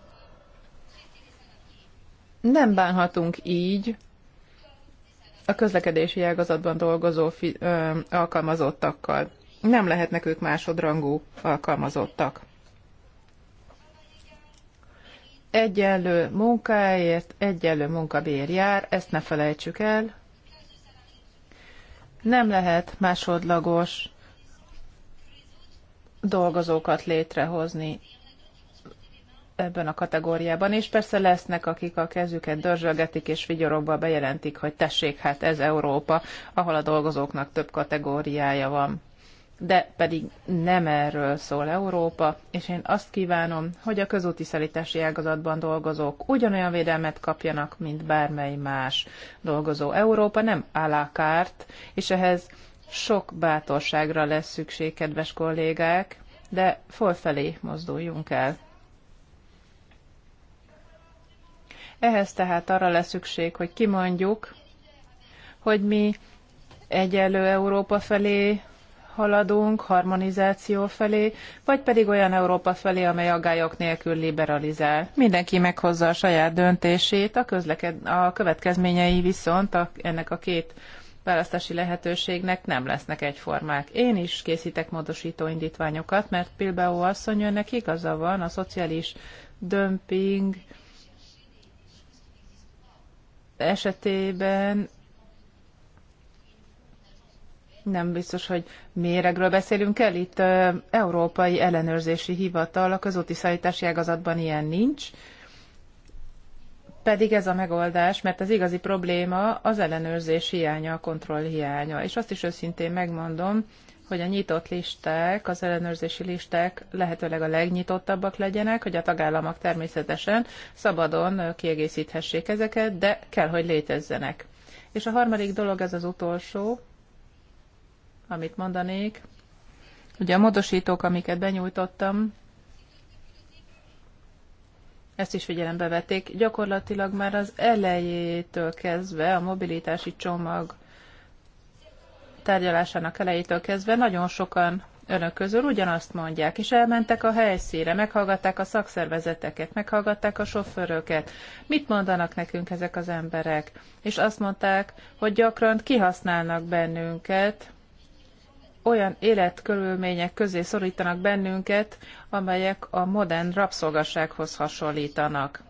Nem bánhatunk így a közlekedési ágazatban dolgozó fi, ö, alkalmazottakkal. Nem lehetnek ők másodrangú alkalmazottak. Egyenlő munkáért, egyenlő munkabér jár, ezt ne felejtsük el. Nem lehet másodlagos dolgozókat létrehozni ebben a kategóriában, és persze lesznek, akik a kezüket dörzsölgetik és vigyorogva bejelentik, hogy tessék, hát ez Európa, ahol a dolgozóknak több kategóriája van. De pedig nem erről szól Európa, és én azt kívánom, hogy a közúti szállítási ágazatban dolgozók ugyanolyan védelmet kapjanak, mint bármely más dolgozó. Európa nem alákárt, és ehhez sok bátorságra lesz szükség, kedves kollégák, de fölfelé mozduljunk el. Ehhez tehát arra lesz szükség, hogy kimondjuk, hogy mi egyenlő Európa felé haladunk, harmonizáció felé, vagy pedig olyan Európa felé, amely agályok nélkül liberalizál. Mindenki meghozza a saját döntését, a, közleked, a következményei viszont a, ennek a két választási lehetőségnek nem lesznek egyformák. Én is készítek módosító indítványokat, mert Pilbeó asszony önnek igaza van, a szociális dömping, esetében nem biztos, hogy méregről beszélünk el. Itt Európai Ellenőrzési Hivatal a közúti szállítási ágazatban ilyen nincs. Pedig ez a megoldás, mert az igazi probléma az ellenőrzés hiánya, a kontroll hiánya. És azt is őszintén megmondom, hogy a nyitott listák, az ellenőrzési listák lehetőleg a legnyitottabbak legyenek, hogy a tagállamok természetesen szabadon kiegészíthessék ezeket, de kell, hogy létezzenek. És a harmadik dolog, ez az utolsó, amit mondanék. Ugye a módosítók, amiket benyújtottam, ezt is figyelembe vették. Gyakorlatilag már az elejétől kezdve a mobilitási csomag tárgyalásának elejétől kezdve nagyon sokan önök közül ugyanazt mondják, és elmentek a helyszíre, meghallgatták a szakszervezeteket, meghallgatták a sofőröket. Mit mondanak nekünk ezek az emberek? És azt mondták, hogy gyakran kihasználnak bennünket, olyan életkörülmények közé szorítanak bennünket, amelyek a modern rabszolgassághoz hasonlítanak.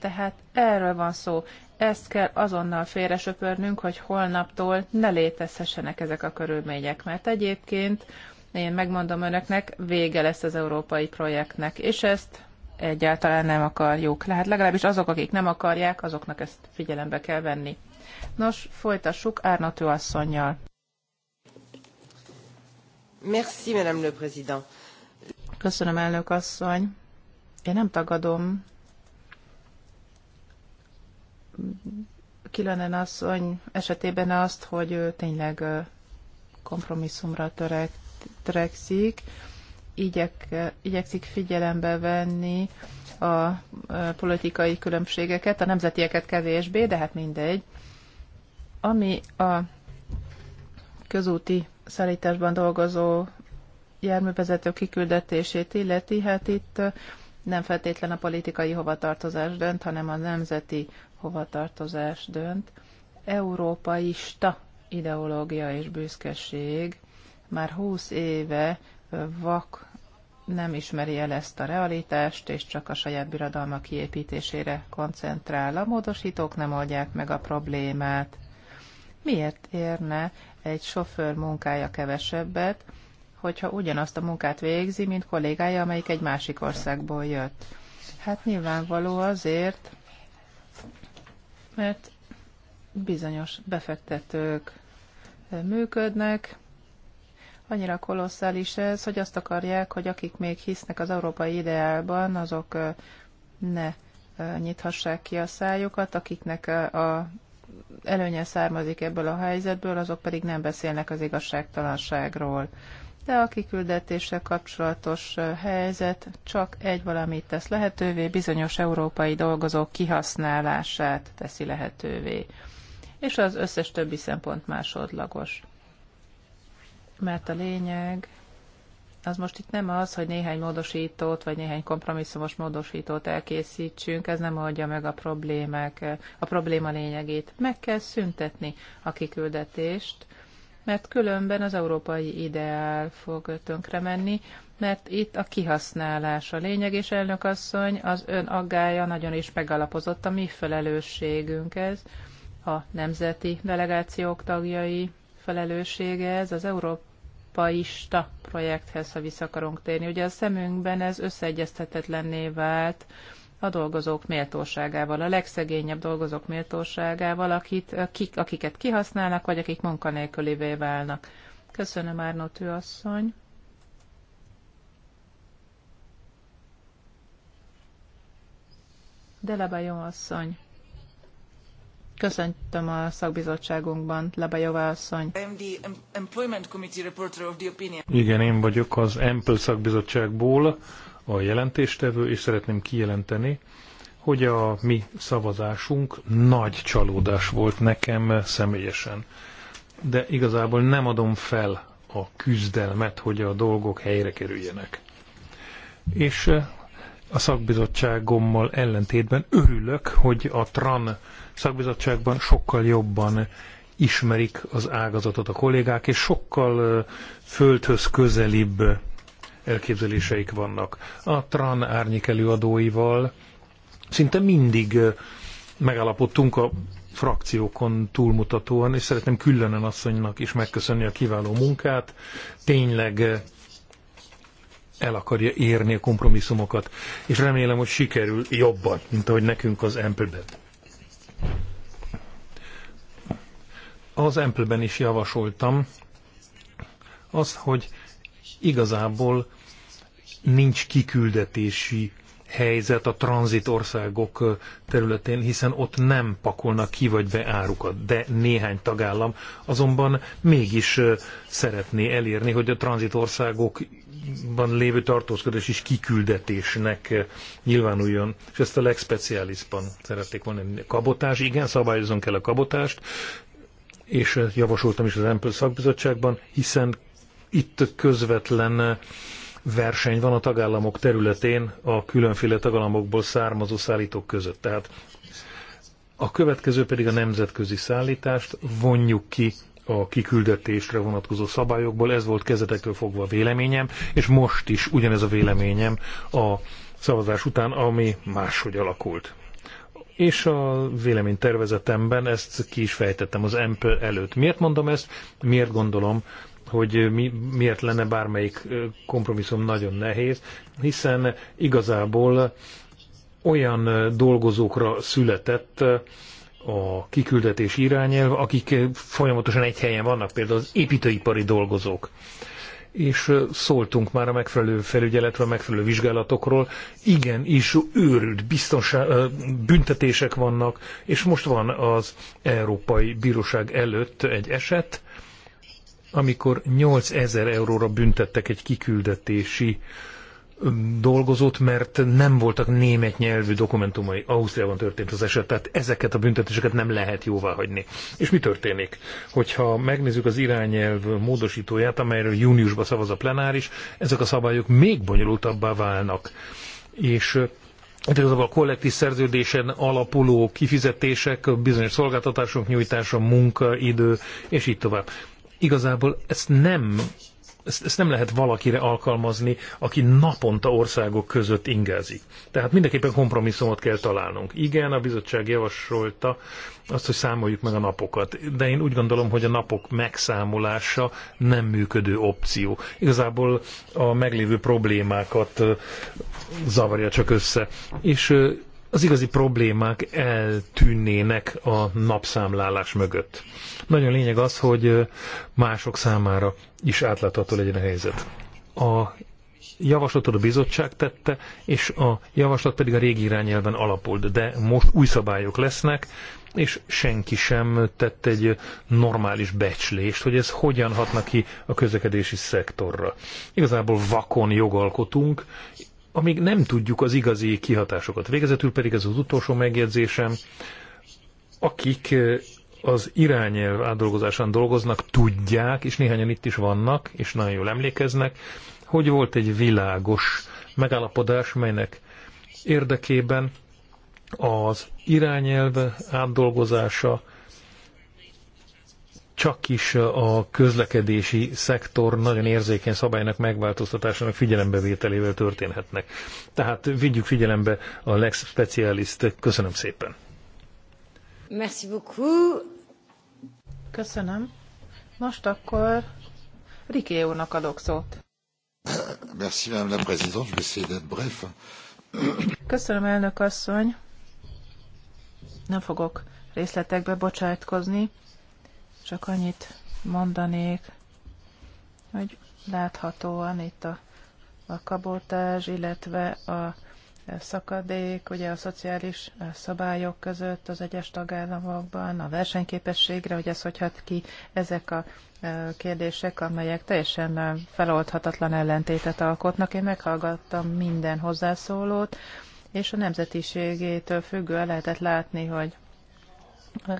Tehát erről van szó ezt kell azonnal félresöpörnünk, hogy holnaptól ne létezhessenek ezek a körülmények, mert egyébként én megmondom önöknek, vége lesz az európai projektnek, és ezt egyáltalán nem akarjuk. Lehet legalábbis azok, akik nem akarják, azoknak ezt figyelembe kell venni. Nos, folytassuk Árnatő asszonynal. Merci, Madame le Président. Köszönöm, elnök asszony. Én nem tagadom Kilenen asszony esetében azt, hogy ő tényleg kompromisszumra törek, törekszik, igyek, igyekszik figyelembe venni a politikai különbségeket, a nemzetieket kevésbé, de hát mindegy. Ami a közúti szállításban dolgozó járművezető kiküldetését illeti, hát itt nem feltétlen a politikai hovatartozás dönt, hanem a nemzeti hovatartozás dönt. Európaista ideológia és büszkeség már húsz éve vak nem ismeri el ezt a realitást, és csak a saját birodalma kiépítésére koncentrál. A módosítók nem oldják meg a problémát. Miért érne egy sofőr munkája kevesebbet, hogyha ugyanazt a munkát végzi, mint kollégája, amelyik egy másik országból jött? Hát nyilvánvaló azért, mert bizonyos befektetők működnek, annyira kolosszális ez, hogy azt akarják, hogy akik még hisznek az európai ideálban, azok ne nyithassák ki a szájukat, akiknek a előnye származik ebből a helyzetből, azok pedig nem beszélnek az igazságtalanságról. De a kiküldetéssel kapcsolatos helyzet csak egy valamit tesz lehetővé, bizonyos európai dolgozók kihasználását teszi lehetővé. És az összes többi szempont másodlagos. Mert a lényeg az most itt nem az, hogy néhány módosítót, vagy néhány kompromisszumos módosítót elkészítsünk, ez nem oldja meg a problémák, a probléma lényegét. Meg kell szüntetni a kiküldetést, mert különben az európai ideál fog tönkre menni, mert itt a kihasználás a lényeg, és elnök asszony, az ön aggája nagyon is megalapozott a mi felelősségünk ez, a nemzeti delegációk tagjai felelőssége ez, az Európa paista projekthez, ha vissza akarunk térni. Ugye a szemünkben ez összeegyeztetetlenné vált a dolgozók méltóságával, a legszegényebb dolgozók méltóságával, akit, akik, akiket kihasználnak, vagy akik munkanélkülivé válnak. Köszönöm, Árnotű asszony. Delebajon asszony. Köszöntöm a szakbizottságunkban, Lebajová asszony. Igen, én vagyok az Ample szakbizottságból a jelentéstevő, és szeretném kijelenteni, hogy a mi szavazásunk nagy csalódás volt nekem személyesen. De igazából nem adom fel a küzdelmet, hogy a dolgok helyre kerüljenek. És eh, a szakbizottságommal ellentétben örülök, hogy a TRAN szakbizottságban sokkal jobban ismerik az ágazatot a kollégák, és sokkal eh, földhöz közelibb elképzeléseik vannak. A TRAN árnyék előadóival szinte mindig megállapodtunk a frakciókon túlmutatóan, és szeretném különen asszonynak is megköszönni a kiváló munkát. Tényleg el akarja érni a kompromisszumokat, és remélem, hogy sikerül jobban, mint ahogy nekünk az Ample-ben. Az Ample-ben is javasoltam azt, hogy igazából nincs kiküldetési helyzet a tranzit országok területén, hiszen ott nem pakolnak ki vagy be árukat, de néhány tagállam azonban mégis szeretné elérni, hogy a tranzit országokban lévő tartózkodás is kiküldetésnek nyilvánuljon, és ezt a legspecialisban szerették volna. Kabotás, igen, szabályozunk kell a kabotást, és javasoltam is az Empel szakbizottságban, hiszen itt közvetlen verseny van a tagállamok területén a különféle tagállamokból származó szállítók között. Tehát a következő pedig a nemzetközi szállítást vonjuk ki a kiküldetésre vonatkozó szabályokból. Ez volt kezetektől fogva a véleményem, és most is ugyanez a véleményem a szavazás után, ami máshogy alakult. És a véleménytervezetemben ezt ki is fejtettem az MP előtt. Miért mondom ezt? Miért gondolom, hogy mi, miért lenne bármelyik kompromisszum nagyon nehéz, hiszen igazából olyan dolgozókra született a kiküldetés irányelv, akik folyamatosan egy helyen vannak, például az építőipari dolgozók. És szóltunk már a megfelelő felügyeletről, a megfelelő vizsgálatokról. Igen, és őrült biztonság, büntetések vannak, és most van az Európai Bíróság előtt egy eset, amikor 8000 euróra büntettek egy kiküldetési dolgozót, mert nem voltak német nyelvű dokumentumai. Ausztriában történt az eset, tehát ezeket a büntetéseket nem lehet jóvá hagyni. És mi történik? Hogyha megnézzük az irányelv módosítóját, amelyről júniusban szavaz a plenáris, ezek a szabályok még bonyolultabbá válnak. És itt igazából a kollektív szerződésen alapuló kifizetések, bizonyos szolgáltatások nyújtása, munkaidő, és így tovább. Igazából ezt nem, ezt, ezt nem lehet valakire alkalmazni, aki naponta országok között ingázik. Tehát mindenképpen kompromisszumot kell találnunk. Igen, a bizottság javasolta azt, hogy számoljuk meg a napokat, de én úgy gondolom, hogy a napok megszámolása nem működő opció. Igazából a meglévő problémákat zavarja csak össze. És az igazi problémák eltűnnének a napszámlálás mögött. Nagyon lényeg az, hogy mások számára is átlátható legyen a helyzet. A javaslatot a bizottság tette, és a javaslat pedig a régi irányelven alapult, de most új szabályok lesznek, és senki sem tett egy normális becslést, hogy ez hogyan hatna ki a közlekedési szektorra. Igazából vakon jogalkotunk, amíg nem tudjuk az igazi kihatásokat. Végezetül pedig ez az utolsó megjegyzésem, akik az irányelv átdolgozásán dolgoznak, tudják, és néhányan itt is vannak, és nagyon jól emlékeznek, hogy volt egy világos megállapodás, melynek érdekében az irányelv átdolgozása csak is a közlekedési szektor nagyon érzékeny szabálynak megváltoztatásának figyelembevételével történhetnek. Tehát vigyük figyelembe a Lex Specialist. Köszönöm szépen. Merci beaucoup. Köszönöm. Most akkor Riké úrnak adok szót. Merci, Madame la Présidente. Je vais essayer d'être bref. Köszönöm, elnök asszony. Nem fogok részletekbe bocsátkozni csak annyit mondanék, hogy láthatóan itt a, a kabotás, illetve a szakadék, ugye a szociális szabályok között az egyes tagállamokban, a versenyképességre, hogy ez hogyhat ki ezek a e, kérdések, amelyek teljesen feloldhatatlan ellentétet alkotnak. Én meghallgattam minden hozzászólót, és a nemzetiségétől függően lehetett látni, hogy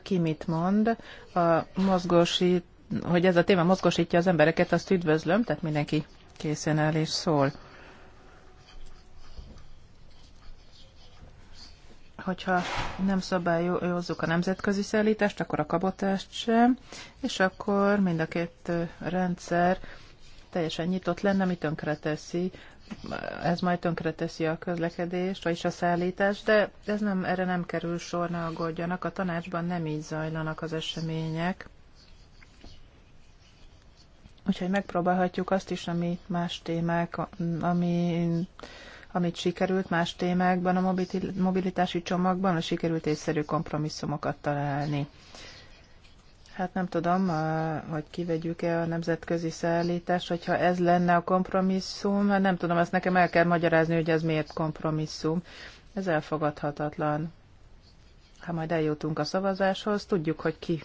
ki mit mond, a mozgósít, hogy ez a téma mozgósítja az embereket, azt üdvözlöm, tehát mindenki készen áll és szól. hogyha nem szabályozzuk a nemzetközi szállítást, akkor a kabotást sem, és akkor mind a két rendszer teljesen nyitott lenne, tönkre teszi ez majd teszi a közlekedést, vagyis a szállítást, de ez nem, erre nem kerül sor, ne aggódjanak. A tanácsban nem így zajlanak az események. Úgyhogy megpróbálhatjuk azt is, ami más témák, ami, amit sikerült más témákban, a mobilitási csomagban, a sikerült észszerű kompromisszumokat találni. Hát nem tudom, hogy kivegyük-e a nemzetközi szállítás, hogyha ez lenne a kompromisszum, hát nem tudom, ezt nekem el kell magyarázni, hogy ez miért kompromisszum. Ez elfogadhatatlan. Ha majd eljutunk a szavazáshoz, tudjuk, hogy ki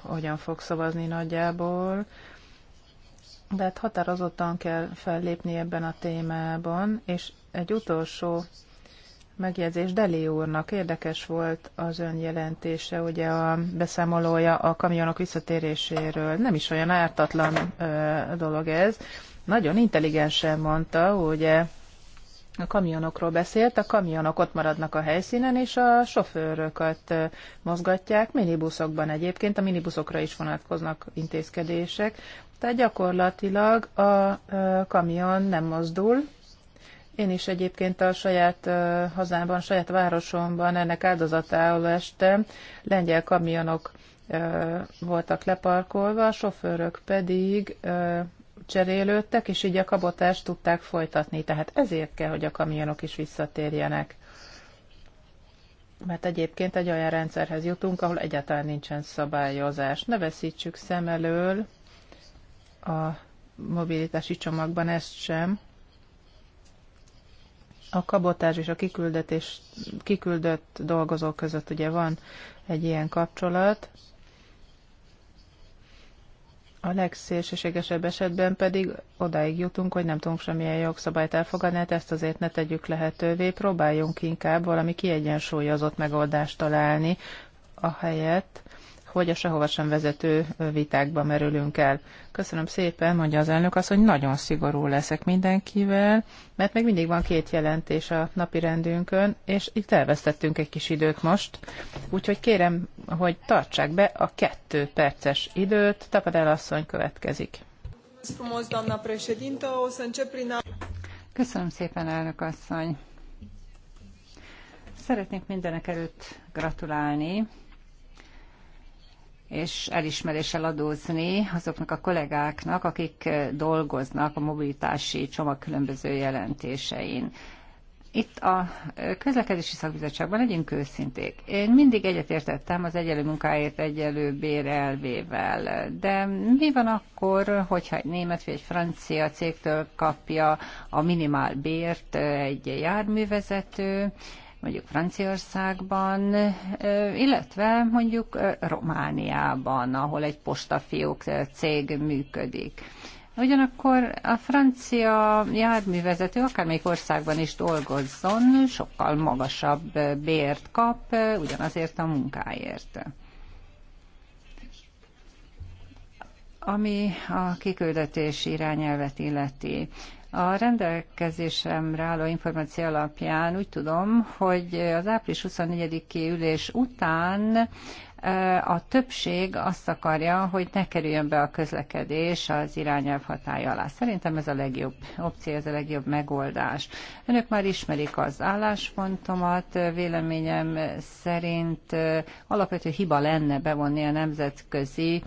hogyan fog szavazni nagyjából. De hát határozottan kell fellépni ebben a témában, és egy utolsó megjegyzés Deli úrnak. Érdekes volt az ön jelentése, ugye a beszámolója a kamionok visszatéréséről. Nem is olyan ártatlan ö, dolog ez. Nagyon intelligensen mondta, ugye a kamionokról beszélt, a kamionok ott maradnak a helyszínen, és a sofőröket mozgatják, minibuszokban egyébként, a minibuszokra is vonatkoznak intézkedések, tehát gyakorlatilag a kamion nem mozdul, én is egyébként a saját hazámban, saját városomban ennek áldozatául estem. Lengyel kamionok voltak leparkolva, a sofőrök pedig cserélődtek, és így a kabotást tudták folytatni. Tehát ezért kell, hogy a kamionok is visszatérjenek. Mert egyébként egy olyan rendszerhez jutunk, ahol egyáltalán nincsen szabályozás. Ne veszítsük szem elől a mobilitási csomagban ezt sem, a kabotás és a kiküldetés, kiküldött dolgozók között ugye van egy ilyen kapcsolat, a legszélsőségesebb esetben pedig odáig jutunk, hogy nem tudunk semmilyen jogszabályt elfogadni, hát ezt azért ne tegyük lehetővé, próbáljunk inkább valami kiegyensúlyozott megoldást találni, a helyet, hogy a sehova sem vezető vitákba merülünk el. Köszönöm szépen, mondja az elnök azt, hogy nagyon szigorú leszek mindenkivel, mert még mindig van két jelentés a napi rendünkön, és itt elvesztettünk egy kis időt most, úgyhogy kérem, hogy tartsák be a kettő perces időt. Tapadel asszony következik. Köszönöm szépen, elnök asszony. Szeretnék mindenek előtt gratulálni és elismeréssel adózni azoknak a kollégáknak, akik eh, dolgoznak a mobilitási csomag különböző jelentésein. Itt a eh, közlekedési szakbizottságban legyünk őszinték. Én mindig egyetértettem az egyenlő munkáért egyenlő bér elvével, de mi van akkor, hogyha egy német vagy egy francia cégtől kapja a minimál bért eh, egy járművezető, mondjuk Franciaországban, illetve mondjuk Romániában, ahol egy postafiók cég működik. Ugyanakkor a francia járművezető akármelyik országban is dolgozzon, sokkal magasabb bért kap ugyanazért a munkáért. Ami a kiküldetés irányelvet illeti, a rendelkezésemre álló információ alapján úgy tudom, hogy az április 24-i ülés után a többség azt akarja, hogy ne kerüljön be a közlekedés az irányelv hatája alá. Szerintem ez a legjobb opció, ez a legjobb megoldás. Önök már ismerik az álláspontomat, véleményem szerint alapvető hiba lenne bevonni a nemzetközi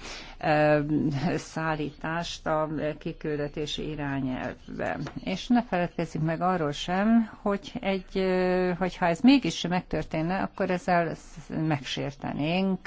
szállítást a kiküldetési irányelvbe. És ne feledkezzük meg arról sem, hogy egy, hogyha ez mégis megtörténne, akkor ezzel megsértenénk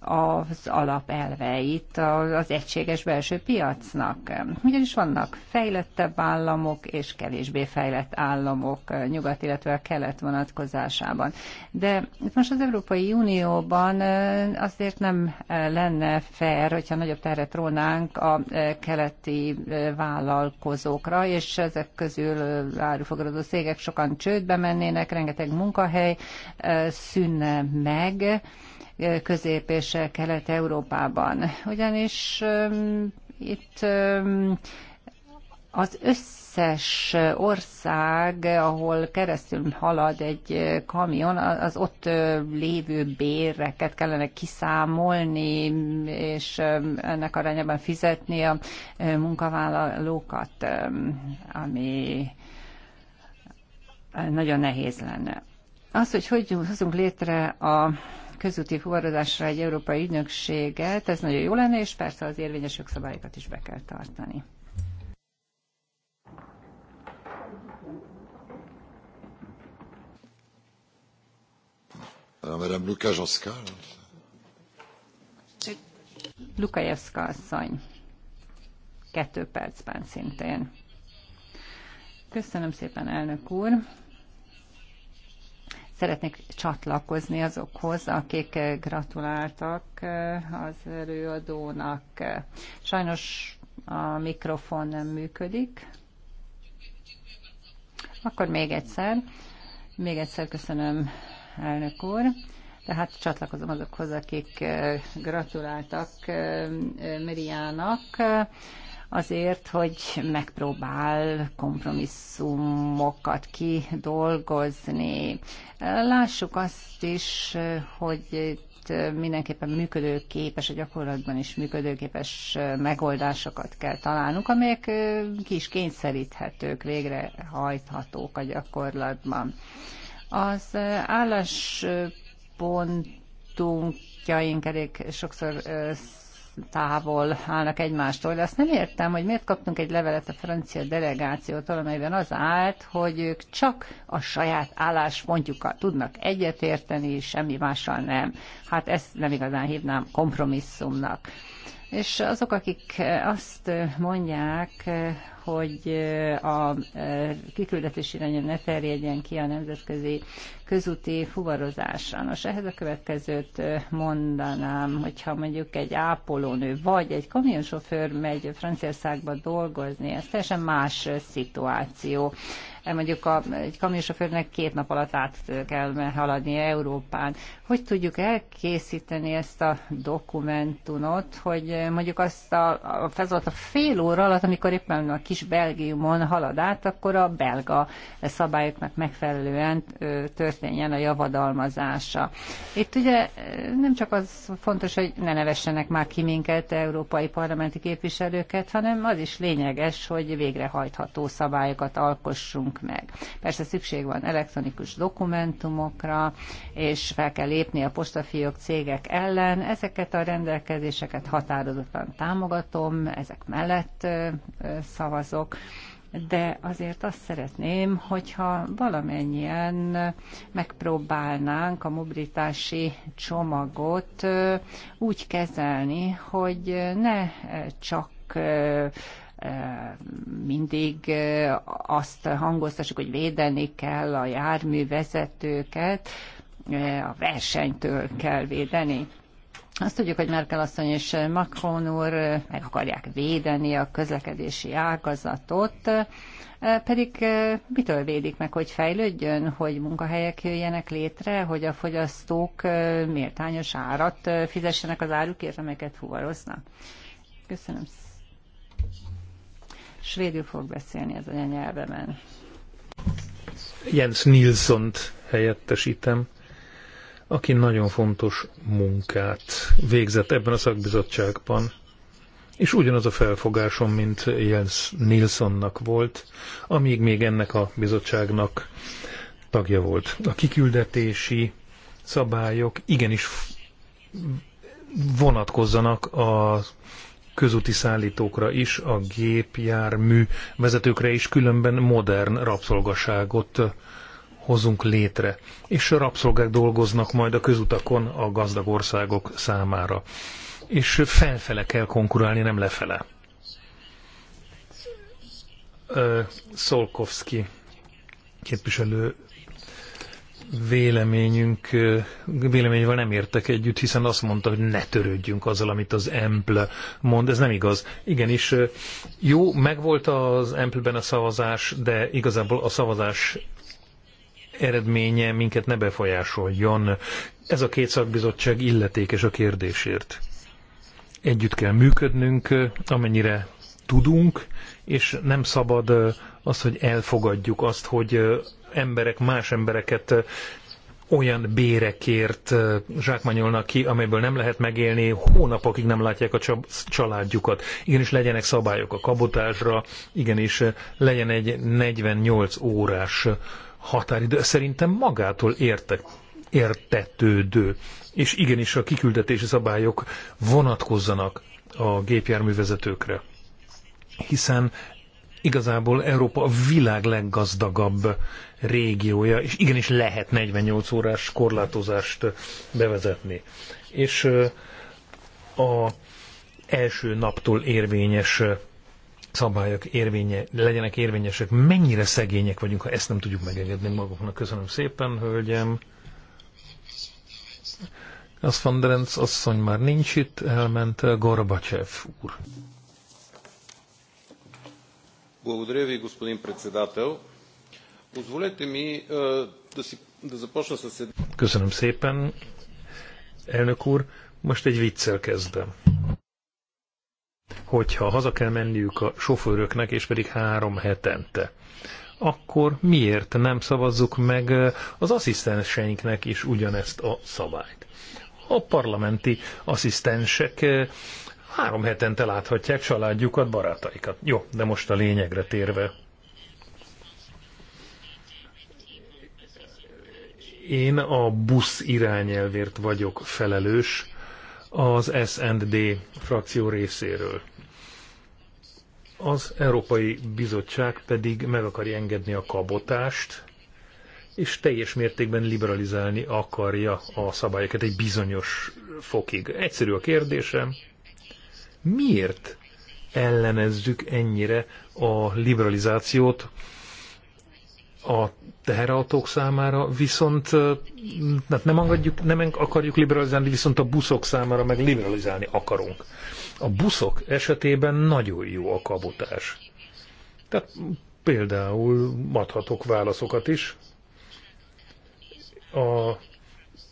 az alapelveit az egységes belső piacnak. Ugyanis vannak fejlettebb államok és kevésbé fejlett államok nyugat, illetve a kelet vonatkozásában. De most az Európai Unióban azért nem lenne fair, hogyha nagyobb teret rónánk a keleti vállalkozókra, és ezek közül árufogadó szégek sokan csődbe mennének, rengeteg munkahely szűnne meg, Közép- és Kelet-Európában. Ugyanis itt az összes ország, ahol keresztül halad egy kamion, az ott lévő béreket kellene kiszámolni, és ennek arányában fizetni a munkavállalókat, ami nagyon nehéz lenne. Az, hogy hogy hozunk létre a közúti fuvarozásra egy európai ügynökséget, ez nagyon jó lenne, és persze az érvényes jogszabályokat is be kell tartani. Madame Lukajewska. Lukajewska asszony. Kettő percben szintén. Köszönöm szépen, elnök úr. Szeretnék csatlakozni azokhoz, akik gratuláltak eh, az előadónak. Sajnos a mikrofon nem működik. Akkor még egyszer. Még egyszer köszönöm, elnök úr. Tehát csatlakozom azokhoz, akik eh, gratuláltak eh, Miriának azért, hogy megpróbál kompromisszumokat kidolgozni. Lássuk azt is, hogy itt mindenképpen működőképes, a gyakorlatban is működőképes megoldásokat kell találnunk, amelyek ki is kényszeríthetők, végrehajthatók a gyakorlatban. Az álláspontunkjaink elég sokszor távol állnak egymástól. De azt nem értem, hogy miért kaptunk egy levelet a francia delegációtól, amelyben az állt, hogy ők csak a saját álláspontjukkal tudnak egyetérteni, semmi mással nem. Hát ezt nem igazán hívnám kompromisszumnak. És azok, akik azt mondják, hogy a kiküldetés irányú ne terjedjen ki a nemzetközi közúti fuvarozásra. Nos, ehhez a következőt mondanám, hogyha mondjuk egy ápolónő vagy egy kamionsofőr megy Franciaországba dolgozni, ez teljesen más szituáció e, mondjuk a, egy kamionsofőrnek két nap alatt át kell haladni Európán. Hogy tudjuk elkészíteni ezt a dokumentumot, hogy mondjuk azt a, a, volt a fél óra alatt, amikor éppen a kis is Belgiumon halad át, akkor a belga szabályoknak megfelelően történjen a javadalmazása. Itt ugye nem csak az fontos, hogy ne nevessenek már ki minket, európai parlamenti képviselőket, hanem az is lényeges, hogy végrehajtható szabályokat alkossunk meg. Persze szükség van elektronikus dokumentumokra, és fel kell lépni a postafiók cégek ellen. Ezeket a rendelkezéseket határozottan támogatom, ezek mellett szavaz azok. de azért azt szeretném, hogyha valamennyien megpróbálnánk a mobilitási csomagot úgy kezelni, hogy ne csak mindig azt hangoztassuk, hogy védeni kell a járművezetőket, a versenytől kell védeni. Azt tudjuk, hogy Merkel asszony és Macron úr meg akarják védeni a közlekedési ágazatot, pedig mitől védik meg, hogy fejlődjön, hogy munkahelyek jöjjenek létre, hogy a fogyasztók méltányos árat fizessenek az árukért, amelyeket fuvaroznak? Köszönöm. Svédül fog beszélni az anyanyelvemen. Jens Nilsson-t helyettesítem aki nagyon fontos munkát végzett ebben a szakbizottságban. És ugyanaz a felfogásom, mint Jens Nilssonnak volt, amíg még ennek a bizottságnak tagja volt. A kiküldetési szabályok igenis vonatkozzanak a közúti szállítókra is, a gépjármű vezetőkre is, különben modern rabszolgaságot hozunk létre, és rabszolgák dolgoznak majd a közutakon a gazdag országok számára. És felfele kell konkurálni, nem lefele. Szolkovszki képviselő véleményünk, véleményével nem értek együtt, hiszen azt mondta, hogy ne törődjünk azzal, amit az Emple mond. Ez nem igaz. Igenis, jó, megvolt az Empleben a szavazás, de igazából a szavazás eredménye minket ne befolyásoljon. Ez a két szakbizottság illetékes a kérdésért. Együtt kell működnünk, amennyire tudunk, és nem szabad az, hogy elfogadjuk azt, hogy emberek más embereket olyan bérekért zsákmányolnak ki, amelyből nem lehet megélni, hónapokig nem látják a családjukat. Igenis legyenek szabályok a kabotásra, igenis legyen egy 48 órás határidő szerintem magától értek, értetődő, és igenis a kiküldetési szabályok vonatkozzanak a gépjárművezetőkre. Hiszen igazából Európa a világ leggazdagabb régiója, és igenis lehet 48 órás korlátozást bevezetni. És a első naptól érvényes szabályok érvénye, legyenek érvényesek. Mennyire szegények vagyunk, ha ezt nem tudjuk megengedni magunknak. Köszönöm szépen, hölgyem. Az van Derenc asszony már nincs itt, elment eh, Gorbacsev úr. господин ми да, Köszönöm szépen, elnök úr. Most egy viccel kezdem hogyha haza kell menniük a sofőröknek, és pedig három hetente, akkor miért nem szavazzuk meg az asszisztenseinknek is ugyanezt a szabályt? A parlamenti asszisztensek három hetente láthatják családjukat, barátaikat. Jó, de most a lényegre térve. Én a busz irányelvért vagyok felelős, az SND frakció részéről. Az Európai Bizottság pedig meg akarja engedni a kabotást, és teljes mértékben liberalizálni akarja a szabályokat egy bizonyos fokig. Egyszerű a kérdésem, miért ellenezzük ennyire a liberalizációt a teherautók számára, viszont hát nem, angadjuk, nem akarjuk liberalizálni, viszont a buszok számára meg liberalizálni akarunk. A buszok esetében nagyon jó a kabotás. Tehát például adhatok válaszokat is. A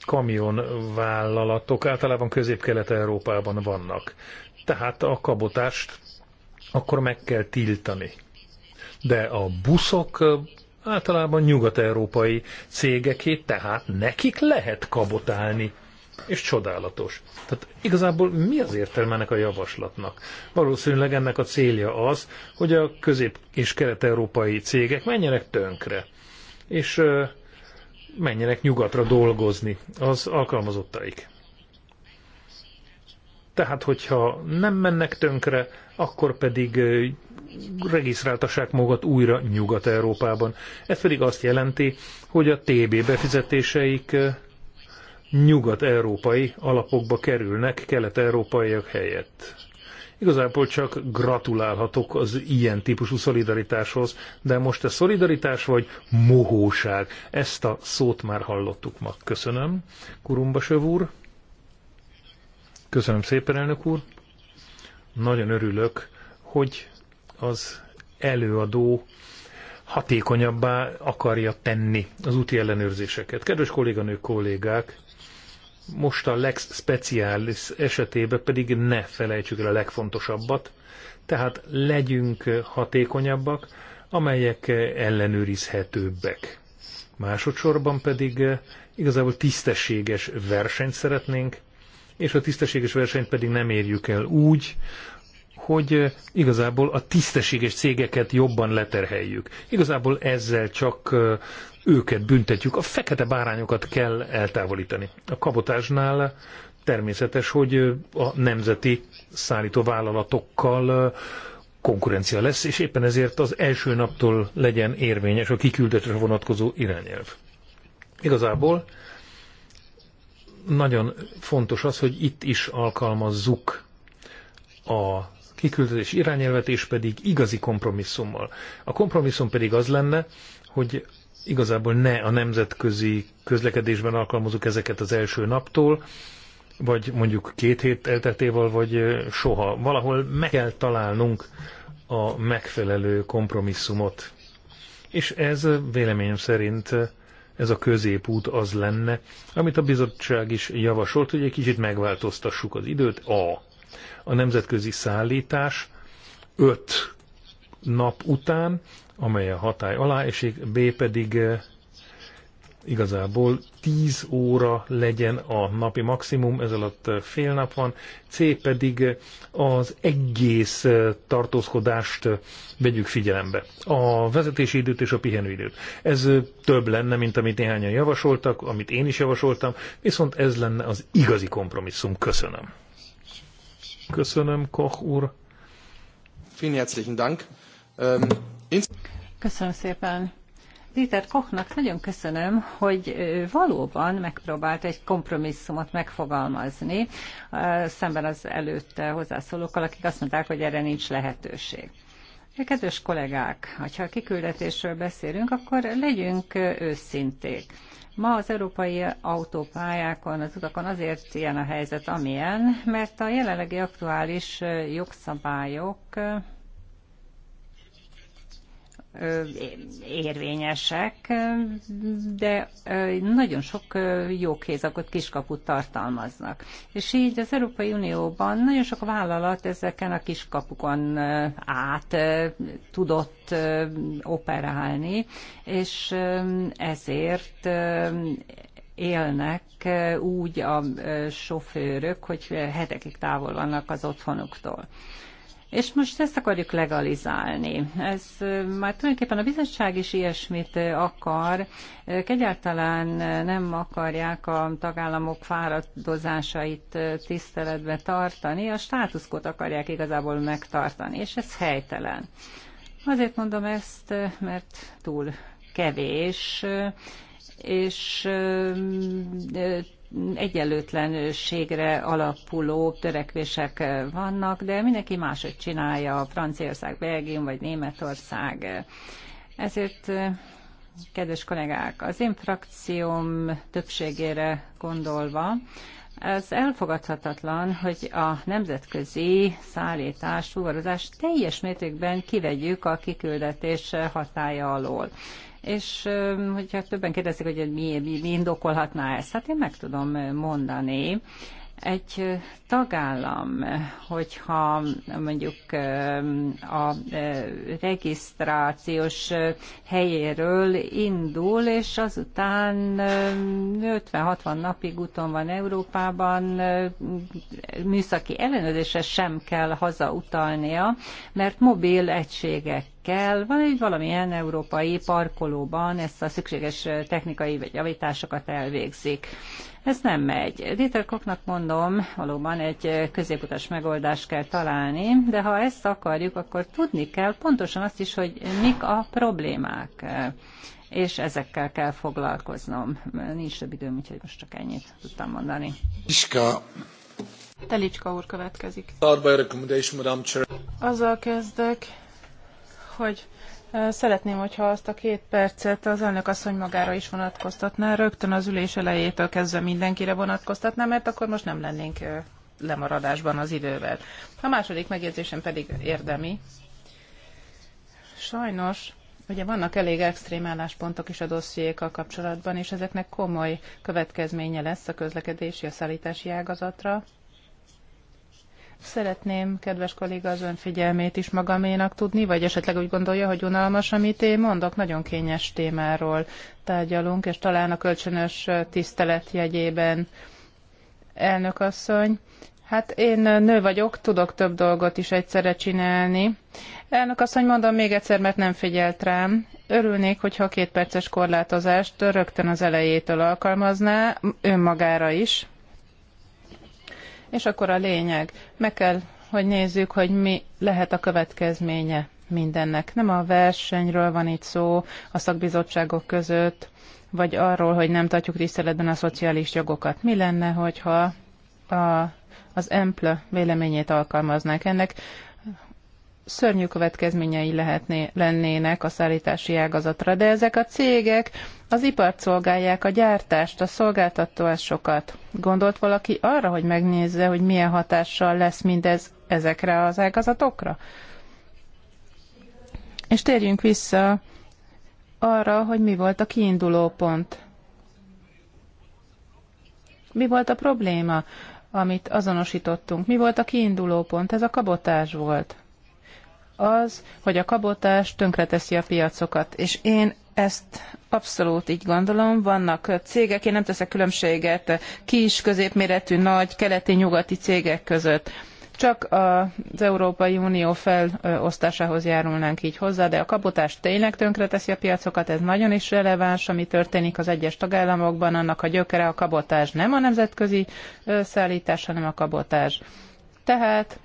kamionvállalatok általában közép-kelet-európában vannak. Tehát a kabotást akkor meg kell tiltani. De a buszok általában nyugat-európai cégekét, tehát nekik lehet kabotálni. És csodálatos. Tehát igazából mi az értelme ennek a javaslatnak? Valószínűleg ennek a célja az, hogy a közép- és kelet-európai cégek menjenek tönkre, és menjenek nyugatra dolgozni az alkalmazottaik. Tehát, hogyha nem mennek tönkre, akkor pedig regisztráltassák magukat újra Nyugat-Európában. Ez pedig azt jelenti, hogy a TB befizetéseik nyugat-európai alapokba kerülnek kelet-európaiak helyett. Igazából csak gratulálhatok az ilyen típusú szolidaritáshoz, de most a szolidaritás vagy mohóság? Ezt a szót már hallottuk ma. Köszönöm, Kurumbasöv úr. Köszönöm szépen, elnök úr. Nagyon örülök, hogy az előadó hatékonyabbá akarja tenni az úti ellenőrzéseket. Kedves kolléganők, kollégák, most a Lex Specialis esetében pedig ne felejtsük el a legfontosabbat, tehát legyünk hatékonyabbak, amelyek ellenőrizhetőbbek. Másodszorban pedig igazából tisztességes versenyt szeretnénk, és a tisztességes versenyt pedig nem érjük el úgy, hogy igazából a tisztességes cégeket jobban leterheljük. Igazából ezzel csak őket büntetjük. A fekete bárányokat kell eltávolítani. A kabotásnál természetes, hogy a nemzeti szállítóvállalatokkal konkurencia lesz, és éppen ezért az első naptól legyen érvényes a kiküldetre vonatkozó irányelv. Igazából nagyon fontos az, hogy itt is alkalmazzuk a kiküldetés irányelvet, és pedig igazi kompromisszummal. A kompromisszum pedig az lenne, hogy igazából ne a nemzetközi közlekedésben alkalmazunk ezeket az első naptól, vagy mondjuk két hét elteltével, vagy soha. Valahol meg kell találnunk a megfelelő kompromisszumot. És ez véleményem szerint ez a középút az lenne, amit a bizottság is javasolt, hogy egy kicsit megváltoztassuk az időt. A a nemzetközi szállítás 5 nap után, amely a hatály alá esik, B pedig eh, igazából 10 óra legyen a napi maximum, ez alatt eh, fél nap van, C pedig eh, az egész tartózkodást vegyük figyelembe. A vezetési időt és a pihenőidőt. Ez több lenne, mint amit néhányan javasoltak, amit én is javasoltam, viszont ez lenne az igazi kompromisszum. Köszönöm. Köszönöm, Koch úr. Vielen herzlichen Dank. Ähm, köszönöm szépen. Dieter Kochnak nagyon köszönöm, hogy valóban megpróbált egy kompromisszumot megfogalmazni szemben az előtte hozzászólókkal, akik azt mondták, hogy erre nincs lehetőség. Kedves kollégák, ha a kiküldetésről beszélünk, akkor legyünk őszinték. Ma az európai autópályákon, az utakon azért ilyen a helyzet, amilyen, mert a jelenlegi aktuális jogszabályok érvényesek, de nagyon sok jó kézakot kiskaput tartalmaznak. És így az Európai Unióban nagyon sok vállalat ezeken a kiskapukon át tudott operálni, és ezért élnek úgy a sofőrök, hogy hetekig távol vannak az otthonuktól. És most ezt akarjuk legalizálni. Ez már tulajdonképpen a bizottság is ilyesmit akar. Egyáltalán nem akarják a tagállamok fáradozásait tiszteletbe tartani, a státuszkot akarják igazából megtartani, és ez helytelen. Azért mondom ezt, mert túl kevés, és egyenlőtlenségre alapuló törekvések vannak, de mindenki máshogy csinálja, Franciaország, Belgium vagy Németország. Ezért, kedves kollégák, az én frakcióm többségére gondolva, ez elfogadhatatlan, hogy a nemzetközi szállítás, fuvarozás teljes mértékben kivegyük a kiküldetés hatája alól és hogyha többen kérdezik, hogy mi, mi, mi indokolhatná ezt, hát én meg tudom mondani. Egy tagállam, hogyha mondjuk a regisztrációs helyéről indul, és azután 50-60 napig úton van Európában, műszaki ellenőrzésre sem kell hazautalnia, mert mobil egységek kell van egy valamilyen európai parkolóban ezt a szükséges technikai vagy javításokat elvégzik. Ez nem megy. Dieter Koknak mondom, valóban egy középutas megoldást kell találni, de ha ezt akarjuk, akkor tudni kell pontosan azt is, hogy mik a problémák és ezekkel kell foglalkoznom. Nincs több időm, úgyhogy most csak ennyit tudtam mondani. Iska. Telicska úr következik. Azzal kezdek, hogy szeretném, hogyha azt a két percet az elnök asszony magára is vonatkoztatná, rögtön az ülés elejétől kezdve mindenkire vonatkoztatná, mert akkor most nem lennénk lemaradásban az idővel. A második megjegyzésem pedig érdemi. Sajnos Ugye vannak elég extrém álláspontok is a dossziékkal kapcsolatban, és ezeknek komoly következménye lesz a közlekedési, a szállítási ágazatra, Szeretném, kedves kolléga, az ön figyelmét is magaménak tudni, vagy esetleg úgy gondolja, hogy unalmas, amit én mondok, nagyon kényes témáról tárgyalunk, és talán a kölcsönös tisztelet jegyében elnök asszony. Hát én nő vagyok, tudok több dolgot is egyszerre csinálni. Elnök asszony, mondom még egyszer, mert nem figyelt rám. Örülnék, hogyha a két perces korlátozást rögtön az elejétől alkalmazná önmagára is, és akkor a lényeg, meg kell, hogy nézzük, hogy mi lehet a következménye mindennek. Nem a versenyről van itt szó a szakbizottságok között, vagy arról, hogy nem tartjuk tiszteletben a szociális jogokat. Mi lenne, hogyha a, az EMPL véleményét alkalmaznánk? Ennek szörnyű következményei lehetné, lennének a szállítási ágazatra, de ezek a cégek az ipart szolgálják, a gyártást, a szolgáltatóásokat. Gondolt valaki arra, hogy megnézze, hogy milyen hatással lesz mindez ezekre az ágazatokra? És térjünk vissza arra, hogy mi volt a kiinduló pont. Mi volt a probléma, amit azonosítottunk? Mi volt a kiinduló pont? Ez a kabotás volt az, hogy a kabotás tönkreteszi a piacokat. És én ezt abszolút így gondolom. Vannak cégek, én nem teszek különbséget kis, középméretű, nagy, keleti, nyugati cégek között. Csak az Európai Unió felosztásához járulnánk így hozzá, de a kabotás tényleg tönkreteszi a piacokat, ez nagyon is releváns, ami történik az egyes tagállamokban, annak a gyökere a kabotás, nem a nemzetközi szállítás, hanem a kabotás. Tehát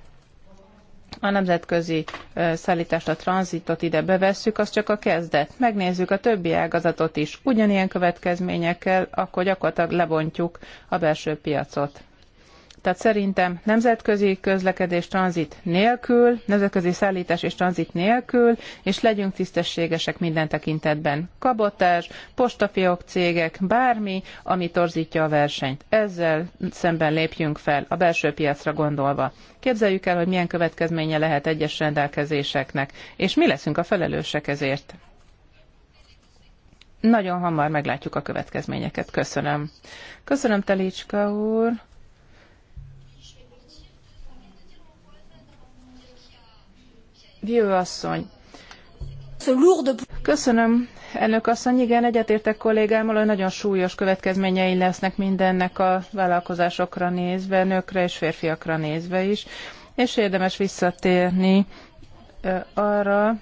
a nemzetközi szállítást, a tranzitot ide bevesszük, az csak a kezdet. Megnézzük a többi ágazatot is. Ugyanilyen következményekkel, akkor gyakorlatilag lebontjuk a belső piacot. Tehát szerintem nemzetközi közlekedés tranzit nélkül, nemzetközi szállítás és tranzit nélkül, és legyünk tisztességesek minden tekintetben. Kabotás, postafiók cégek, bármi, ami torzítja a versenyt. Ezzel szemben lépjünk fel, a belső piacra gondolva. Képzeljük el, hogy milyen következménye lehet egyes rendelkezéseknek, és mi leszünk a felelősek ezért. Nagyon hamar meglátjuk a következményeket. Köszönöm. Köszönöm, Telicska úr. Dió asszony. Köszönöm, elnök asszony. Igen, egyetértek kollégámmal, hogy nagyon súlyos következményei lesznek mindennek a vállalkozásokra nézve, nőkre és férfiakra nézve is. És érdemes visszatérni arra,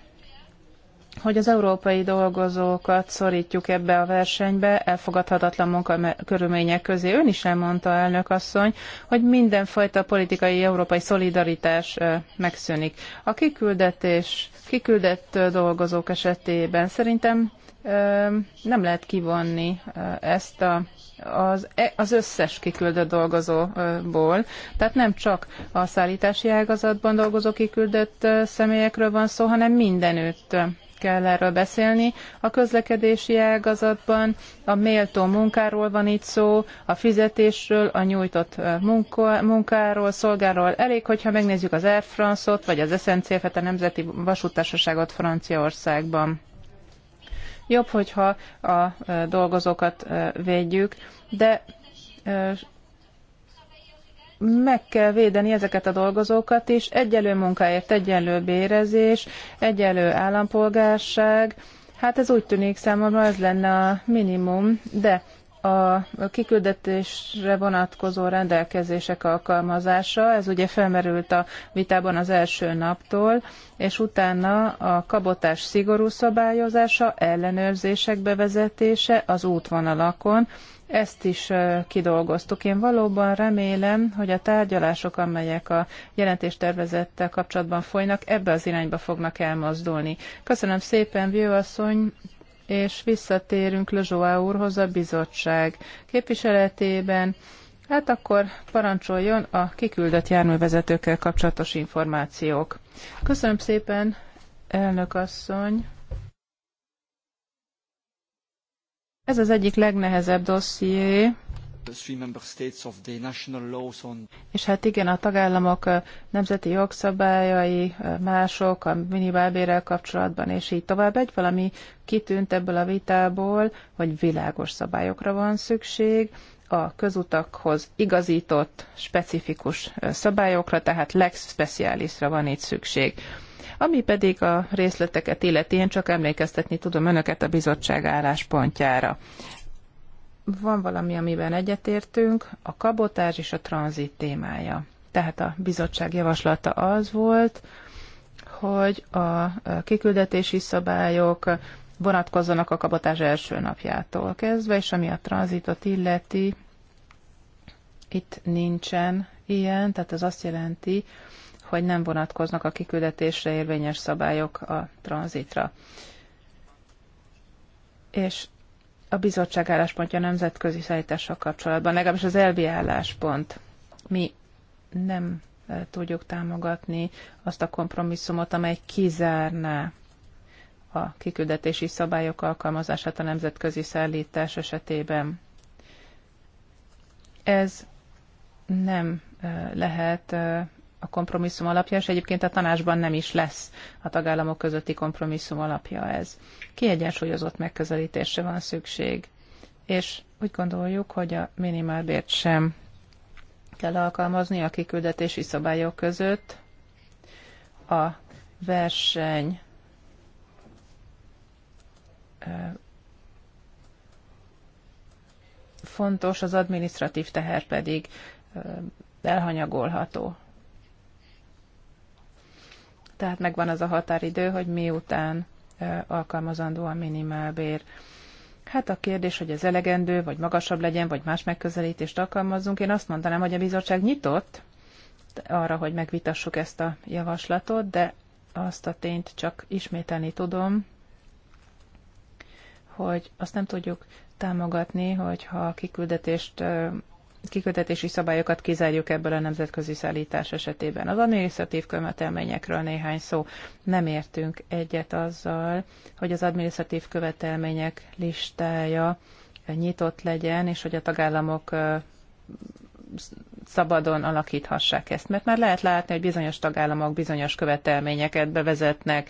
hogy az európai dolgozókat szorítjuk ebbe a versenybe, elfogadhatatlan munkakörülmények közé. Ön is elmondta, elnök asszony, hogy mindenfajta politikai európai szolidaritás megszűnik. A kiküldetés, kiküldett dolgozók esetében szerintem nem lehet kivonni ezt a, az, e, az összes kiküldött dolgozóból. Tehát nem csak a szállítási ágazatban dolgozó kiküldött személyekről van szó, hanem mindenütt kell erről beszélni. A közlekedési ágazatban a méltó munkáról van itt szó, a fizetésről, a nyújtott munka, munkáról, szolgáról. Elég, hogyha megnézzük az Air France-ot, vagy az SNCF-et, a Nemzeti Vasútársaságot Franciaországban. Jobb, hogyha a dolgozókat védjük, de meg kell védeni ezeket a dolgozókat is, egyenlő munkáért, egyenlő bérezés, egyenlő állampolgárság, hát ez úgy tűnik számomra, ez lenne a minimum, de a kiküldetésre vonatkozó rendelkezések alkalmazása, ez ugye felmerült a vitában az első naptól, és utána a kabotás szigorú szabályozása, ellenőrzések bevezetése az útvonalakon, ezt is kidolgoztuk. Én valóban remélem, hogy a tárgyalások, amelyek a jelentéstervezettel kapcsolatban folynak, ebbe az irányba fognak elmozdulni. Köszönöm szépen, Vőasszony, és visszatérünk Lezsóá úrhoz a bizottság képviseletében. Hát akkor parancsoljon a kiküldött járművezetőkkel kapcsolatos információk. Köszönöm szépen, elnök asszony! Ez az egyik legnehezebb dosszié. És hát igen, a tagállamok nemzeti jogszabályai, mások, a minimálbérrel kapcsolatban, és így tovább. Egy valami kitűnt ebből a vitából, hogy világos szabályokra van szükség, a közutakhoz igazított, specifikus szabályokra, tehát legspecialisra van itt szükség. Ami pedig a részleteket illeti, én csak emlékeztetni tudom önöket a bizottság álláspontjára. Van valami, amiben egyetértünk, a kabotás és a tranzit témája. Tehát a bizottság javaslata az volt, hogy a kiküldetési szabályok vonatkozzanak a kabotás első napjától kezdve, és ami a tranzitot illeti, itt nincsen ilyen, tehát ez azt jelenti, hogy nem vonatkoznak a kiküldetésre érvényes szabályok a tranzitra. És a bizottság álláspontja nemzetközi szállítással kapcsolatban, legalábbis az elvi álláspont. Mi nem e, tudjuk támogatni azt a kompromisszumot, amely kizárná a kiküldetési szabályok alkalmazását a nemzetközi szállítás esetében. Ez nem e, lehet e, a kompromisszum alapja, és egyébként a tanácsban nem is lesz a tagállamok közötti kompromisszum alapja ez. Kiegyensúlyozott megközelítésre van szükség, és úgy gondoljuk, hogy a minimálbért sem kell alkalmazni a kiküldetési szabályok között. A verseny fontos, az administratív teher pedig elhanyagolható tehát megvan az a határidő, hogy miután alkalmazandó a minimálbér. Hát a kérdés, hogy ez elegendő, vagy magasabb legyen, vagy más megközelítést alkalmazzunk. Én azt mondanám, hogy a bizottság nyitott arra, hogy megvitassuk ezt a javaslatot, de azt a tényt csak ismételni tudom, hogy azt nem tudjuk támogatni, hogyha a kiküldetést kikötetési szabályokat kizárjuk ebből a nemzetközi szállítás esetében. Az adminisztratív követelményekről néhány szó. Nem értünk egyet azzal, hogy az adminisztratív követelmények listája nyitott legyen, és hogy a tagállamok szabadon alakíthassák ezt. Mert már lehet látni, hogy bizonyos tagállamok bizonyos követelményeket bevezetnek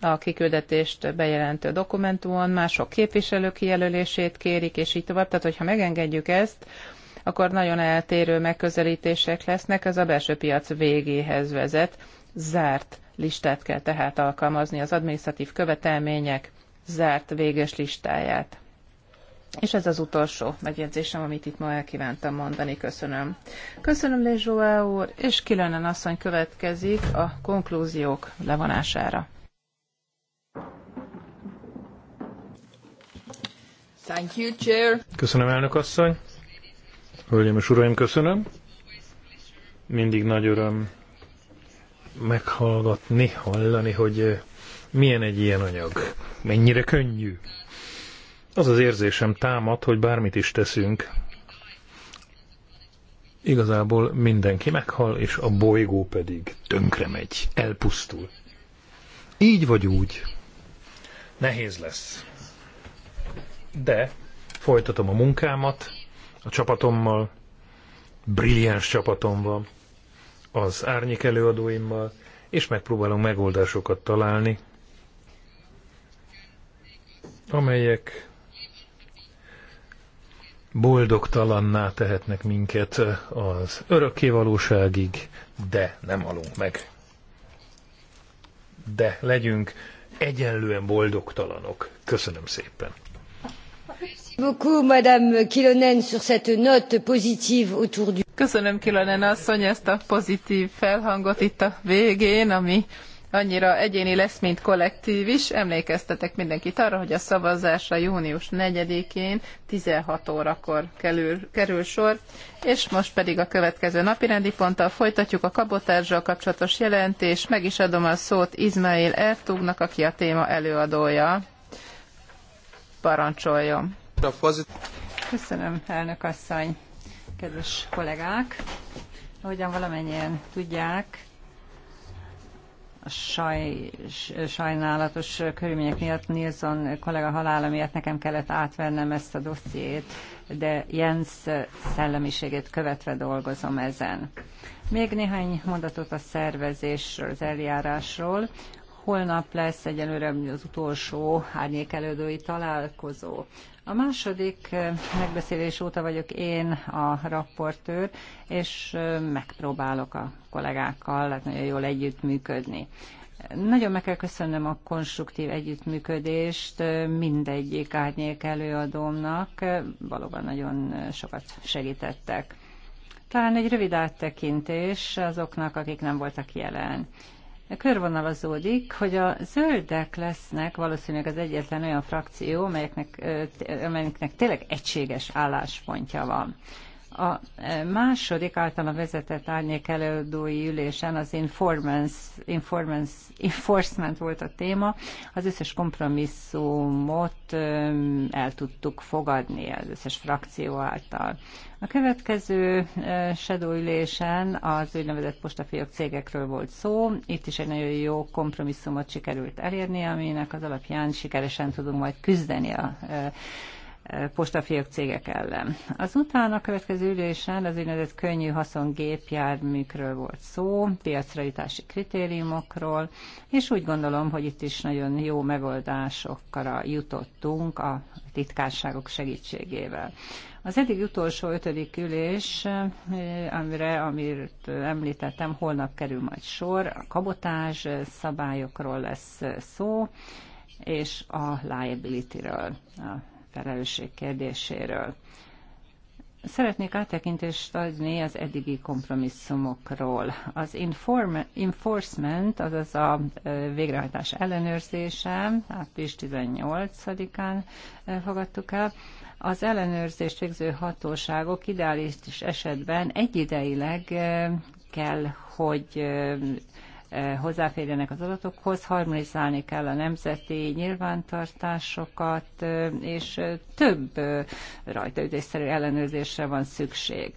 a kiküldetést bejelentő dokumentumon, mások képviselők kijelölését kérik, és így tovább. Tehát, hogyha megengedjük ezt, akkor nagyon eltérő megközelítések lesznek, ez a belső piac végéhez vezet. Zárt listát kell tehát alkalmazni, az administratív követelmények zárt véges listáját. És ez az utolsó megjegyzésem, amit itt ma elkívántam mondani. Köszönöm. Köszönöm, Lézsóá úr, és Kilönen asszony következik a konklúziók levonására. Thank you, Chair. Köszönöm, elnök asszony. Hölgyeim és Uraim, köszönöm. Mindig nagy öröm meghallgatni, hallani, hogy eh, milyen egy ilyen anyag, mennyire könnyű. Az az érzésem támad, hogy bármit is teszünk, igazából mindenki meghal, és a bolygó pedig tönkre megy, elpusztul. Így vagy úgy. Nehéz lesz. De folytatom a munkámat, a csapatommal, brilliáns csapatommal, az árnyék előadóimmal, és megpróbálunk megoldásokat találni, amelyek boldogtalanná tehetnek minket az örökké valóságig, de nem alunk meg. De legyünk egyenlően boldogtalanok. Köszönöm szépen. Köszönöm Kilonen asszony ezt a pozitív felhangot itt a végén, ami annyira egyéni lesz, mint kollektív is. Emlékeztetek mindenkit arra, hogy a szavazásra június 4-én 16 órakor kerül, kerül sor, és most pedig a következő napirendi ponttal folytatjuk a kabotással kapcsolatos jelentés. Meg is adom a szót Izmail Ertugnak, aki a téma előadója. Parancsoljon! Köszönöm, elnök asszony, kedves kollégák! Ahogyan valamennyien tudják, a saj, sajnálatos körülmények miatt Nilsson kollega halála miatt nekem kellett átvennem ezt a dossziét, de Jens szellemiségét követve dolgozom ezen. Még néhány mondatot a szervezésről, az eljárásról. Holnap lesz egyelőre az utolsó árnyékelődői találkozó. A második eh, megbeszélés óta vagyok én a rapportőr, és eh, megpróbálok a kollégákkal hát nagyon jól együttműködni. Nagyon meg kell köszönnöm a konstruktív együttműködést eh, mindegyik árnyék előadómnak. Valóban nagyon sokat segítettek. Talán egy rövid áttekintés azoknak, akik nem voltak jelen körvonalazódik, hogy a zöldek lesznek valószínűleg az egyetlen olyan frakció, amelyeknek, amelyeknek tényleg egységes álláspontja van. A e, második a vezetett árnyék előadói ülésen az informance, informance, enforcement volt a téma. Az összes kompromisszumot e, el tudtuk fogadni az összes frakció által. A következő e, shadow ülésen az úgynevezett postafiók cégekről volt szó. Itt is egy nagyon jó kompromisszumot sikerült elérni, aminek az alapján sikeresen tudunk majd küzdeni a postafiók cégek ellen. Azután a következő ülésen az úgynevezett könnyű haszon gépjárműkről volt szó, piacraítási kritériumokról, és úgy gondolom, hogy itt is nagyon jó megoldásokra jutottunk a titkárságok segítségével. Az eddig utolsó ötödik ülés, amire, amit említettem, holnap kerül majd sor, a kabotás szabályokról lesz szó, és a liability-ről, a felelősség kérdéséről. Szeretnék áttekintést adni az eddigi kompromisszumokról. Az inform, enforcement, azaz a végrehajtás ellenőrzése, április 18-án fogadtuk el, az ellenőrzést végző hatóságok ideális esetben egyidejileg kell, hogy hozzáférjenek az adatokhoz, harmonizálni kell a nemzeti nyilvántartásokat, és több rajtaütésszerű ellenőrzésre van szükség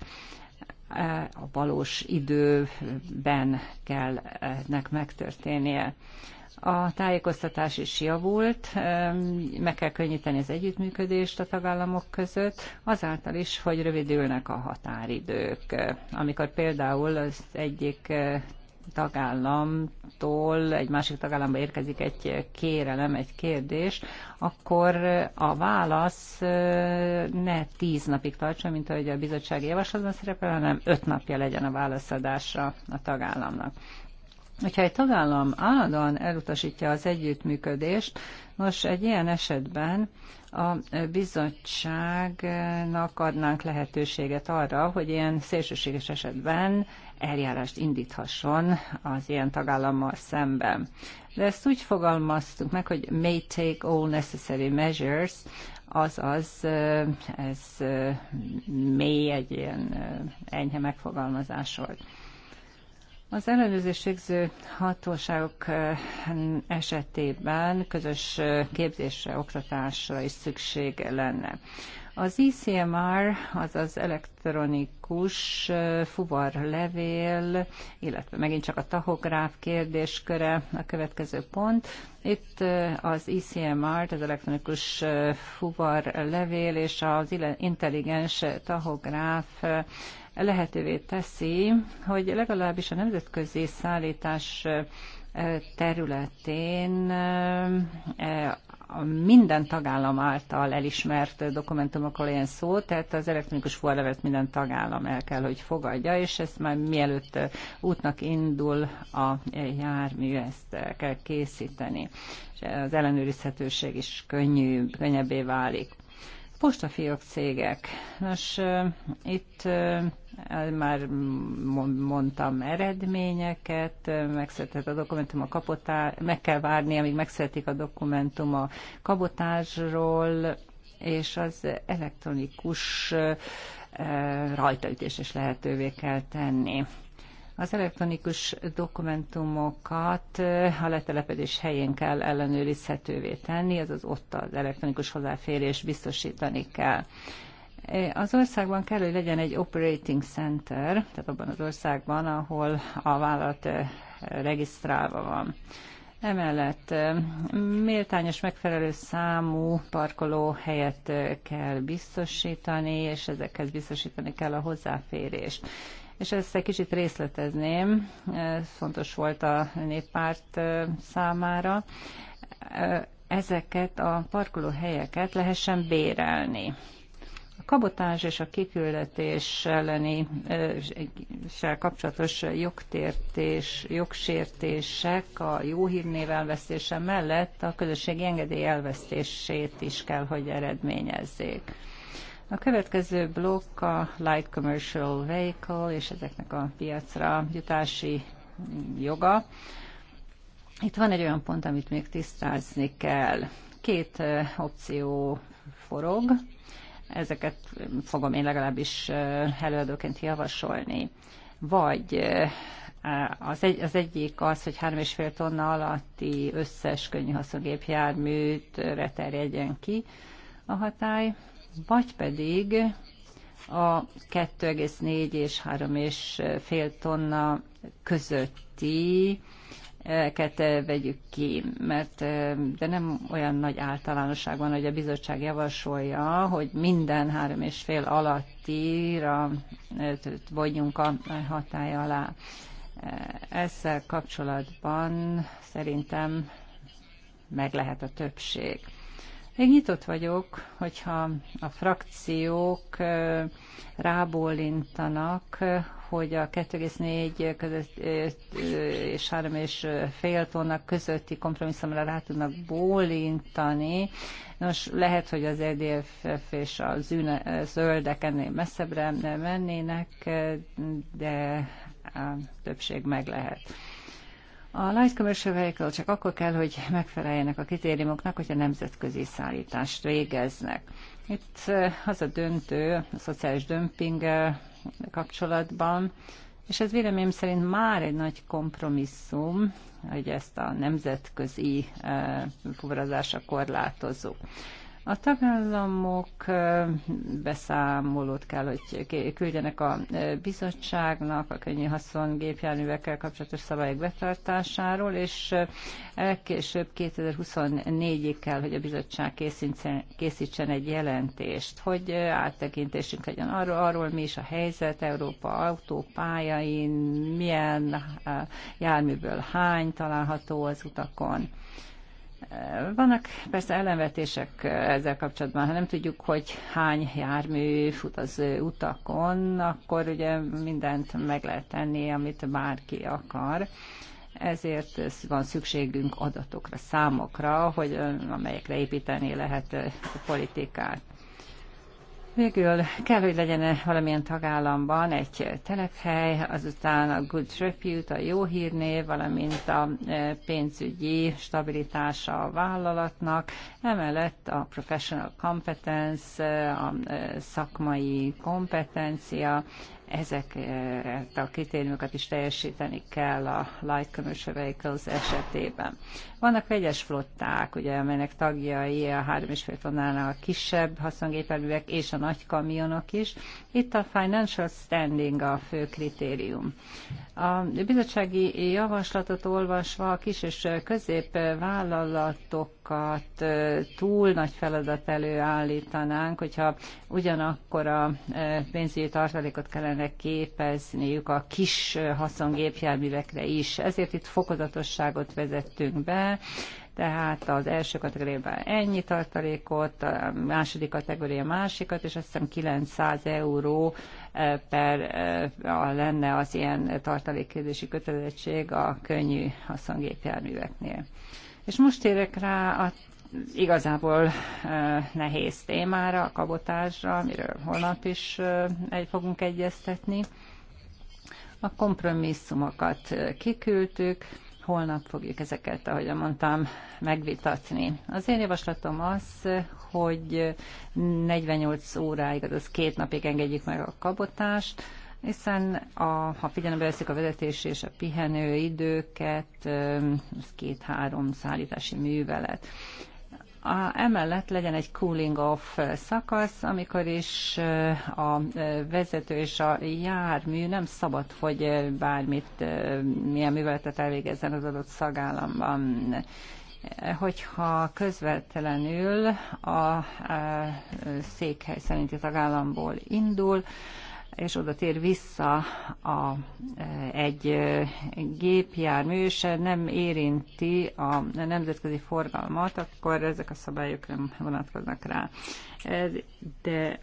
a valós időben kell ennek megtörténnie. A tájékoztatás is javult, meg kell könnyíteni az együttműködést a tagállamok között, azáltal is, hogy rövidülnek a határidők. Amikor például az egyik tagállamtól egy másik tagállamba érkezik egy kérelem, egy kérdés, akkor a válasz ne tíz napig tartson, mint ahogy a bizottsági javaslatban szerepel, hanem öt napja legyen a válaszadásra a tagállamnak. Hogyha egy tagállam állandóan elutasítja az együttműködést, nos, egy ilyen esetben a bizottságnak adnánk lehetőséget arra, hogy ilyen szélsőséges esetben eljárást indíthasson az ilyen tagállammal szemben. De ezt úgy fogalmaztuk meg, hogy may take all necessary measures, azaz ez mély egy ilyen enyhe megfogalmazás volt. Az ellenőrzés végző hatóságok esetében közös képzésre, oktatásra is szükség lenne. Az ECMR, azaz elektronikus fuvarlevél, illetve megint csak a tahográf kérdésköre a következő pont. Itt az ecmr az elektronikus fuvarlevél és az intelligens tahográf lehetővé teszi, hogy legalábbis a nemzetközi szállítás területén a minden tagállam által elismert dokumentumokról ilyen szó, tehát az elektronikus forradalmat minden tagállam el kell, hogy fogadja, és ezt már mielőtt útnak indul a jármű, ezt kell készíteni. És az ellenőrizhetőség is könnyű, könnyebbé válik. Postafiók cégek. Nos, itt már mondtam eredményeket, megszületett a dokumentum a kapotá, meg kell várni, amíg megszületik a dokumentum a kabotásról, és az elektronikus rajtaütés is lehetővé kell tenni. Az elektronikus dokumentumokat a letelepedés helyén kell ellenőrizhetővé tenni, azaz ott az elektronikus hozzáférés biztosítani kell. Az országban kell, hogy legyen egy operating center, tehát abban az országban, ahol a vállalat eh, regisztrálva van. Emellett eh, méltányos megfelelő számú parkoló helyet eh, kell biztosítani, és ezekhez biztosítani kell a hozzáférést és ezt egy kicsit részletezném, ez fontos volt a néppárt számára ezeket a parkolóhelyeket lehessen bérelni. A kabotás és a kiküldetés elleni kapcsolatos jogtértés, jogsértések a jó hírnév elvesztése mellett a közösségi engedély elvesztését is kell, hogy eredményezzék. A következő blokk a light commercial vehicle és ezeknek a piacra jutási joga. Itt van egy olyan pont, amit még tisztázni kell. Két opció forog, ezeket fogom én legalábbis előadóként javasolni. Vagy az, egy, az egyik az, hogy 3,5 tonna alatti összes könnyű haszongépjárműt terjedjen ki a hatály, vagy pedig a 2,4 és fél tonna közötti ket eh, vegyük ki, mert eh, de nem olyan nagy általánosságban, hogy a bizottság javasolja, hogy minden három és fél alattira eh, vonjunk a hatája alá. Ezzel kapcsolatban szerintem meg lehet a többség. Még nyitott vagyok, hogyha a frakciók rábólintanak, hogy a 2,4 között és 3 és fél tonna közötti kompromisszumra rá tudnak bólintani. Nos, lehet, hogy az EDFF és a zöldek ennél messzebbre mennének, de a többség meg lehet. A light commercial vehicle csak akkor kell, hogy megfeleljenek a kritériumoknak, hogyha nemzetközi szállítást végeznek. Itt az a döntő, a szociális dömping kapcsolatban, és ez véleményem szerint már egy nagy kompromisszum, hogy ezt a nemzetközi fuvarozásra korlátozzuk. A tagállamok beszámolót kell, hogy küldjenek a bizottságnak a könnyű haszon gépjárművekkel kapcsolatos szabályok betartásáról, és legkésőbb 2024-ig kell, hogy a bizottság készítsen egy jelentést, hogy áttekintésünk legyen arról, arról mi is a helyzet Európa autópályain, milyen járműből hány található az utakon. Vannak persze ellenvetések ezzel kapcsolatban, ha nem tudjuk, hogy hány jármű fut az utakon, akkor ugye mindent meg lehet tenni, amit bárki akar. Ezért van szükségünk adatokra, számokra, hogy amelyekre építeni lehet a politikát. Végül kell, hogy legyen -e valamilyen tagállamban egy telephely, azután a good repute, a jó hírnév, valamint a e, pénzügyi stabilitása a vállalatnak, emellett a professional competence, e, a e, szakmai kompetencia, ezeket a kritériumokat is teljesíteni kell a light commercial vehicles esetében. Vannak vegyes flották, ugye, amelynek tagjai a 3,5 tonnál a kisebb haszongépelőek és a nagy kamionok is. Itt a financial standing a fő kritérium. A bizottsági javaslatot olvasva a kis és vállalatokat túl nagy feladat előállítanánk, hogyha ugyanakkor a pénzügyi tartalékot kellene képezniük a kis haszongépjárművekre is. Ezért itt fokozatosságot vezettünk be, fel, tehát az első kategóriában ennyi tartalékot, a második kategória másikat, és azt hiszem 900 euró eh, per eh, a, lenne az ilyen tartalékkérdési kötelezettség a könnyű haszongépjárműveknél. És most érek rá a igazából eh, nehéz témára, a kabotásra, amiről holnap is egy fogunk egyeztetni. A kompromisszumokat kiküldtük, holnap fogjuk ezeket, ahogy mondtam, megvitatni. Az én javaslatom az, hogy 48 óráig, azaz két napig engedjük meg a kabotást, hiszen a, ha figyelembe veszik a vezetés és a pihenő időket, ez két-három szállítási művelet. A, emellett legyen egy cooling off szakasz, amikor is a vezető és a jármű nem szabad, hogy bármit, milyen műveletet elvégezzen az adott szagállamban hogyha közvetlenül a székhely szerinti tagállamból indul, és oda tér vissza a, e, egy e, gépjármű, és nem érinti a nemzetközi forgalmat, akkor ezek a szabályok nem vonatkoznak rá. E, de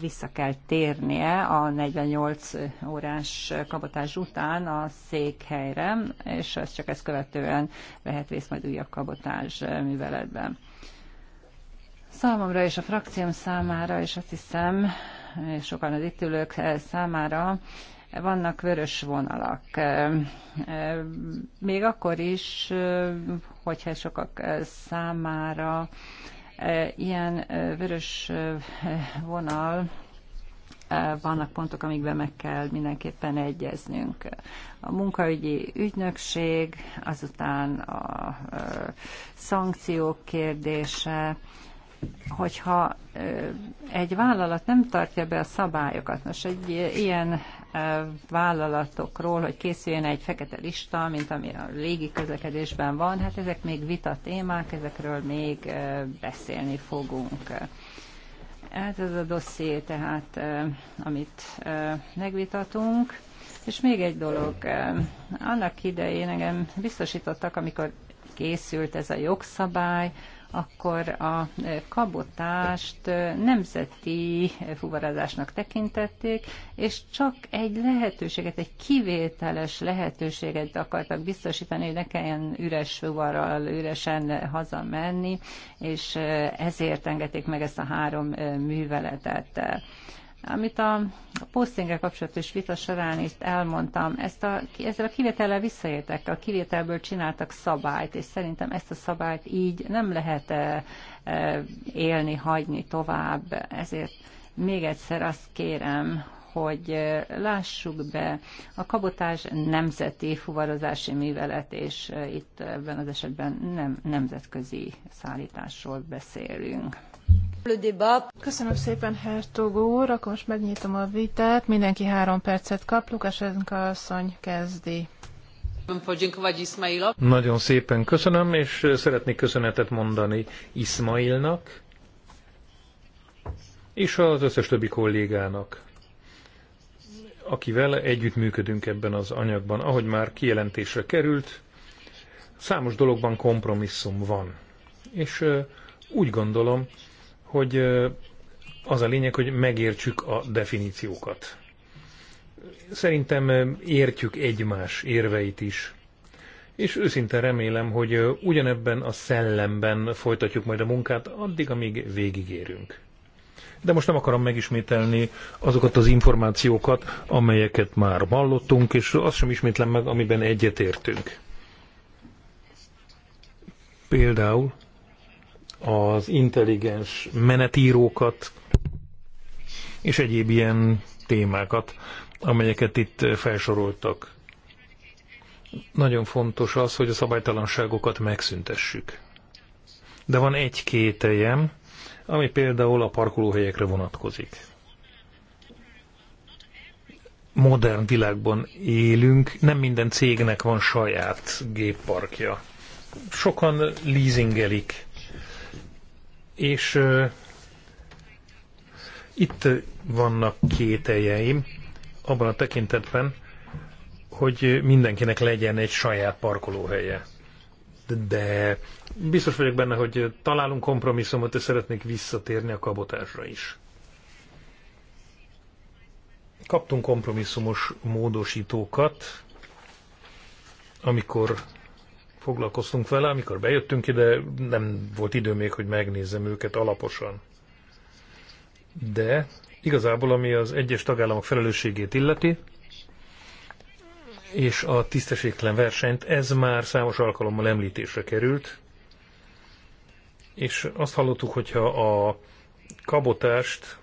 vissza kell térnie a 48 órás kabotás után a székhelyre, és ez csak ezt követően vehet részt majd újabb kabotás műveletben. Számomra és a frakcióm számára, és azt hiszem, sokan az itt ülők eh, számára vannak vörös vonalak. Eh, eh, még akkor is, hogyha sokak számára ilyen vörös vonal, vannak pontok, amikben meg kell mindenképpen egyeznünk. A munkaügyi ügynökség, azután a szankciók kérdése, hogyha egy vállalat nem tartja be a szabályokat, most egy ilyen vállalatokról, hogy készüljön egy fekete lista, mint ami a légi közlekedésben van, hát ezek még vita témák, ezekről még beszélni fogunk. Hát ez a dosszié tehát, amit megvitatunk. És még egy dolog, annak idején engem biztosítottak, amikor készült ez a jogszabály, akkor a kabotást nemzeti fuvarázásnak tekintették, és csak egy lehetőséget, egy kivételes lehetőséget akartak biztosítani, hogy ne kelljen üres fuvarral üresen hazamenni, és ezért engedték meg ezt a három műveletet. Amit a postingre kapcsolatos vita során itt elmondtam, ezt a, ezzel a kivétellel visszaértek, a kivételből csináltak szabályt, és szerintem ezt a szabályt így nem lehet -e, e, élni, hagyni tovább. Ezért még egyszer azt kérem, hogy e, lássuk be, a kabotás nemzeti fuvarozási művelet, és e, itt ebben az esetben nem nemzetközi szállításról beszélünk. Köszönöm szépen, Hertog úr. Akkor most megnyitom a vitát. Mindenki három percet kap. Lukasenka asszony kezdi. Nagyon szépen köszönöm, és szeretnék köszönetet mondani Ismailnak és az összes többi kollégának, akivel együttműködünk ebben az anyagban. Ahogy már kijelentésre került, számos dologban kompromisszum van. És úgy gondolom, hogy az a lényeg, hogy megértsük a definíciókat. Szerintem értjük egymás érveit is. És őszinte remélem, hogy ugyanebben a szellemben folytatjuk majd a munkát addig, amíg végigérünk. De most nem akarom megismételni azokat az információkat, amelyeket már hallottunk, és azt sem ismétlem meg, amiben egyetértünk. Például az intelligens menetírókat és egyéb ilyen témákat, amelyeket itt felsoroltak. Nagyon fontos az, hogy a szabálytalanságokat megszüntessük. De van egy kételjem, ami például a parkolóhelyekre vonatkozik. Modern világban élünk, nem minden cégnek van saját gépparkja. Sokan leasingelik és uh, itt vannak kételjeim abban a tekintetben, hogy mindenkinek legyen egy saját parkolóhelye. De biztos vagyok benne, hogy találunk kompromisszumot, és szeretnék visszatérni a kabotásra is. Kaptunk kompromisszumos módosítókat, amikor foglalkoztunk vele, amikor bejöttünk ide, nem volt idő még, hogy megnézzem őket alaposan. De igazából, ami az egyes tagállamok felelősségét illeti, és a tisztességtelen versenyt, ez már számos alkalommal említésre került, és azt hallottuk, hogyha a kabotást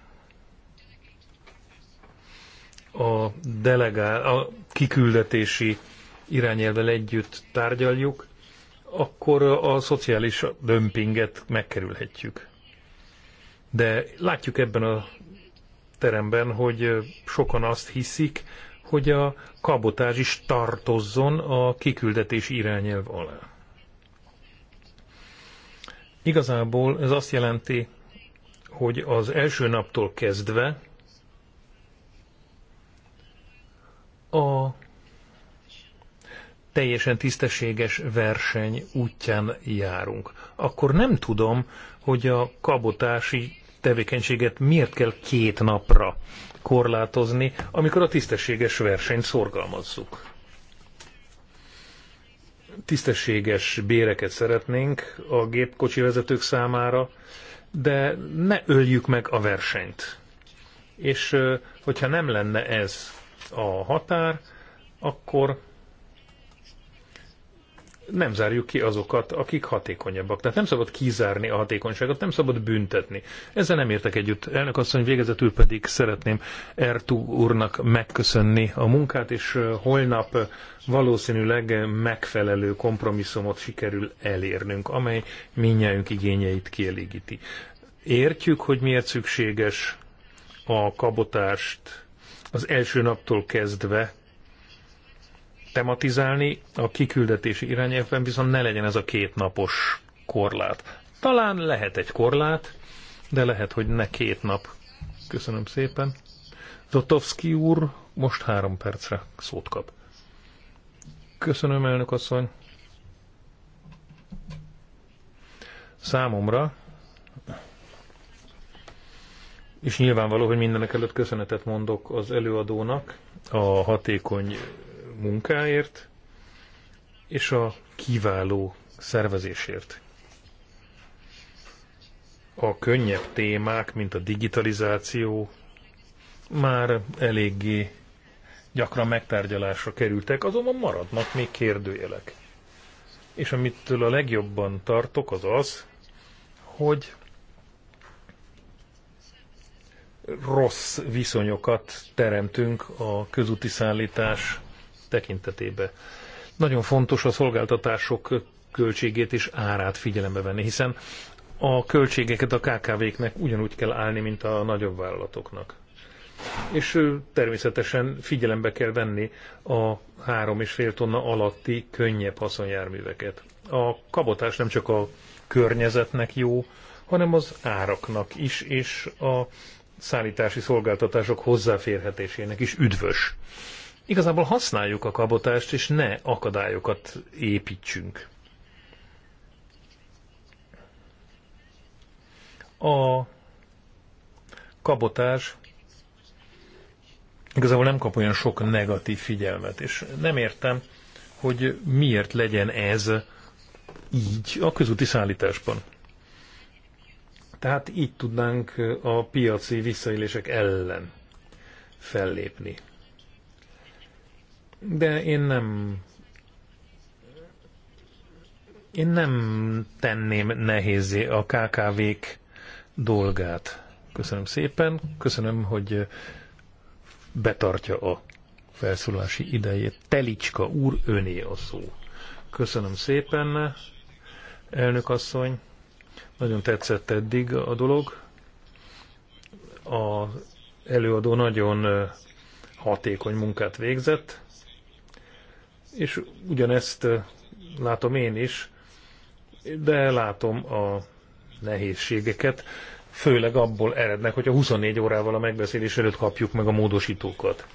a delegál, a kiküldetési irányelvel együtt tárgyaljuk, akkor a szociális dömpinget megkerülhetjük. De látjuk ebben a teremben, hogy sokan azt hiszik, hogy a kabotázs is tartozzon a kiküldetés irányelv alá. Igazából ez azt jelenti, hogy az első naptól kezdve a teljesen tisztességes verseny útján járunk, akkor nem tudom, hogy a kabotási tevékenységet miért kell két napra korlátozni, amikor a tisztességes versenyt szorgalmazzuk. Tisztességes béreket szeretnénk a gépkocsi vezetők számára, de ne öljük meg a versenyt. És hogyha nem lenne ez a határ, akkor nem zárjuk ki azokat, akik hatékonyabbak. Tehát nem szabad kizárni a hatékonyságot, nem szabad büntetni. Ezzel nem értek együtt. Elnök asszony, végezetül pedig szeretném Ertu úrnak megköszönni a munkát, és holnap valószínűleg megfelelő kompromisszumot sikerül elérnünk, amely minnyájunk igényeit kielégíti. Értjük, hogy miért szükséges a kabotást az első naptól kezdve tematizálni, a kiküldetési irányelvben viszont ne legyen ez a kétnapos korlát. Talán lehet egy korlát, de lehet, hogy ne két nap. Köszönöm szépen. Zotovszki úr most három percre szót kap. Köszönöm, elnök asszony. Számomra, és nyilvánvaló, hogy mindenek előtt köszönetet mondok az előadónak a hatékony munkáért és a kiváló szervezésért. A könnyebb témák, mint a digitalizáció, már eléggé gyakran megtárgyalásra kerültek, azonban maradnak még kérdőjelek. És amitől a legjobban tartok, az az, hogy rossz viszonyokat teremtünk a közúti szállítás tekintetében. Nagyon fontos a szolgáltatások költségét és árát figyelembe venni, hiszen a költségeket a KKV-knek ugyanúgy kell állni, mint a nagyobb vállalatoknak. És természetesen figyelembe kell venni a három és fél tonna alatti könnyebb haszonjárműveket. A kabotás nem csak a környezetnek jó, hanem az áraknak is, és a szállítási szolgáltatások hozzáférhetésének is üdvös. Igazából használjuk a kabotást, és ne akadályokat építsünk. A kabotás igazából nem kap olyan sok negatív figyelmet, és nem értem, hogy miért legyen ez így a közúti szállításban. Tehát így tudnánk a piaci visszaélések ellen fellépni de én nem én nem tenném nehézé a KKV-k dolgát. Köszönöm szépen, köszönöm, hogy betartja a felszólási idejét. Telicska úr, öné a szó. Köszönöm szépen, elnök asszony. Nagyon tetszett eddig a dolog. A előadó nagyon hatékony munkát végzett és ugyanezt látom én is, de látom a nehézségeket, főleg abból erednek, hogy a 24 órával a megbeszélés előtt kapjuk meg a módosítókat.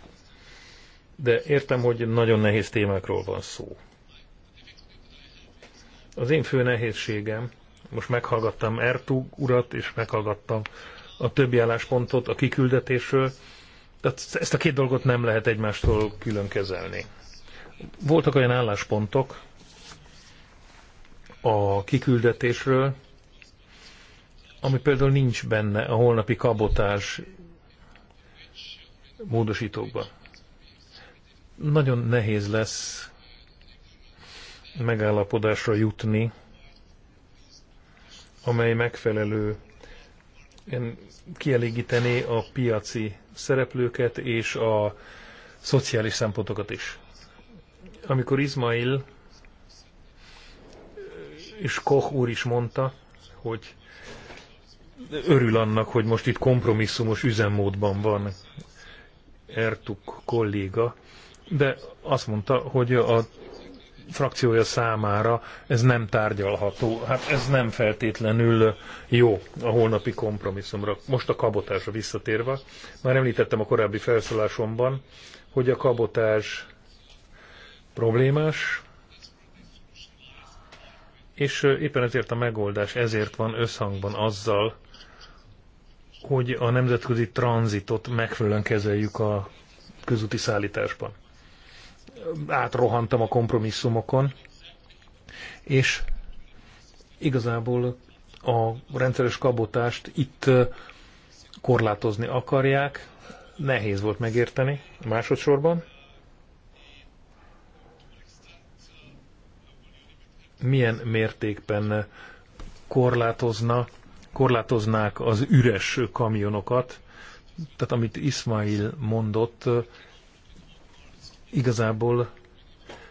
De értem, hogy nagyon nehéz témákról van szó. Az én fő nehézségem, most meghallgattam Ertug urat, és meghallgattam a többi álláspontot a kiküldetésről, tehát ezt a két dolgot nem lehet egymástól külön kezelni. Voltak olyan álláspontok a kiküldetésről, ami például nincs benne a holnapi kabotás módosítókban. Nagyon nehéz lesz megállapodásra jutni, amely megfelelő kielégítené a piaci szereplőket és a szociális szempontokat is amikor Izmail és Koch úr is mondta, hogy örül annak, hogy most itt kompromisszumos üzemmódban van Ertuk kolléga, de azt mondta, hogy a frakciója számára ez nem tárgyalható. Hát ez nem feltétlenül jó a holnapi kompromisszumra. Most a kabotásra visszatérve, már említettem a korábbi felszólásomban, hogy a kabotás problémás, és éppen ezért a megoldás ezért van összhangban azzal, hogy a nemzetközi tranzitot megfelelően kezeljük a közúti szállításban. Átrohantam a kompromisszumokon, és igazából a rendszeres kabotást itt korlátozni akarják, nehéz volt megérteni másodszorban, milyen mértékben korlátozna, korlátoznák az üres kamionokat. Tehát amit Ismail mondott, igazából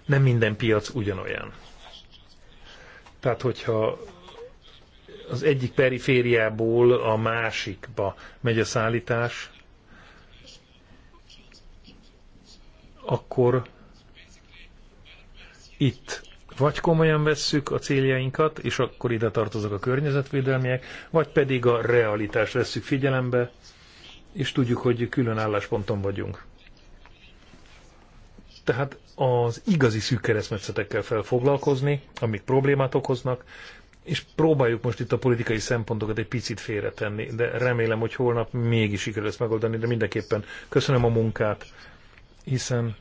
nem minden piac ugyanolyan. Tehát, hogyha az egyik perifériából a másikba megy a szállítás, akkor itt vagy komolyan vesszük a céljainkat, és akkor ide tartoznak a környezetvédelmiek, vagy pedig a realitást vesszük figyelembe, és tudjuk, hogy külön állásponton vagyunk. Tehát az igazi szűk keresztmetszetekkel fel foglalkozni, amik problémát okoznak, és próbáljuk most itt a politikai szempontokat egy picit félretenni, de remélem, hogy holnap mégis sikerül ezt megoldani, de mindenképpen köszönöm a munkát, hiszen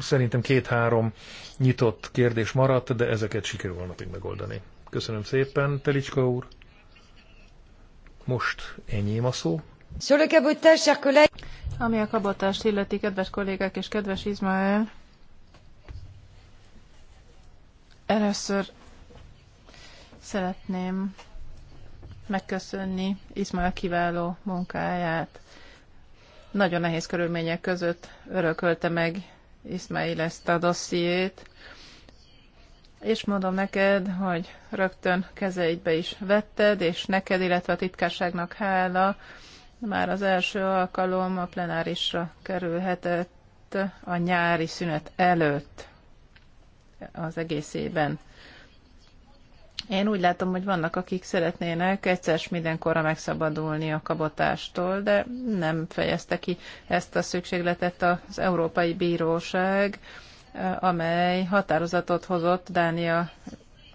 Szerintem két-három nyitott kérdés maradt, de ezeket sikerül holnapig megoldani. Köszönöm szépen, Telicska úr. Most enyém a szó. Ami a kabotást illeti, kedves kollégák és kedves Izmael, először szeretném megköszönni Izmael kiváló munkáját. Nagyon nehéz körülmények között örökölte meg Ismail ezt a dossziét, és mondom neked, hogy rögtön kezeidbe is vetted, és neked, illetve a titkárságnak hála, már az első alkalom a plenárisra kerülhetett a nyári szünet előtt az egészében. Én úgy látom, hogy vannak, akik szeretnének egyszer s mindenkorra megszabadulni a kabotástól, de nem fejezte ki ezt a szükségletet az Európai Bíróság, amely határozatot hozott Dánia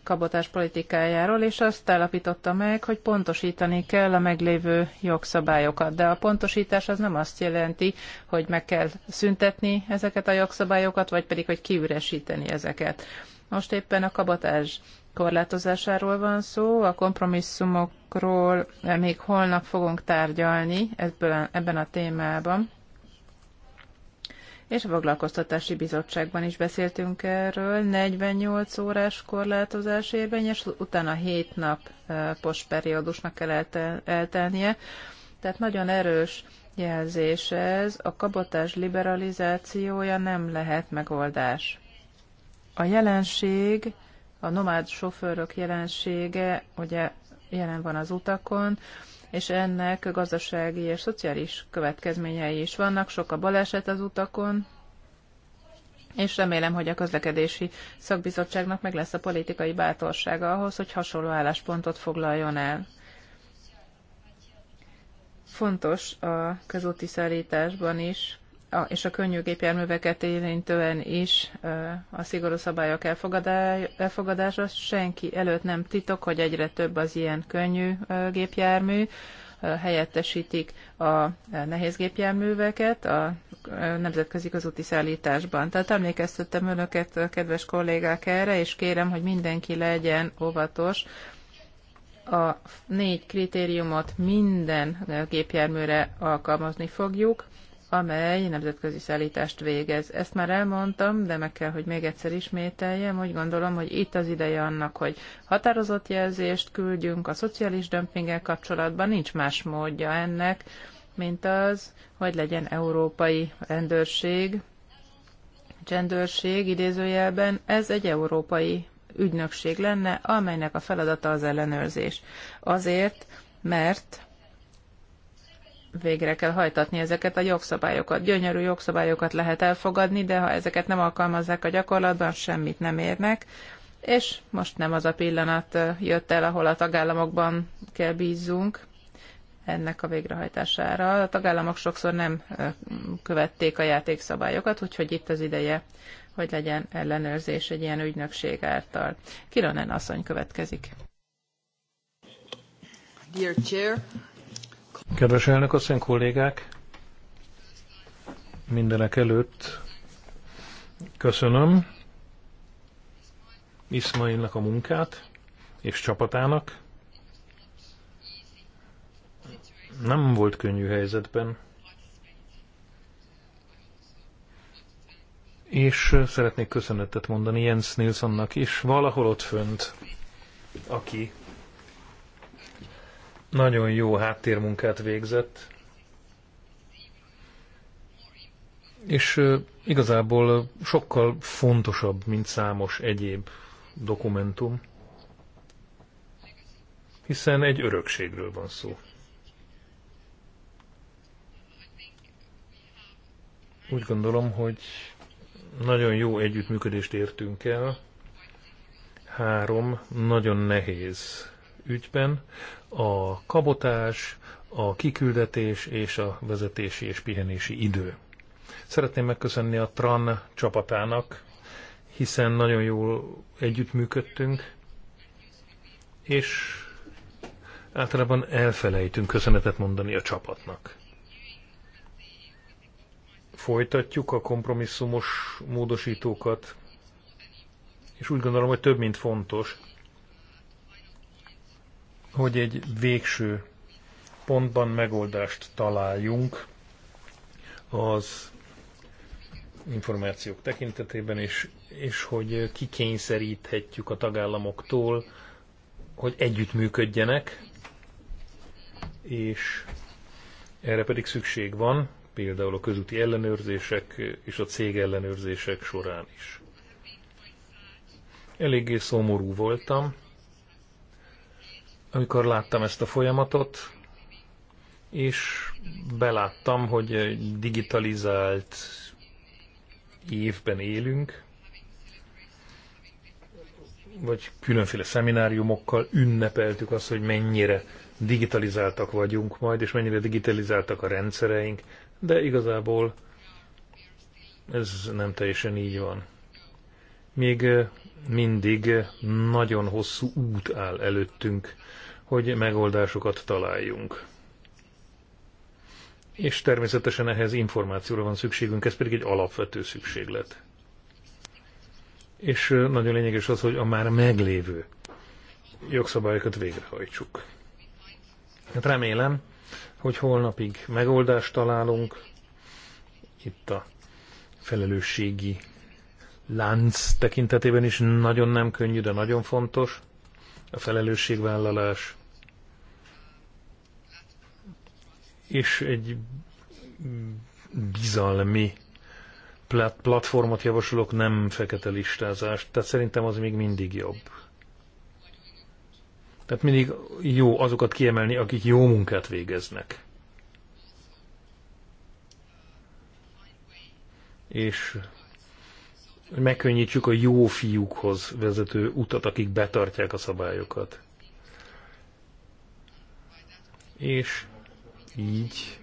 kabotás politikájáról, és azt állapította meg, hogy pontosítani kell a meglévő jogszabályokat. De a pontosítás az nem azt jelenti, hogy meg kell szüntetni ezeket a jogszabályokat, vagy pedig, hogy kiüresíteni ezeket. Most éppen a kabotás korlátozásáról van szó, a kompromisszumokról még holnap fogunk tárgyalni ebben a témában. És a foglalkoztatási bizottságban is beszéltünk erről, 48 órás korlátozás érvényes, utána 7 nap postperiódusnak kell eltelnie. Tehát nagyon erős jelzés ez, a kabotás liberalizációja nem lehet megoldás. A jelenség a nomád sofőrök jelensége ugye jelen van az utakon, és ennek gazdasági és szociális következményei is vannak, sok a baleset az utakon, és remélem, hogy a közlekedési szakbizottságnak meg lesz a politikai bátorsága ahhoz, hogy hasonló álláspontot foglaljon el. Fontos a közúti szállításban is a, és a könnyű gépjárműveket érintően is a szigorú szabályok elfogadása. Senki előtt nem titok, hogy egyre több az ilyen könnyű gépjármű, helyettesítik a nehéz gépjárműveket a nemzetközi közúti szállításban. Tehát emlékeztettem önöket, kedves kollégák erre, és kérem, hogy mindenki legyen óvatos, a négy kritériumot minden gépjárműre alkalmazni fogjuk, amely nemzetközi szállítást végez. Ezt már elmondtam, de meg kell, hogy még egyszer ismételjem. Úgy gondolom, hogy itt az ideje annak, hogy határozott jelzést küldjünk a szociális dömpingel kapcsolatban. Nincs más módja ennek, mint az, hogy legyen európai rendőrség, csendőrség idézőjelben. Ez egy európai ügynökség lenne, amelynek a feladata az ellenőrzés. Azért, mert végre kell hajtatni ezeket a jogszabályokat. Gyönyörű jogszabályokat lehet elfogadni, de ha ezeket nem alkalmazzák a gyakorlatban, semmit nem érnek. És most nem az a pillanat jött el, ahol a tagállamokban kell bízzunk ennek a végrehajtására. A tagállamok sokszor nem követték a játékszabályokat, úgyhogy itt az ideje, hogy legyen ellenőrzés egy ilyen ügynökség által. Kironen asszony következik. Dear Chair, Kedves elnök asszony, kollégák! Mindenek előtt köszönöm Ismailnak a munkát és csapatának. Nem volt könnyű helyzetben. És szeretnék köszönetet mondani Jens Nilssonnak is, valahol ott fönt, aki nagyon jó háttérmunkát végzett, és igazából sokkal fontosabb, mint számos egyéb dokumentum, hiszen egy örökségről van szó. Úgy gondolom, hogy nagyon jó együttműködést értünk el. Három nagyon nehéz ügyben a kabotás, a kiküldetés és a vezetési és pihenési idő. Szeretném megköszönni a TRAN csapatának, hiszen nagyon jól együttműködtünk, és általában elfelejtünk köszönetet mondani a csapatnak. Folytatjuk a kompromisszumos módosítókat, és úgy gondolom, hogy több mint fontos, hogy egy végső pontban megoldást találjunk az információk tekintetében, és, és hogy kikényszeríthetjük a tagállamoktól, hogy együttműködjenek, és erre pedig szükség van, például a közúti ellenőrzések és a cég ellenőrzések során is. Eléggé szomorú voltam, amikor láttam ezt a folyamatot, és beláttam, hogy digitalizált évben élünk, vagy különféle szemináriumokkal ünnepeltük azt, hogy mennyire digitalizáltak vagyunk majd, és mennyire digitalizáltak a rendszereink, de igazából ez nem teljesen így van. Még eh, mindig eh, nagyon hosszú út áll előttünk hogy megoldásokat találjunk. És természetesen ehhez információra van szükségünk, ez pedig egy alapvető szükséglet. És nagyon lényeges az, hogy a már meglévő jogszabályokat végrehajtsuk. Hát remélem, hogy holnapig megoldást találunk itt a felelősségi lánc tekintetében is nagyon nem könnyű, de nagyon fontos a felelősségvállalás, és egy bizalmi platformot javasolok, nem fekete listázást, tehát szerintem az még mindig jobb. Tehát mindig jó azokat kiemelni, akik jó munkát végeznek. És hogy megkönnyítsük a jó fiúkhoz vezető utat, akik betartják a szabályokat. És így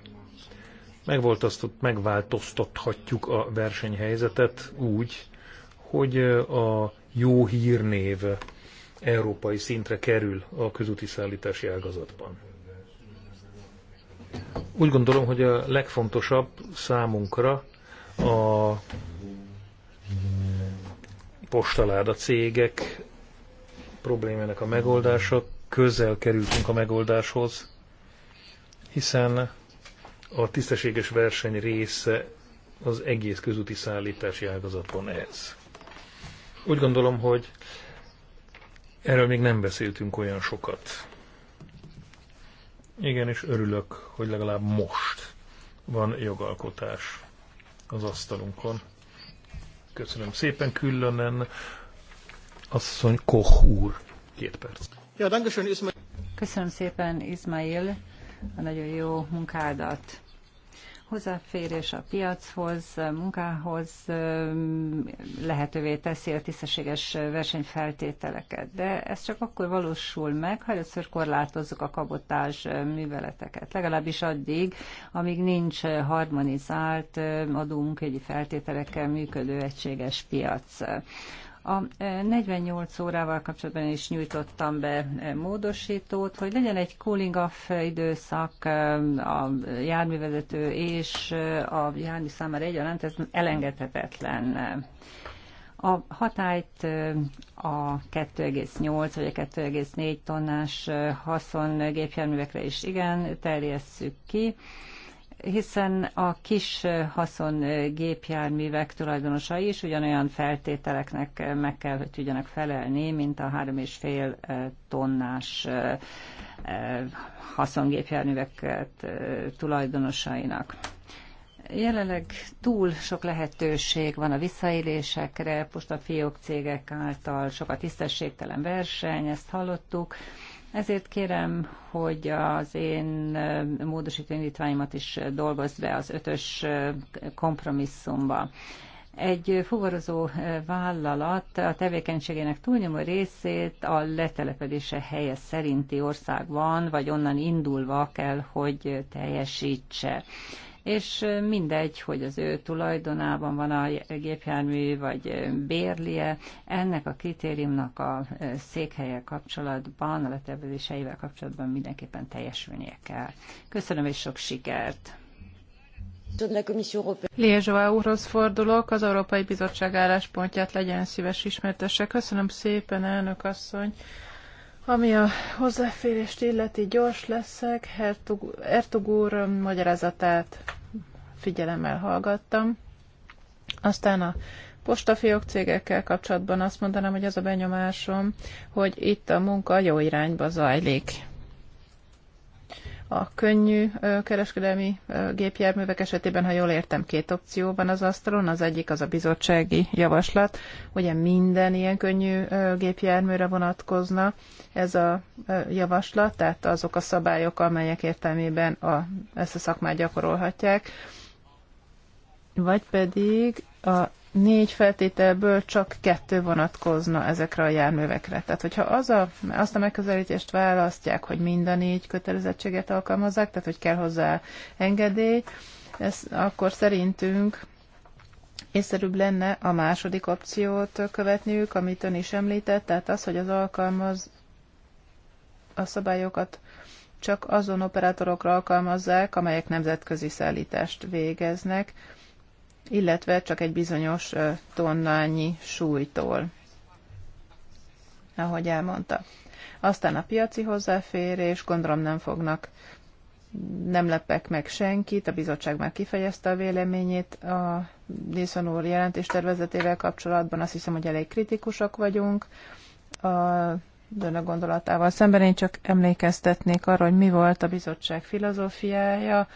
megváltoztathatjuk a versenyhelyzetet úgy, hogy a jó hírnév európai szintre kerül a közúti szállítási ágazatban. Úgy gondolom, hogy a legfontosabb számunkra a postaláda cégek problémának a megoldása. Közel kerültünk a megoldáshoz, hiszen a tisztességes verseny része az egész közúti szállítási ágazaton ez. Úgy gondolom, hogy erről még nem beszéltünk olyan sokat. Igen, és örülök, hogy legalább most van jogalkotás az asztalunkon. Köszönöm szépen, különen asszony Koch úr. Két perc. Ja, Köszönöm szépen, Izmail, a nagyon jó munkádat hozzáférés a piachoz, munkához lehetővé teszi a tisztességes versenyfeltételeket. De ez csak akkor valósul meg, ha először korlátozzuk a kabotás műveleteket. Legalábbis addig, amíg nincs harmonizált adómunkegyi feltételekkel működő egységes piac. A 48 e, órával kapcsolatban is nyújtottam be e, módosítót, hogy legyen egy cooling off időszak e, a járművezető és a jármű számára egyaránt, ez elengedhetetlen. A hatályt a 2,8 vagy a 2,4 tonnás haszon gépjárművekre is igen terjesszük ki hiszen a kis haszon gépjárművek tulajdonosai is ugyanolyan feltételeknek meg kell, hogy tudjanak felelni, mint a 3,5 eh, tonnás eh, eh, haszongépjárművek tulajdonosainak. Jelenleg túl sok lehetőség van a visszaélésekre, postafiók cégek által sok a tisztességtelen verseny, ezt hallottuk. Ezért kérem, hogy az én módosító indítványomat is dolgozz be az ötös kompromisszumba. Egy fuvarozó vállalat a tevékenységének túlnyomó részét a letelepedése helye szerinti országban, vagy onnan indulva kell, hogy teljesítse és mindegy, hogy az ő tulajdonában van a gépjármű, vagy bérlie, ennek a kritériumnak a székhelye kapcsolatban, a letelepüléseivel kapcsolatban mindenképpen teljesülnie kell. Köszönöm, és sok sikert! Liézsóá úrhoz fordulok, az Európai Bizottság álláspontját legyen szíves ismertesse. Köszönöm szépen, elnök asszony! Ami a hozzáférést illeti, gyors leszek, Hertug, Ertug úr um, magyarázatát figyelemmel hallgattam. Aztán a postafiók cégekkel kapcsolatban azt mondanám, hogy az a benyomásom, hogy itt a munka jó irányba zajlik a könnyű kereskedelmi gépjárművek esetében, ha jól értem, két opció van az asztalon. Az egyik az a bizottsági javaslat. Ugye minden ilyen könnyű gépjárműre vonatkozna ez a javaslat, tehát azok a szabályok, amelyek értelmében a, ezt a szakmát gyakorolhatják. Vagy pedig a négy feltételből csak kettő vonatkozna ezekre a járművekre. Tehát, hogyha az a, azt a megközelítést választják, hogy mind a négy kötelezettséget alkalmazzák, tehát, hogy kell hozzá engedély, ez, akkor szerintünk észszerűbb lenne a második opciót követniük, amit ön is említett, tehát az, hogy az alkalmaz a szabályokat csak azon operátorokra alkalmazzák, amelyek nemzetközi szállítást végeznek, illetve csak egy bizonyos tonnányi súlytól, ahogy elmondta. Aztán a piaci hozzáférés, gondolom nem fognak, nem lepek meg senkit, a bizottság már kifejezte a véleményét a Nilsson úr jelentéstervezetével kapcsolatban, azt hiszem, hogy elég kritikusak vagyunk. A Döna gondolatával szemben én csak emlékeztetnék arra, hogy mi volt a bizottság filozófiája,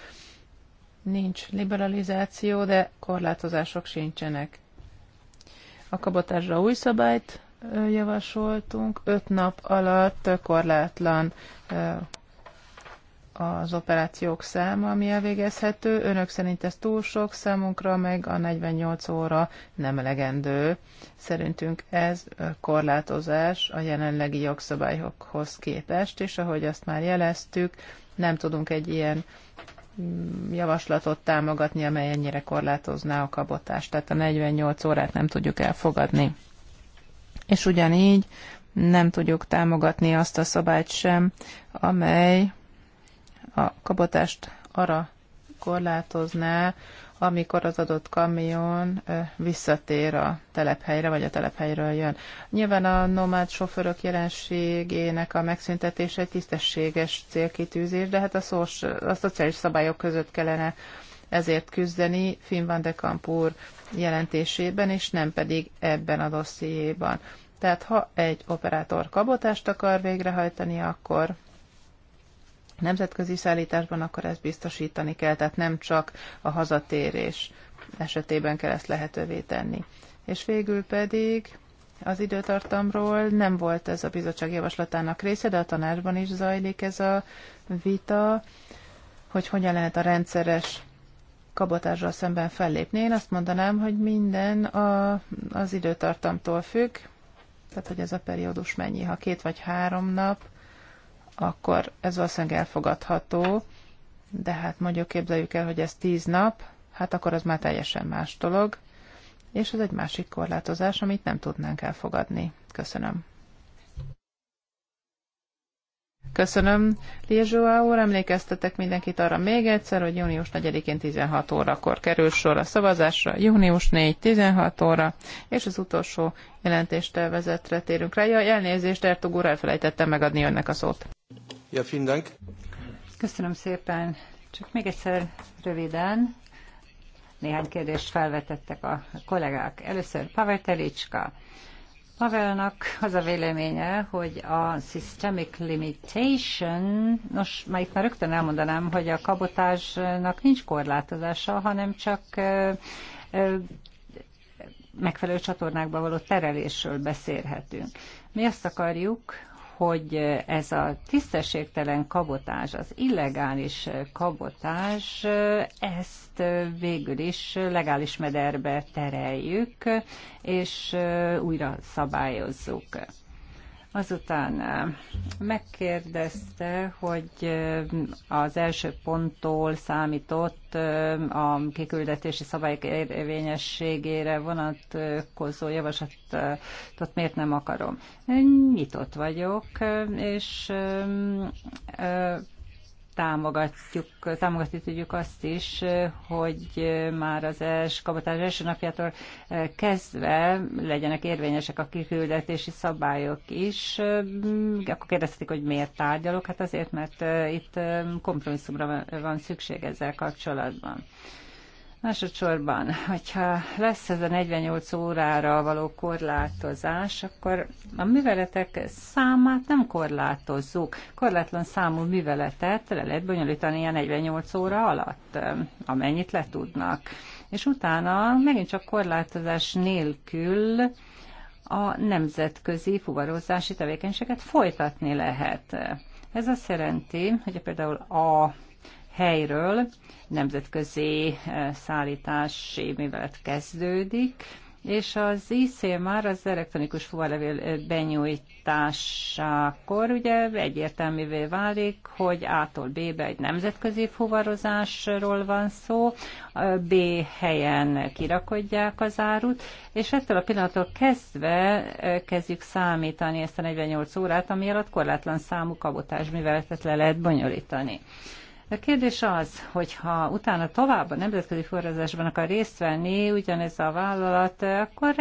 nincs liberalizáció, de korlátozások sincsenek. A kabotásra új szabályt javasoltunk, öt nap alatt korlátlan az operációk száma, ami elvégezhető. Önök szerint ez túl sok, számunkra meg a 48 óra nem elegendő. Szerintünk ez korlátozás a jelenlegi jogszabályokhoz képest, és ahogy azt már jeleztük, nem tudunk egy ilyen javaslatot támogatni, amely ennyire korlátozná a kabotást. Tehát a 48 órát nem tudjuk elfogadni. És ugyanígy nem tudjuk támogatni azt a szabályt sem, amely a kabotást arra korlátozná, amikor az adott kamion visszatér a telephelyre, vagy a telephelyről jön. Nyilván a nomád sofőrök jelenségének a megszüntetése egy tisztességes célkitűzés, de hát a, szós, a szociális szabályok között kellene ezért küzdeni Finn van de Kampur jelentésében, és nem pedig ebben a dossziéban. Tehát ha egy operátor kabotást akar végrehajtani, akkor nemzetközi szállításban, akkor ezt biztosítani kell, tehát nem csak a hazatérés esetében kell ezt lehetővé tenni. És végül pedig az időtartamról nem volt ez a bizottság javaslatának része, de a tanácsban is zajlik ez a vita, hogy hogyan lehet a rendszeres kabotással szemben fellépni. Én azt mondanám, hogy minden a, az időtartamtól függ, tehát hogy ez a periódus mennyi, ha két vagy három nap, akkor ez valószínűleg elfogadható, de hát mondjuk képzeljük el, hogy ez tíz nap, hát akkor az már teljesen más dolog, és ez egy másik korlátozás, amit nem tudnánk elfogadni. Köszönöm. Köszönöm, Lézsó úr. Emlékeztetek mindenkit arra még egyszer, hogy június 4-én 16 órakor kerül sor a szavazásra, június 4-16 óra, és az utolsó jelentéstervezetre térünk rá. Ja, elnézést, Ertug úr, elfelejtettem megadni önnek a szót. Ja, vielen Köszönöm szépen. Csak még egyszer röviden, néhány kérdést felvetettek a kollégák. Először Pavel Telicska. Pavelnak az a véleménye, hogy a systemic limitation, nos, már itt már rögtön elmondanám, hogy a kabotásnak nincs korlátozása, hanem csak megfelelő csatornákba való terelésről beszélhetünk. Mi azt akarjuk, hogy ez a tisztességtelen kabotás, az illegális kabotás, ezt végül is legális mederbe tereljük, és újra szabályozzuk. Azután megkérdezte, hogy az első ponttól számított a kiküldetési szabályok érvényességére vonatkozó javaslatot miért nem akarom. Nyitott vagyok, és támogatjuk, támogatni tudjuk azt is, hogy már az els, kabotás első napjától kezdve legyenek érvényesek a kiküldetési szabályok is. Akkor kérdezték, hogy miért tárgyalok? Hát azért, mert itt kompromisszumra van szükség ezzel kapcsolatban. Másodszorban, hogyha lesz ez a 48 órára való korlátozás, akkor a műveletek számát nem korlátozzuk. Korlátlan számú műveletet le lehet bonyolítani a 48 óra alatt, amennyit le tudnak. És utána megint csak korlátozás nélkül a nemzetközi fuvarozási tevékenységet folytatni lehet. Ez azt jelenti, hogy például a helyről nemzetközi eh, szállítási művelet kezdődik, és az IC már az elektronikus fuvarlevél eh, benyújtásakor ugye egyértelművé válik, hogy A-tól B-be egy nemzetközi fuvarozásról van szó, B helyen kirakodják az árut, és ettől a pillanattól kezdve eh, kezdjük számítani ezt a 48 órát, ami alatt korlátlan számú kabotás műveletet le lehet bonyolítani. A kérdés az, hogyha utána tovább a nemzetközi forrázásban akar részt venni ugyanez a vállalat, akkor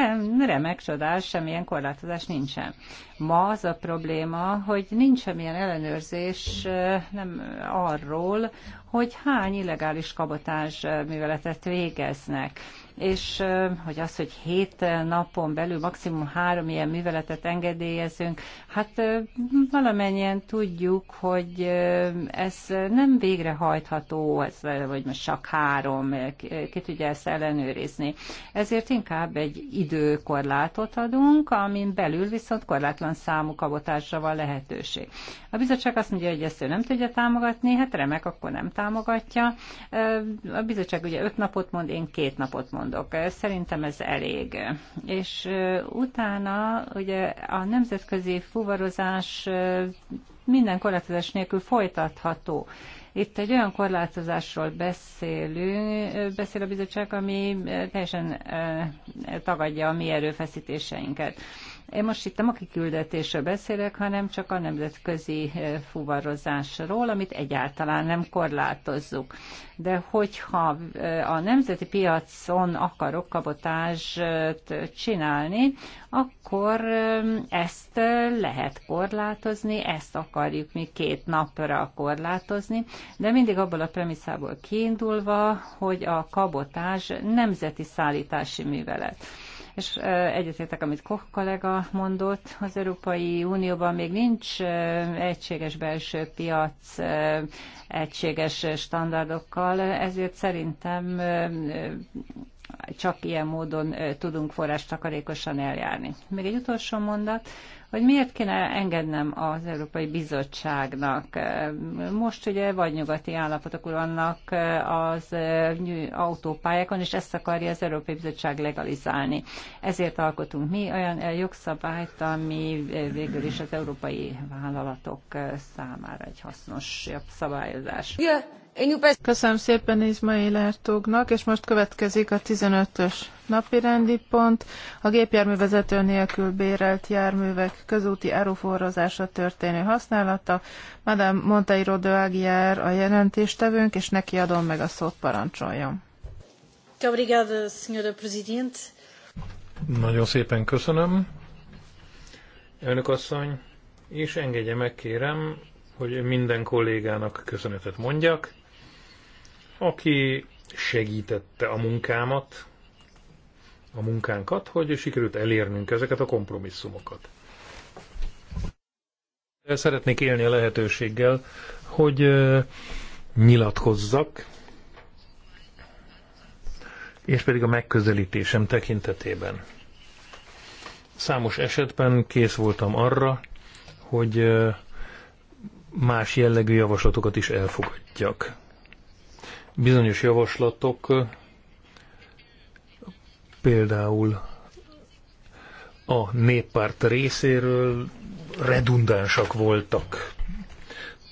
remek, csodás, semmilyen korlátozás nincsen. Ma az a probléma, hogy nincs semmilyen ellenőrzés nem arról, hogy hány illegális kabotás műveletet végeznek és hogy az, hogy hét napon belül maximum három ilyen műveletet engedélyezünk, hát valamennyien tudjuk, hogy ez nem végrehajtható, ez, vagy most csak három, ki tudja ezt ellenőrizni. Ezért inkább egy időkorlátot adunk, amin belül viszont korlátlan számú kabotásra van lehetőség. A bizottság azt mondja, hogy ezt ő nem tudja támogatni, hát remek, akkor nem támogatja. A bizottság ugye öt napot mond, én két napot mond mondok. Szerintem ez elég. És utána ugye a nemzetközi fuvarozás minden korlátozás nélkül folytatható. Itt egy olyan korlátozásról beszélünk, beszél a bizottság, ami teljesen tagadja a mi erőfeszítéseinket. Én most itt nem a kiküldetésről beszélek, hanem csak a nemzetközi eh, fuvarozásról, amit egyáltalán nem korlátozzuk. De hogyha eh, a nemzeti piacon akarok kabotást eh, csinálni, akkor ezt lehet korlátozni, ezt akarjuk mi két napra korlátozni, de mindig abból a premisszából kiindulva, hogy a kabotás nemzeti szállítási művelet és egyetértek, amit Koch kollega mondott, az Európai Unióban még nincs egységes belső piac, egységes standardokkal, ezért szerintem csak ilyen módon tudunk forrás takarékosan eljárni. Még egy utolsó mondat hogy miért kéne engednem az Európai Bizottságnak. Most ugye vagy nyugati állapotok vannak az autópályákon, és ezt akarja az Európai Bizottság legalizálni. Ezért alkotunk mi olyan jogszabályt, ami végül is az európai vállalatok számára egy hasznos jobb szabályozás. Köszönöm szépen Izmai Lertógnak, és most következik a 15-ös napirendi pont a gépjárművezető nélkül bérelt járművek közúti áruforrozása történő használata. Madame Monteiro de Aguiar a jelentéstevőnk, és neki adom meg a szót, parancsoljon. Nagyon szépen köszönöm. Elnök asszony, és engedje meg kérem, hogy minden kollégának köszönetet mondjak, aki segítette a munkámat, a munkánkat, hogy sikerült elérnünk ezeket a kompromisszumokat. Szeretnék élni a lehetőséggel, hogy nyilatkozzak, és pedig a megközelítésem tekintetében. Számos esetben kész voltam arra, hogy más jellegű javaslatokat is elfogadjak. Bizonyos javaslatok például a néppárt részéről redundánsak voltak.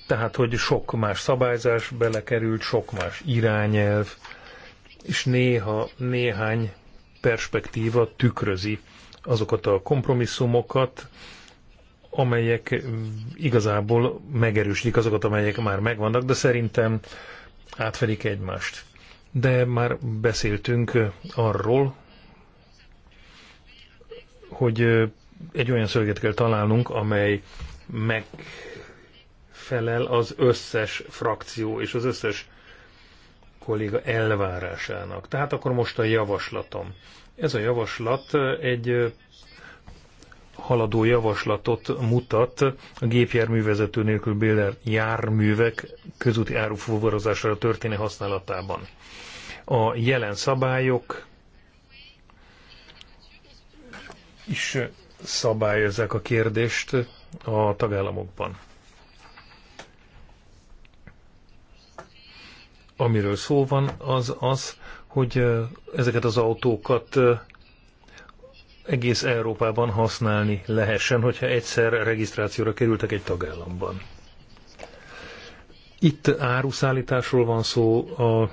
Tehát, hogy sok más szabályzás belekerült, sok más irányelv, és néha néhány perspektíva tükrözi azokat a kompromisszumokat, amelyek igazából megerősítik azokat, amelyek már megvannak, de szerintem átfedik egymást. De már beszéltünk arról, hogy egy olyan szöveget kell találnunk, amely megfelel az összes frakció és az összes kolléga elvárásának. Tehát akkor most a javaslatom. Ez a javaslat egy haladó javaslatot mutat a gépjárművezető nélkül bélel járművek közúti árufúvarozására történő használatában. A jelen szabályok is szabályozzák a kérdést a tagállamokban. Amiről szó van, az az, hogy ezeket az autókat egész Európában használni lehessen, hogyha egyszer regisztrációra kerültek egy tagállamban. Itt áruszállításról van szó a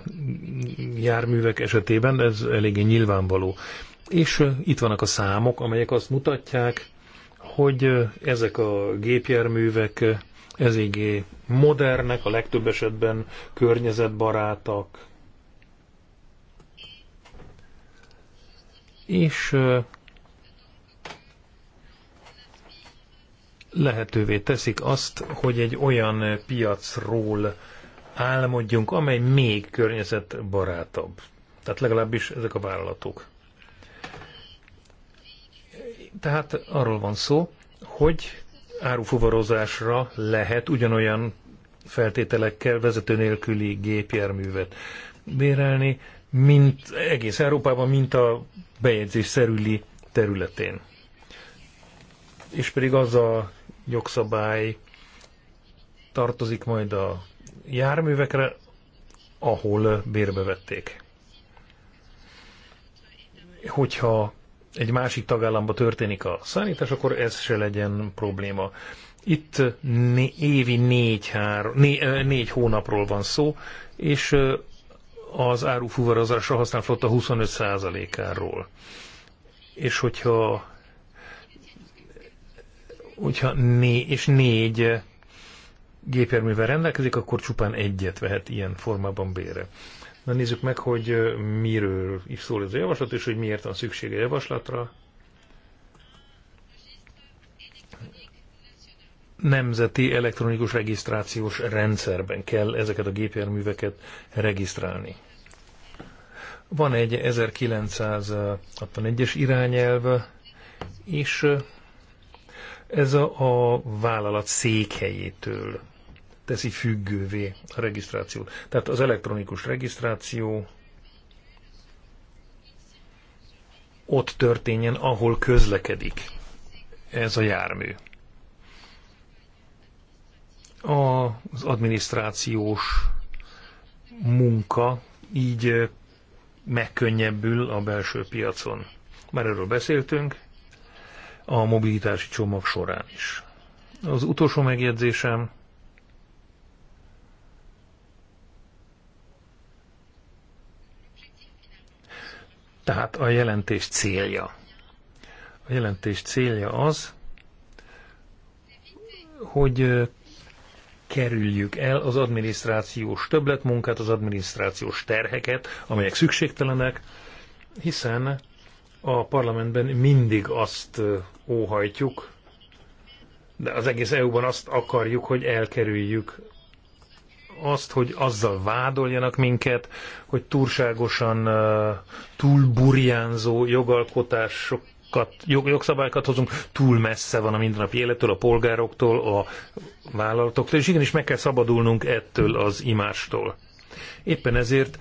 járművek esetében, ez eléggé nyilvánvaló. És itt vannak a számok, amelyek azt mutatják, hogy ezek a gépjárművek ezéggé modernek, a legtöbb esetben környezetbarátak. És lehetővé teszik azt, hogy egy olyan piacról álmodjunk, amely még környezetbarátabb. Tehát legalábbis ezek a vállalatok. Tehát arról van szó, hogy árufuvarozásra lehet ugyanolyan feltételekkel vezető nélküli gépjárművet bérelni, mint egész Európában, mint a bejegyzés szerüli területén. És pedig az a jogszabály tartozik majd a járművekre, ahol bérbe vették. Hogyha egy másik tagállamba történik a szállítás, akkor ez se legyen probléma. Itt né, évi négy, hár, né, négy hónapról van szó, és az árufúvarozásra használt flotta 25%-áról. És hogyha, hogyha né, és négy gépjárművel rendelkezik, akkor csupán egyet vehet ilyen formában bére. Na nézzük meg, hogy miről is szól ez a javaslat, és hogy miért van szüksége a javaslatra. Nemzeti elektronikus regisztrációs rendszerben kell ezeket a gépjárműveket regisztrálni. Van egy 1961-es irányelv, és ez a, a vállalat székhelyétől teszi függővé a regisztrációt. Tehát az elektronikus regisztráció ott történjen, ahol közlekedik ez a jármű. Az adminisztrációs munka így megkönnyebbül a belső piacon. Már erről beszéltünk a mobilitási csomag során is. Az utolsó megjegyzésem Tehát a jelentés célja. A jelentés célja az, hogy kerüljük el az adminisztrációs többletmunkát, az adminisztrációs terheket, amelyek szükségtelenek, hiszen a parlamentben mindig azt óhajtjuk, de az egész EU-ban azt akarjuk, hogy elkerüljük azt, hogy azzal vádoljanak minket, hogy túlságosan túlburjánzó jogalkotások jogszabályokat hozunk, túl messze van a mindennapi élettől, a polgároktól, a vállalatoktól, és igenis meg kell szabadulnunk ettől az imástól. Éppen ezért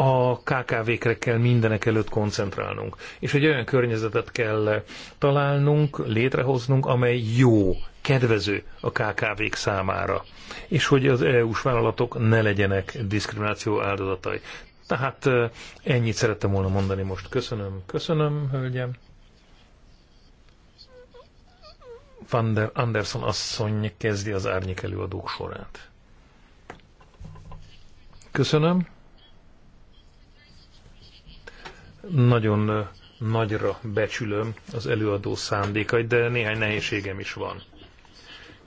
a KKV-kre kell mindenek előtt koncentrálnunk. És egy olyan környezetet kell találnunk, létrehoznunk, amely jó, kedvező a KKV-k számára. És hogy az EU-s vállalatok ne legyenek diszkrimináció áldozatai. Tehát ennyit szerettem volna mondani most. Köszönöm, köszönöm, hölgyem. Van der Anderson asszony kezdi az árnyék előadók sorát. Köszönöm. Nagyon nagyra becsülöm az előadó szándékait, de néhány nehézségem is van.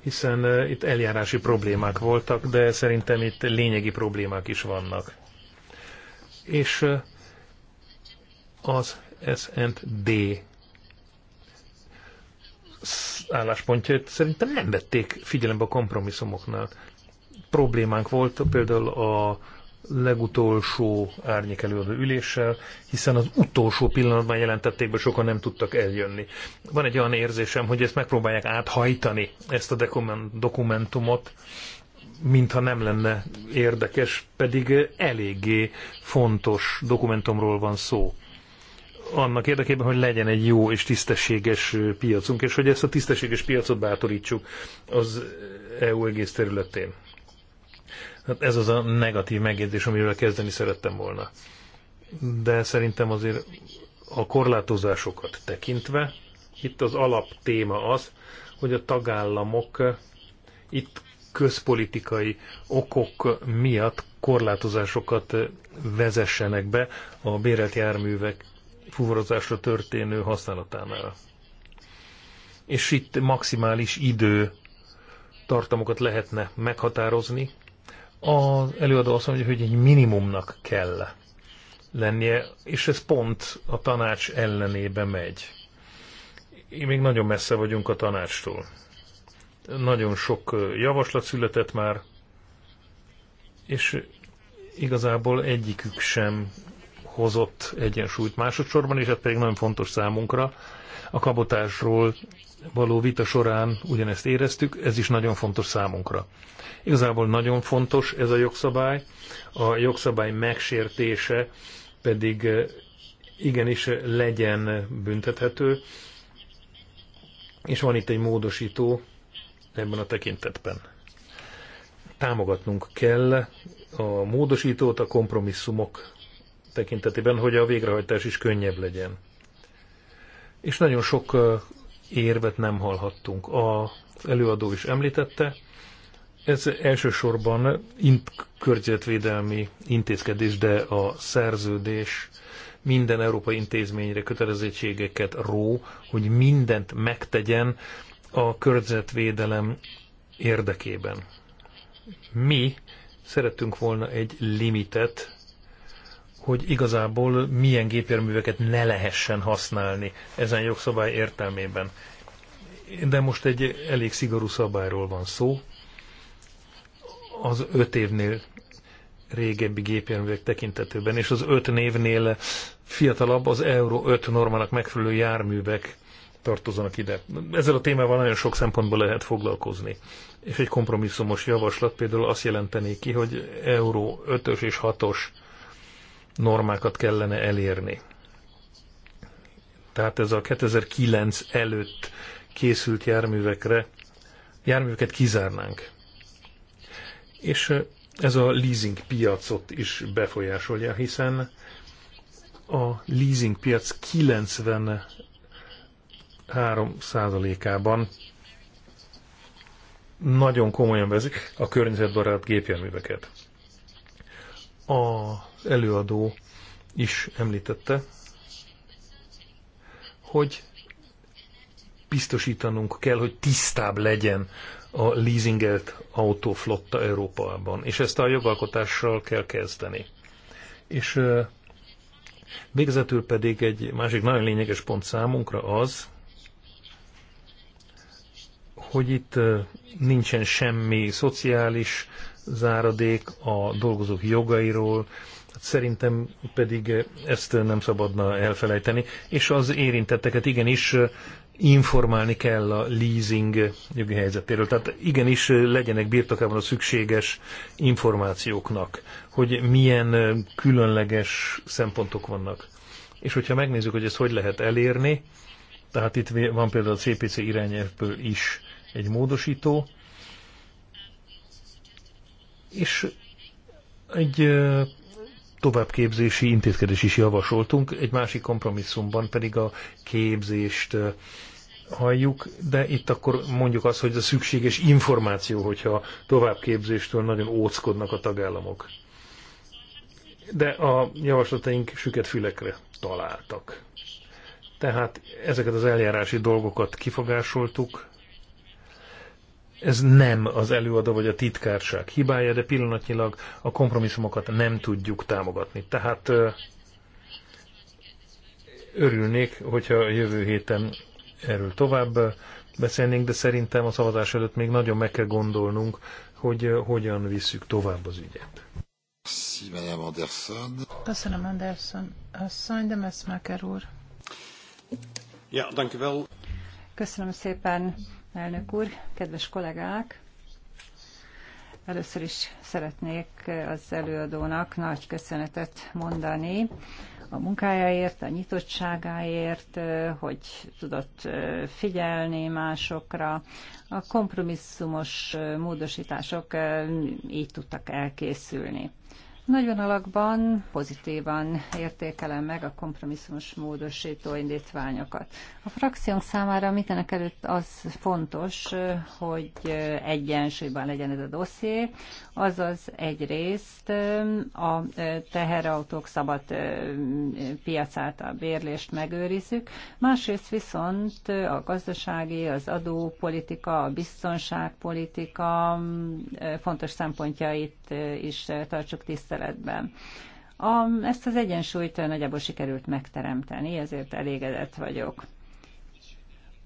Hiszen itt eljárási problémák voltak, de szerintem itt lényegi problémák is vannak. És az SND álláspontjait szerintem nem vették figyelembe a kompromisszumoknál. Problémánk volt például a legutolsó előadó üléssel, hiszen az utolsó pillanatban jelentették be, sokan nem tudtak eljönni. Van egy olyan érzésem, hogy ezt megpróbálják áthajtani, ezt a dokumentumot, mintha nem lenne érdekes, pedig eléggé fontos dokumentumról van szó. Annak érdekében, hogy legyen egy jó és tisztességes piacunk, és hogy ezt a tisztességes piacot bátorítsuk az EU egész területén. Hát ez az a negatív megjegyzés, amivel kezdeni szerettem volna. De szerintem azért a korlátozásokat tekintve, itt az alap téma az, hogy a tagállamok itt közpolitikai okok miatt korlátozásokat vezessenek be a bérelt járművek fuvarozásra történő használatánál. És itt maximális idő tartamokat lehetne meghatározni, az előadó azt mondja, hogy egy minimumnak kell lennie, és ez pont a tanács ellenébe megy. Én még nagyon messze vagyunk a tanácstól. Nagyon sok javaslat született már, és igazából egyikük sem hozott egyensúlyt másodszorban, és ez pedig nagyon fontos számunkra. A kabotásról való vita során ugyanezt éreztük, ez is nagyon fontos számunkra. Igazából nagyon fontos ez a jogszabály, a jogszabály megsértése pedig eh, igenis legyen büntethető, és van itt egy módosító ebben a tekintetben. Támogatnunk kell a módosítót a kompromisszumok tekintetében, hogy a végrehajtás is könnyebb legyen. És nagyon sok eh, érvet nem hallhattunk. A előadó is említette, ez elsősorban int környezetvédelmi intézkedés, de a szerződés minden európai intézményre kötelezettségeket ró, hogy mindent megtegyen a környezetvédelem érdekében. Mi szerettünk volna egy limitet, hogy igazából milyen gépjárműveket ne lehessen használni ezen jogszabály értelmében. De most egy elég szigorú szabályról van szó, az öt évnél régebbi gépjárművek tekintetőben, és az öt névnél fiatalabb az Euro 5 normának megfelelő járművek tartozanak ide. Ezzel a témával nagyon sok szempontból lehet foglalkozni. És egy kompromisszumos javaslat például azt jelentené ki, hogy Euró 5-ös és 6-os normákat kellene elérni. Tehát ez a 2009 előtt készült járművekre, járműveket kizárnánk. És ez a leasing piacot is befolyásolja, hiszen a leasing piac 93 százalékában nagyon komolyan vezik a környezetbarát gépjárműveket. A előadó is említette, hogy biztosítanunk kell, hogy tisztább legyen a leasingelt autóflotta Európában, és ezt a jogalkotással kell kezdeni. És végzetül pedig egy másik nagyon lényeges pont számunkra az, hogy itt nincsen semmi szociális záradék a dolgozók jogairól, hát szerintem pedig ezt nem szabadna elfelejteni, és az érintetteket igenis informálni kell a leasing jogi helyzetéről. Tehát igenis eh, legyenek birtokában a szükséges információknak, hogy milyen eh, különleges szempontok vannak. És hogyha megnézzük, hogy ezt hogy lehet elérni, tehát itt van például a CPC irányelvből is egy módosító, és egy eh, továbbképzési intézkedés is javasoltunk, egy másik kompromisszumban pedig a képzést halljuk, de itt akkor mondjuk azt, hogy a szükséges információ, hogyha továbbképzéstől nagyon óckodnak a tagállamok. De a javaslataink süket fülekre találtak. Tehát ezeket az eljárási dolgokat kifogásoltuk, ez nem az előadó vagy a titkárság hibája, de pillanatnyilag a kompromisszumokat nem tudjuk támogatni. Tehát örülnék, hogyha a jövő héten erről tovább beszélnénk, de szerintem a szavazás előtt még nagyon meg kell gondolnunk, hogy hogyan visszük tovább az ügyet. Köszönöm, Anderson. Asszony, de Messmaker úr. Ja, dankjewel. Köszönöm szépen elnök úr, kedves kollégák! Először is szeretnék az előadónak nagy köszönetet mondani a munkájáért, a nyitottságáért, hogy tudott figyelni másokra. A kompromisszumos módosítások így tudtak elkészülni. Nagyon alakban pozitívan értékelem meg a kompromisszumos módosító indítványokat. A frakciónk számára mindenek előtt az fontos, hogy egyensúlyban legyen ez a dosszié, azaz egyrészt a teherautók szabad piacát, a bérlést megőrizzük, másrészt viszont a gazdasági, az adópolitika, a biztonságpolitika fontos szempontjait is tartsuk tisztelt tiszteletben. A, ezt az egyensúlyt nagyjából sikerült megteremteni, ezért elégedett vagyok.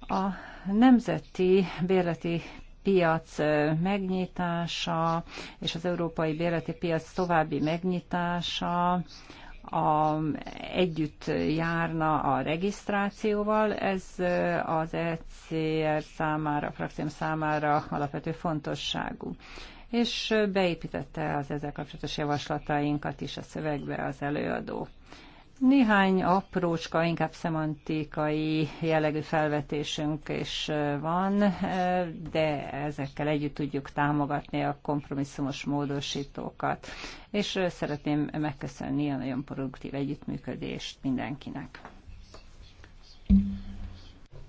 A nemzeti bérleti piac megnyitása és az európai bérleti piac további megnyitása a, együtt járna a regisztrációval. Ez az ECR számára, a frakcióm számára alapvető fontosságú és beépítette az ezzel kapcsolatos javaslatainkat is a szövegbe az előadó. Néhány aprócska, inkább szemantikai jellegű felvetésünk is van, de ezekkel együtt tudjuk támogatni a kompromisszumos módosítókat. És szeretném megköszönni a nagyon produktív együttműködést mindenkinek.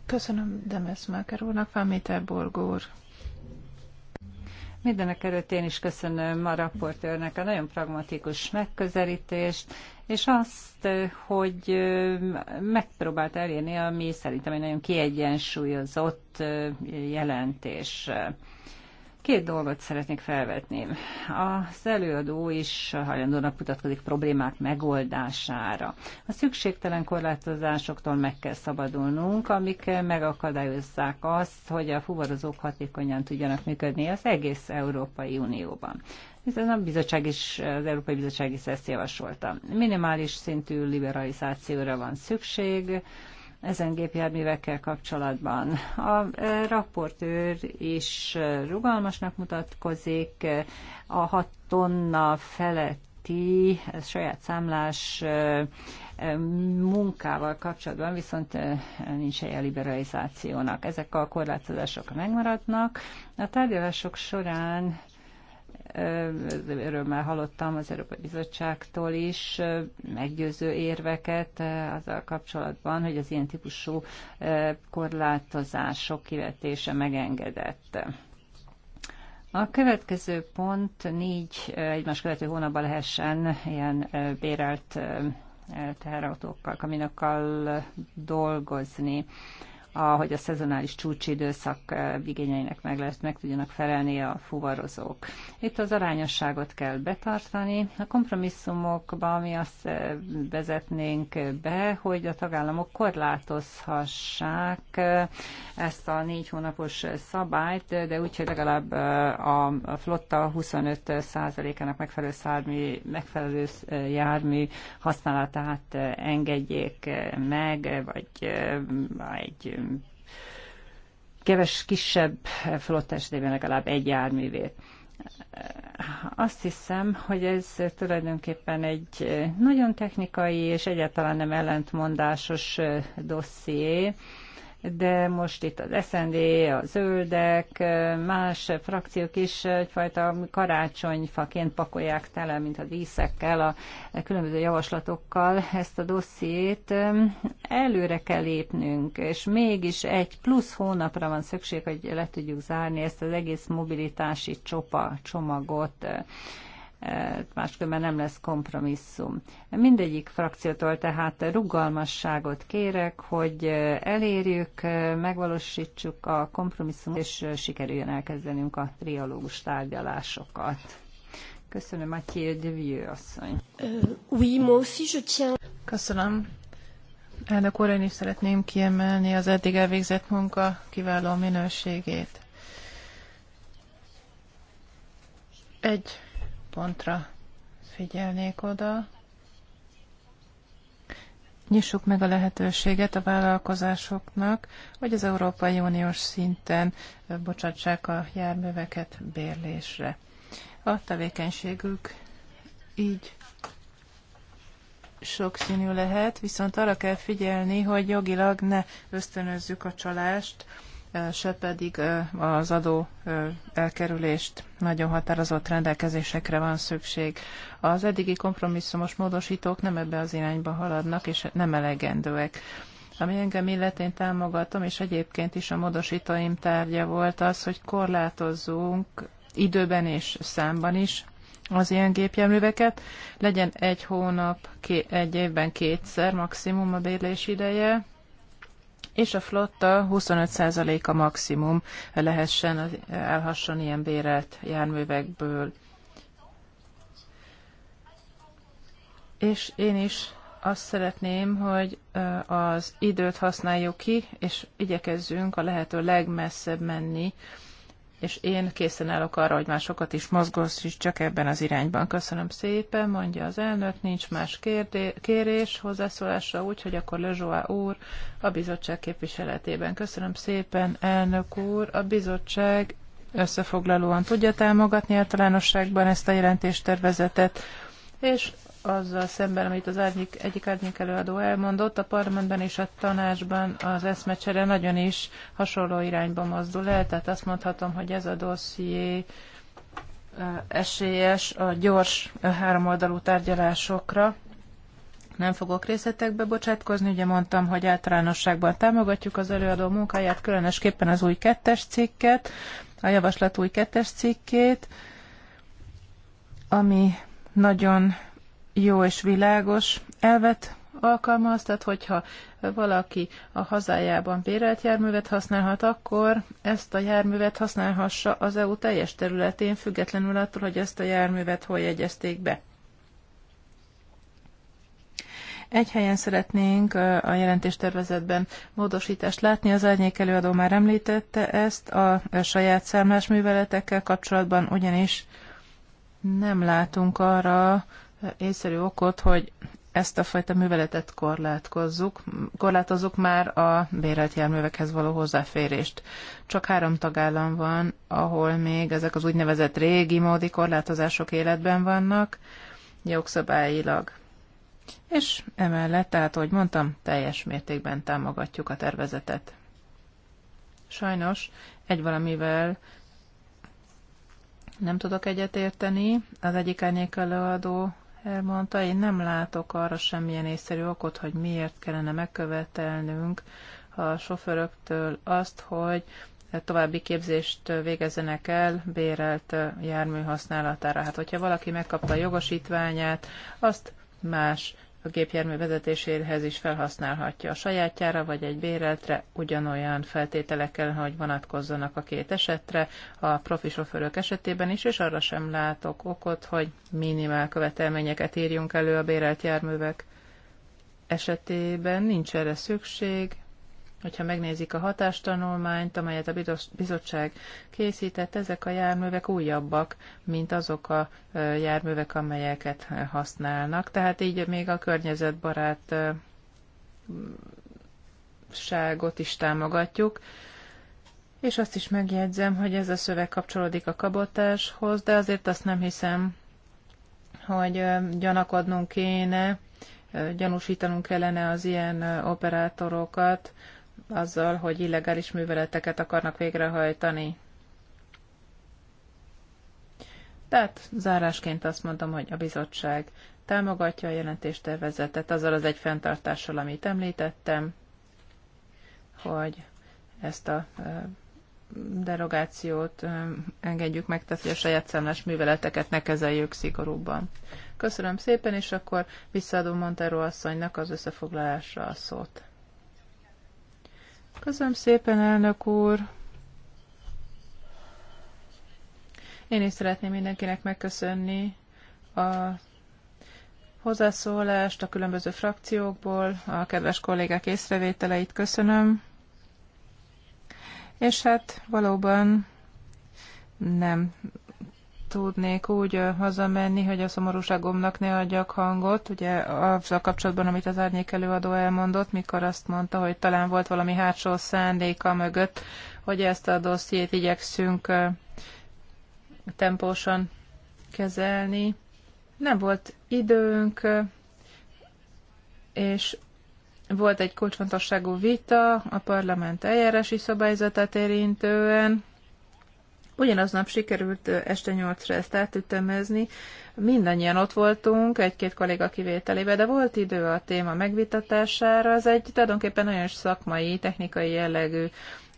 Köszönöm Demes Máker úrnak, Fáméter Borgór. Mindenek előtt én is köszönöm a raportőrnek a nagyon pragmatikus megközelítést, és azt, hogy megpróbált elérni, ami szerintem egy nagyon kiegyensúlyozott jelentés. Két dolgot szeretnék felvetni. Az előadó is hajlandónak mutatkozik problémák megoldására. A szükségtelen korlátozásoktól meg kell szabadulnunk, amik megakadályozzák azt, hogy a fuvarozók hatékonyan tudjanak működni az egész Európai Unióban hiszen a bizottság is, az Európai Bizottság is ezt javasolta. Minimális szintű liberalizációra van szükség, ezen gépjárművekkel kapcsolatban. A e, raportőr is rugalmasnak mutatkozik, a hat tonna feletti saját számlás e, e, munkával kapcsolatban viszont nincs helye a liberalizációnak. Ezek a korlátozások megmaradnak. A tárgyalások során Örömmel hallottam az Európai Bizottságtól is meggyőző érveket azzal kapcsolatban, hogy az ilyen típusú korlátozások kivetése megengedett. A következő pont négy egymás követő hónapban lehessen ilyen bérelt teherautókkal, kaminokkal dolgozni ahogy a szezonális csúcsidőszak igényeinek meg, lehet, meg tudjanak felelni a fuvarozók. Itt az arányosságot kell betartani. A kompromisszumokba mi azt vezetnénk be, hogy a tagállamok korlátozhassák ezt a négy hónapos szabályt, de úgy, hogy legalább a flotta 25%-ának megfelelő, szármű, megfelelő jármű használatát engedjék meg, vagy egy keves kisebb flottás esetében legalább egy járművét. Azt hiszem, hogy ez tulajdonképpen egy nagyon technikai és egyáltalán nem ellentmondásos dosszié, de most itt az SND, a zöldek, más frakciók is egyfajta karácsonyfaként pakolják tele, mint a díszekkel, a különböző javaslatokkal ezt a dossziét. Előre kell lépnünk, és mégis egy plusz hónapra van szükség, hogy le tudjuk zárni ezt az egész mobilitási csopa, csomagot máskülönben nem lesz kompromisszum. Mindegyik frakciótól tehát rugalmasságot kérek, hogy elérjük, megvalósítsuk a kompromisszumot, és sikerüljön elkezdenünk a triológus tárgyalásokat. Köszönöm, Mathieu de Vieux asszony. Euh, oui, moi aussi je tiens. Köszönöm. Elnök úr, én is szeretném kiemelni az eddig elvégzett munka kiváló minőségét. Egy pontra figyelnék oda. Nyissuk meg a lehetőséget a vállalkozásoknak, hogy az Európai Uniós szinten bocsátsák a járműveket bérlésre. A tevékenységük így sokszínű lehet, viszont arra kell figyelni, hogy jogilag ne ösztönözzük a csalást, se pedig az adó elkerülést nagyon határozott rendelkezésekre van szükség. Az eddigi kompromisszumos módosítók nem ebbe az irányba haladnak, és nem elegendőek. Ami engem illetén támogatom, és egyébként is a módosítóim tárgya volt az, hogy korlátozzunk időben és számban is az ilyen gépjárműveket. Legyen egy hónap, egy évben kétszer maximum a bérlés ideje, és a flotta 25%-a maximum lehessen, elhasson ilyen bérelt járművekből. És én is azt szeretném, hogy az időt használjuk ki, és igyekezzünk a lehető legmesszebb menni és én készen állok arra, hogy másokat is mozgósíts csak ebben az irányban. Köszönöm szépen, mondja az elnök, nincs más kérdé- kérés hozzászólásra, úgyhogy akkor Lezsóá úr a bizottság képviseletében. Köszönöm szépen, elnök úr, a bizottság összefoglalóan tudja támogatni általánosságban ezt a jelentéstervezetet. tervezetet és azzal szemben, amit az árnyék, egyik árnyék előadó elmondott, a parlamentben és a tanácsban az eszmecsere nagyon is hasonló irányba mozdul el, tehát azt mondhatom, hogy ez a dosszié eh, esélyes a gyors eh, háromoldalú tárgyalásokra. Nem fogok részletekbe bocsátkozni, ugye mondtam, hogy általánosságban támogatjuk az előadó munkáját, különösképpen az új kettes cikket, a javaslat új kettes cikkét, ami nagyon jó és világos elvet alkalmaz, tehát hogyha valaki a hazájában bérelt járművet használhat, akkor ezt a járművet használhassa az EU teljes területén, függetlenül attól, hogy ezt a járművet hol jegyezték be. Egy helyen szeretnénk a jelentéstervezetben módosítást látni, az árnyék előadó már említette ezt, a saját számlás műveletekkel kapcsolatban ugyanis nem látunk arra észszerű okot, hogy ezt a fajta műveletet korlátkozzuk, korlátozzuk már a bérelt járművekhez való hozzáférést. Csak három tagállam van, ahol még ezek az úgynevezett régi módi korlátozások életben vannak, jogszabályilag. És emellett, tehát, ahogy mondtam, teljes mértékben támogatjuk a tervezetet. Sajnos egy valamivel nem tudok egyetérteni. Az egyik árnyék előadó elmondta, én nem látok arra semmilyen észszerű okot, hogy miért kellene megkövetelnünk a sofőröktől azt, hogy további képzést végezzenek el bérelt jármű használatára. Hát, hogyha valaki megkapta a jogosítványát, azt más a gépjármű vezetéséhez is felhasználhatja a sajátjára, vagy egy béreltre, ugyanolyan feltételekkel, hogy vonatkozzanak a két esetre, a profi sofőrök esetében is, és arra sem látok okot, hogy minimál követelményeket írjunk elő a bérelt járművek esetében, nincs erre szükség, hogyha megnézik a hatástanulmányt, amelyet a bizottság készített, ezek a járművek újabbak, mint azok a járművek, amelyeket használnak. Tehát így még a környezetbarát ságot is támogatjuk. És azt is megjegyzem, hogy ez a szöveg kapcsolódik a kabotáshoz, de azért azt nem hiszem, hogy gyanakodnunk kéne, gyanúsítanunk kellene az ilyen operátorokat, azzal, hogy illegális műveleteket akarnak végrehajtani. Tehát zárásként azt mondom, hogy a bizottság támogatja a jelentéstervezetet azzal az egy fenntartással, amit említettem, hogy ezt a derogációt engedjük meg, tehát hogy a saját szemles műveleteket ne kezeljük szigorúbban. Köszönöm szépen, és akkor visszaadom Montero asszonynak az összefoglalásra a szót. Köszönöm szépen, elnök úr! Én is szeretném mindenkinek megköszönni a hozzászólást a különböző frakciókból, a kedves kollégák észrevételeit köszönöm. És hát valóban nem tudnék úgy hazamenni, hogy a szomorúságomnak ne adjak hangot, ugye azzal kapcsolatban, amit az árnyék előadó elmondott, mikor azt mondta, hogy talán volt valami hátsó szándéka mögött, hogy ezt a dossziét igyekszünk tempósan kezelni. Nem volt időnk, és volt egy kulcsfontosságú vita a parlament eljárási szabályzatát érintően, Ugyanaznap sikerült este nyolcra ezt átütemezni. Mindannyian ott voltunk, egy-két kolléga kivételébe, de volt idő a téma megvitatására. Ez egy tulajdonképpen nagyon szakmai, technikai jellegű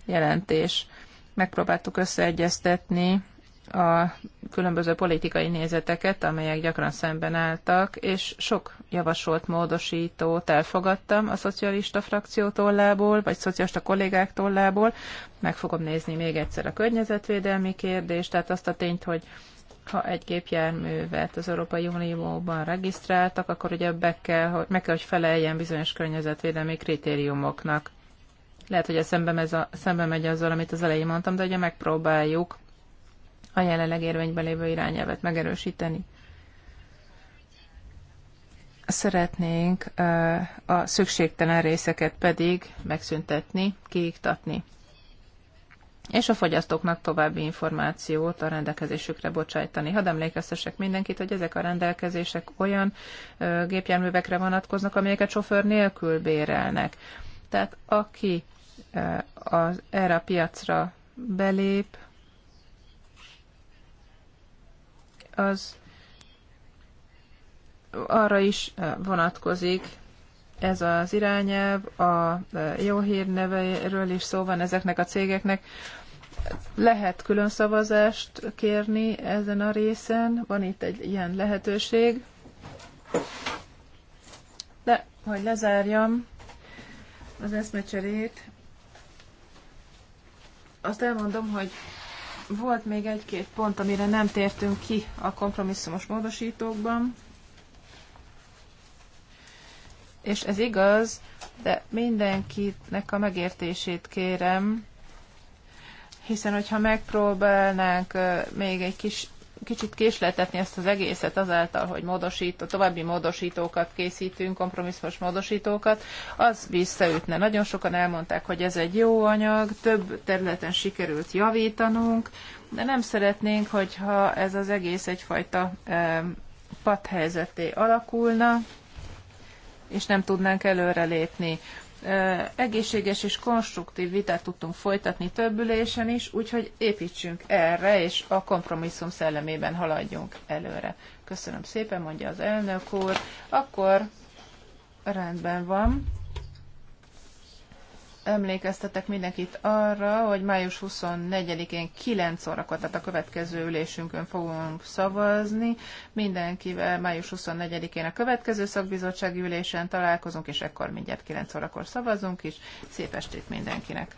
jelentés. Megpróbáltuk összeegyeztetni a különböző politikai nézeteket, amelyek gyakran szemben álltak, és sok javasolt módosítót elfogadtam a szocialista frakció tollából, vagy szocialista kollégák tollából. Meg fogom nézni még egyszer a környezetvédelmi kérdést, tehát azt a tényt, hogy ha egy gépjárművet az Európai Unióban regisztráltak, akkor ugye be kell, hogy, meg kell, hogy feleljen bizonyos környezetvédelmi kritériumoknak. Lehet, hogy ez szembe, ez a, szembe megy azzal, amit az elején mondtam, de ugye megpróbáljuk a jelenleg érvényben lévő irányelvet megerősíteni. Szeretnénk a szükségtelen részeket pedig megszüntetni, kiiktatni és a fogyasztóknak további információt a rendelkezésükre bocsájtani. Hadd emlékeztessek mindenkit, hogy ezek a rendelkezések olyan gépjárművekre vonatkoznak, amelyeket sofőr nélkül bérelnek. Tehát aki az, erre a piacra belép, az arra is eh, vonatkozik ez az irányelv, a eh, jó hír neveiről is szó van ezeknek a cégeknek. Lehet külön szavazást kérni ezen a részen, van itt egy ilyen lehetőség. De, hogy lezárjam az eszmecserét, azt elmondom, hogy volt még egy-két pont, amire nem tértünk ki a kompromisszumos módosítókban, és ez igaz, de mindenkinek a megértését kérem, hiszen hogyha megpróbálnánk még egy kis kicsit késleltetni ezt az egészet azáltal, hogy módosító, további módosítókat készítünk, kompromisszumos módosítókat, az visszaütne. Nagyon sokan elmondták, hogy ez egy jó anyag, több területen sikerült javítanunk, de nem szeretnénk, hogyha ez az egész egyfajta pathelyzeté alakulna, és nem tudnánk előrelépni egészséges és konstruktív vitát tudtunk folytatni több ülésen is, úgyhogy építsünk erre, és a kompromisszum szellemében haladjunk előre. Köszönöm szépen, mondja az elnök úr. Akkor rendben van emlékeztetek mindenkit arra, hogy május 24-én 9 órakor, tehát a következő ülésünkön fogunk szavazni. Mindenkivel május 24-én a következő szakbizottsági ülésen találkozunk, és ekkor mindjárt 9 órakor szavazunk is. Szép estét mindenkinek!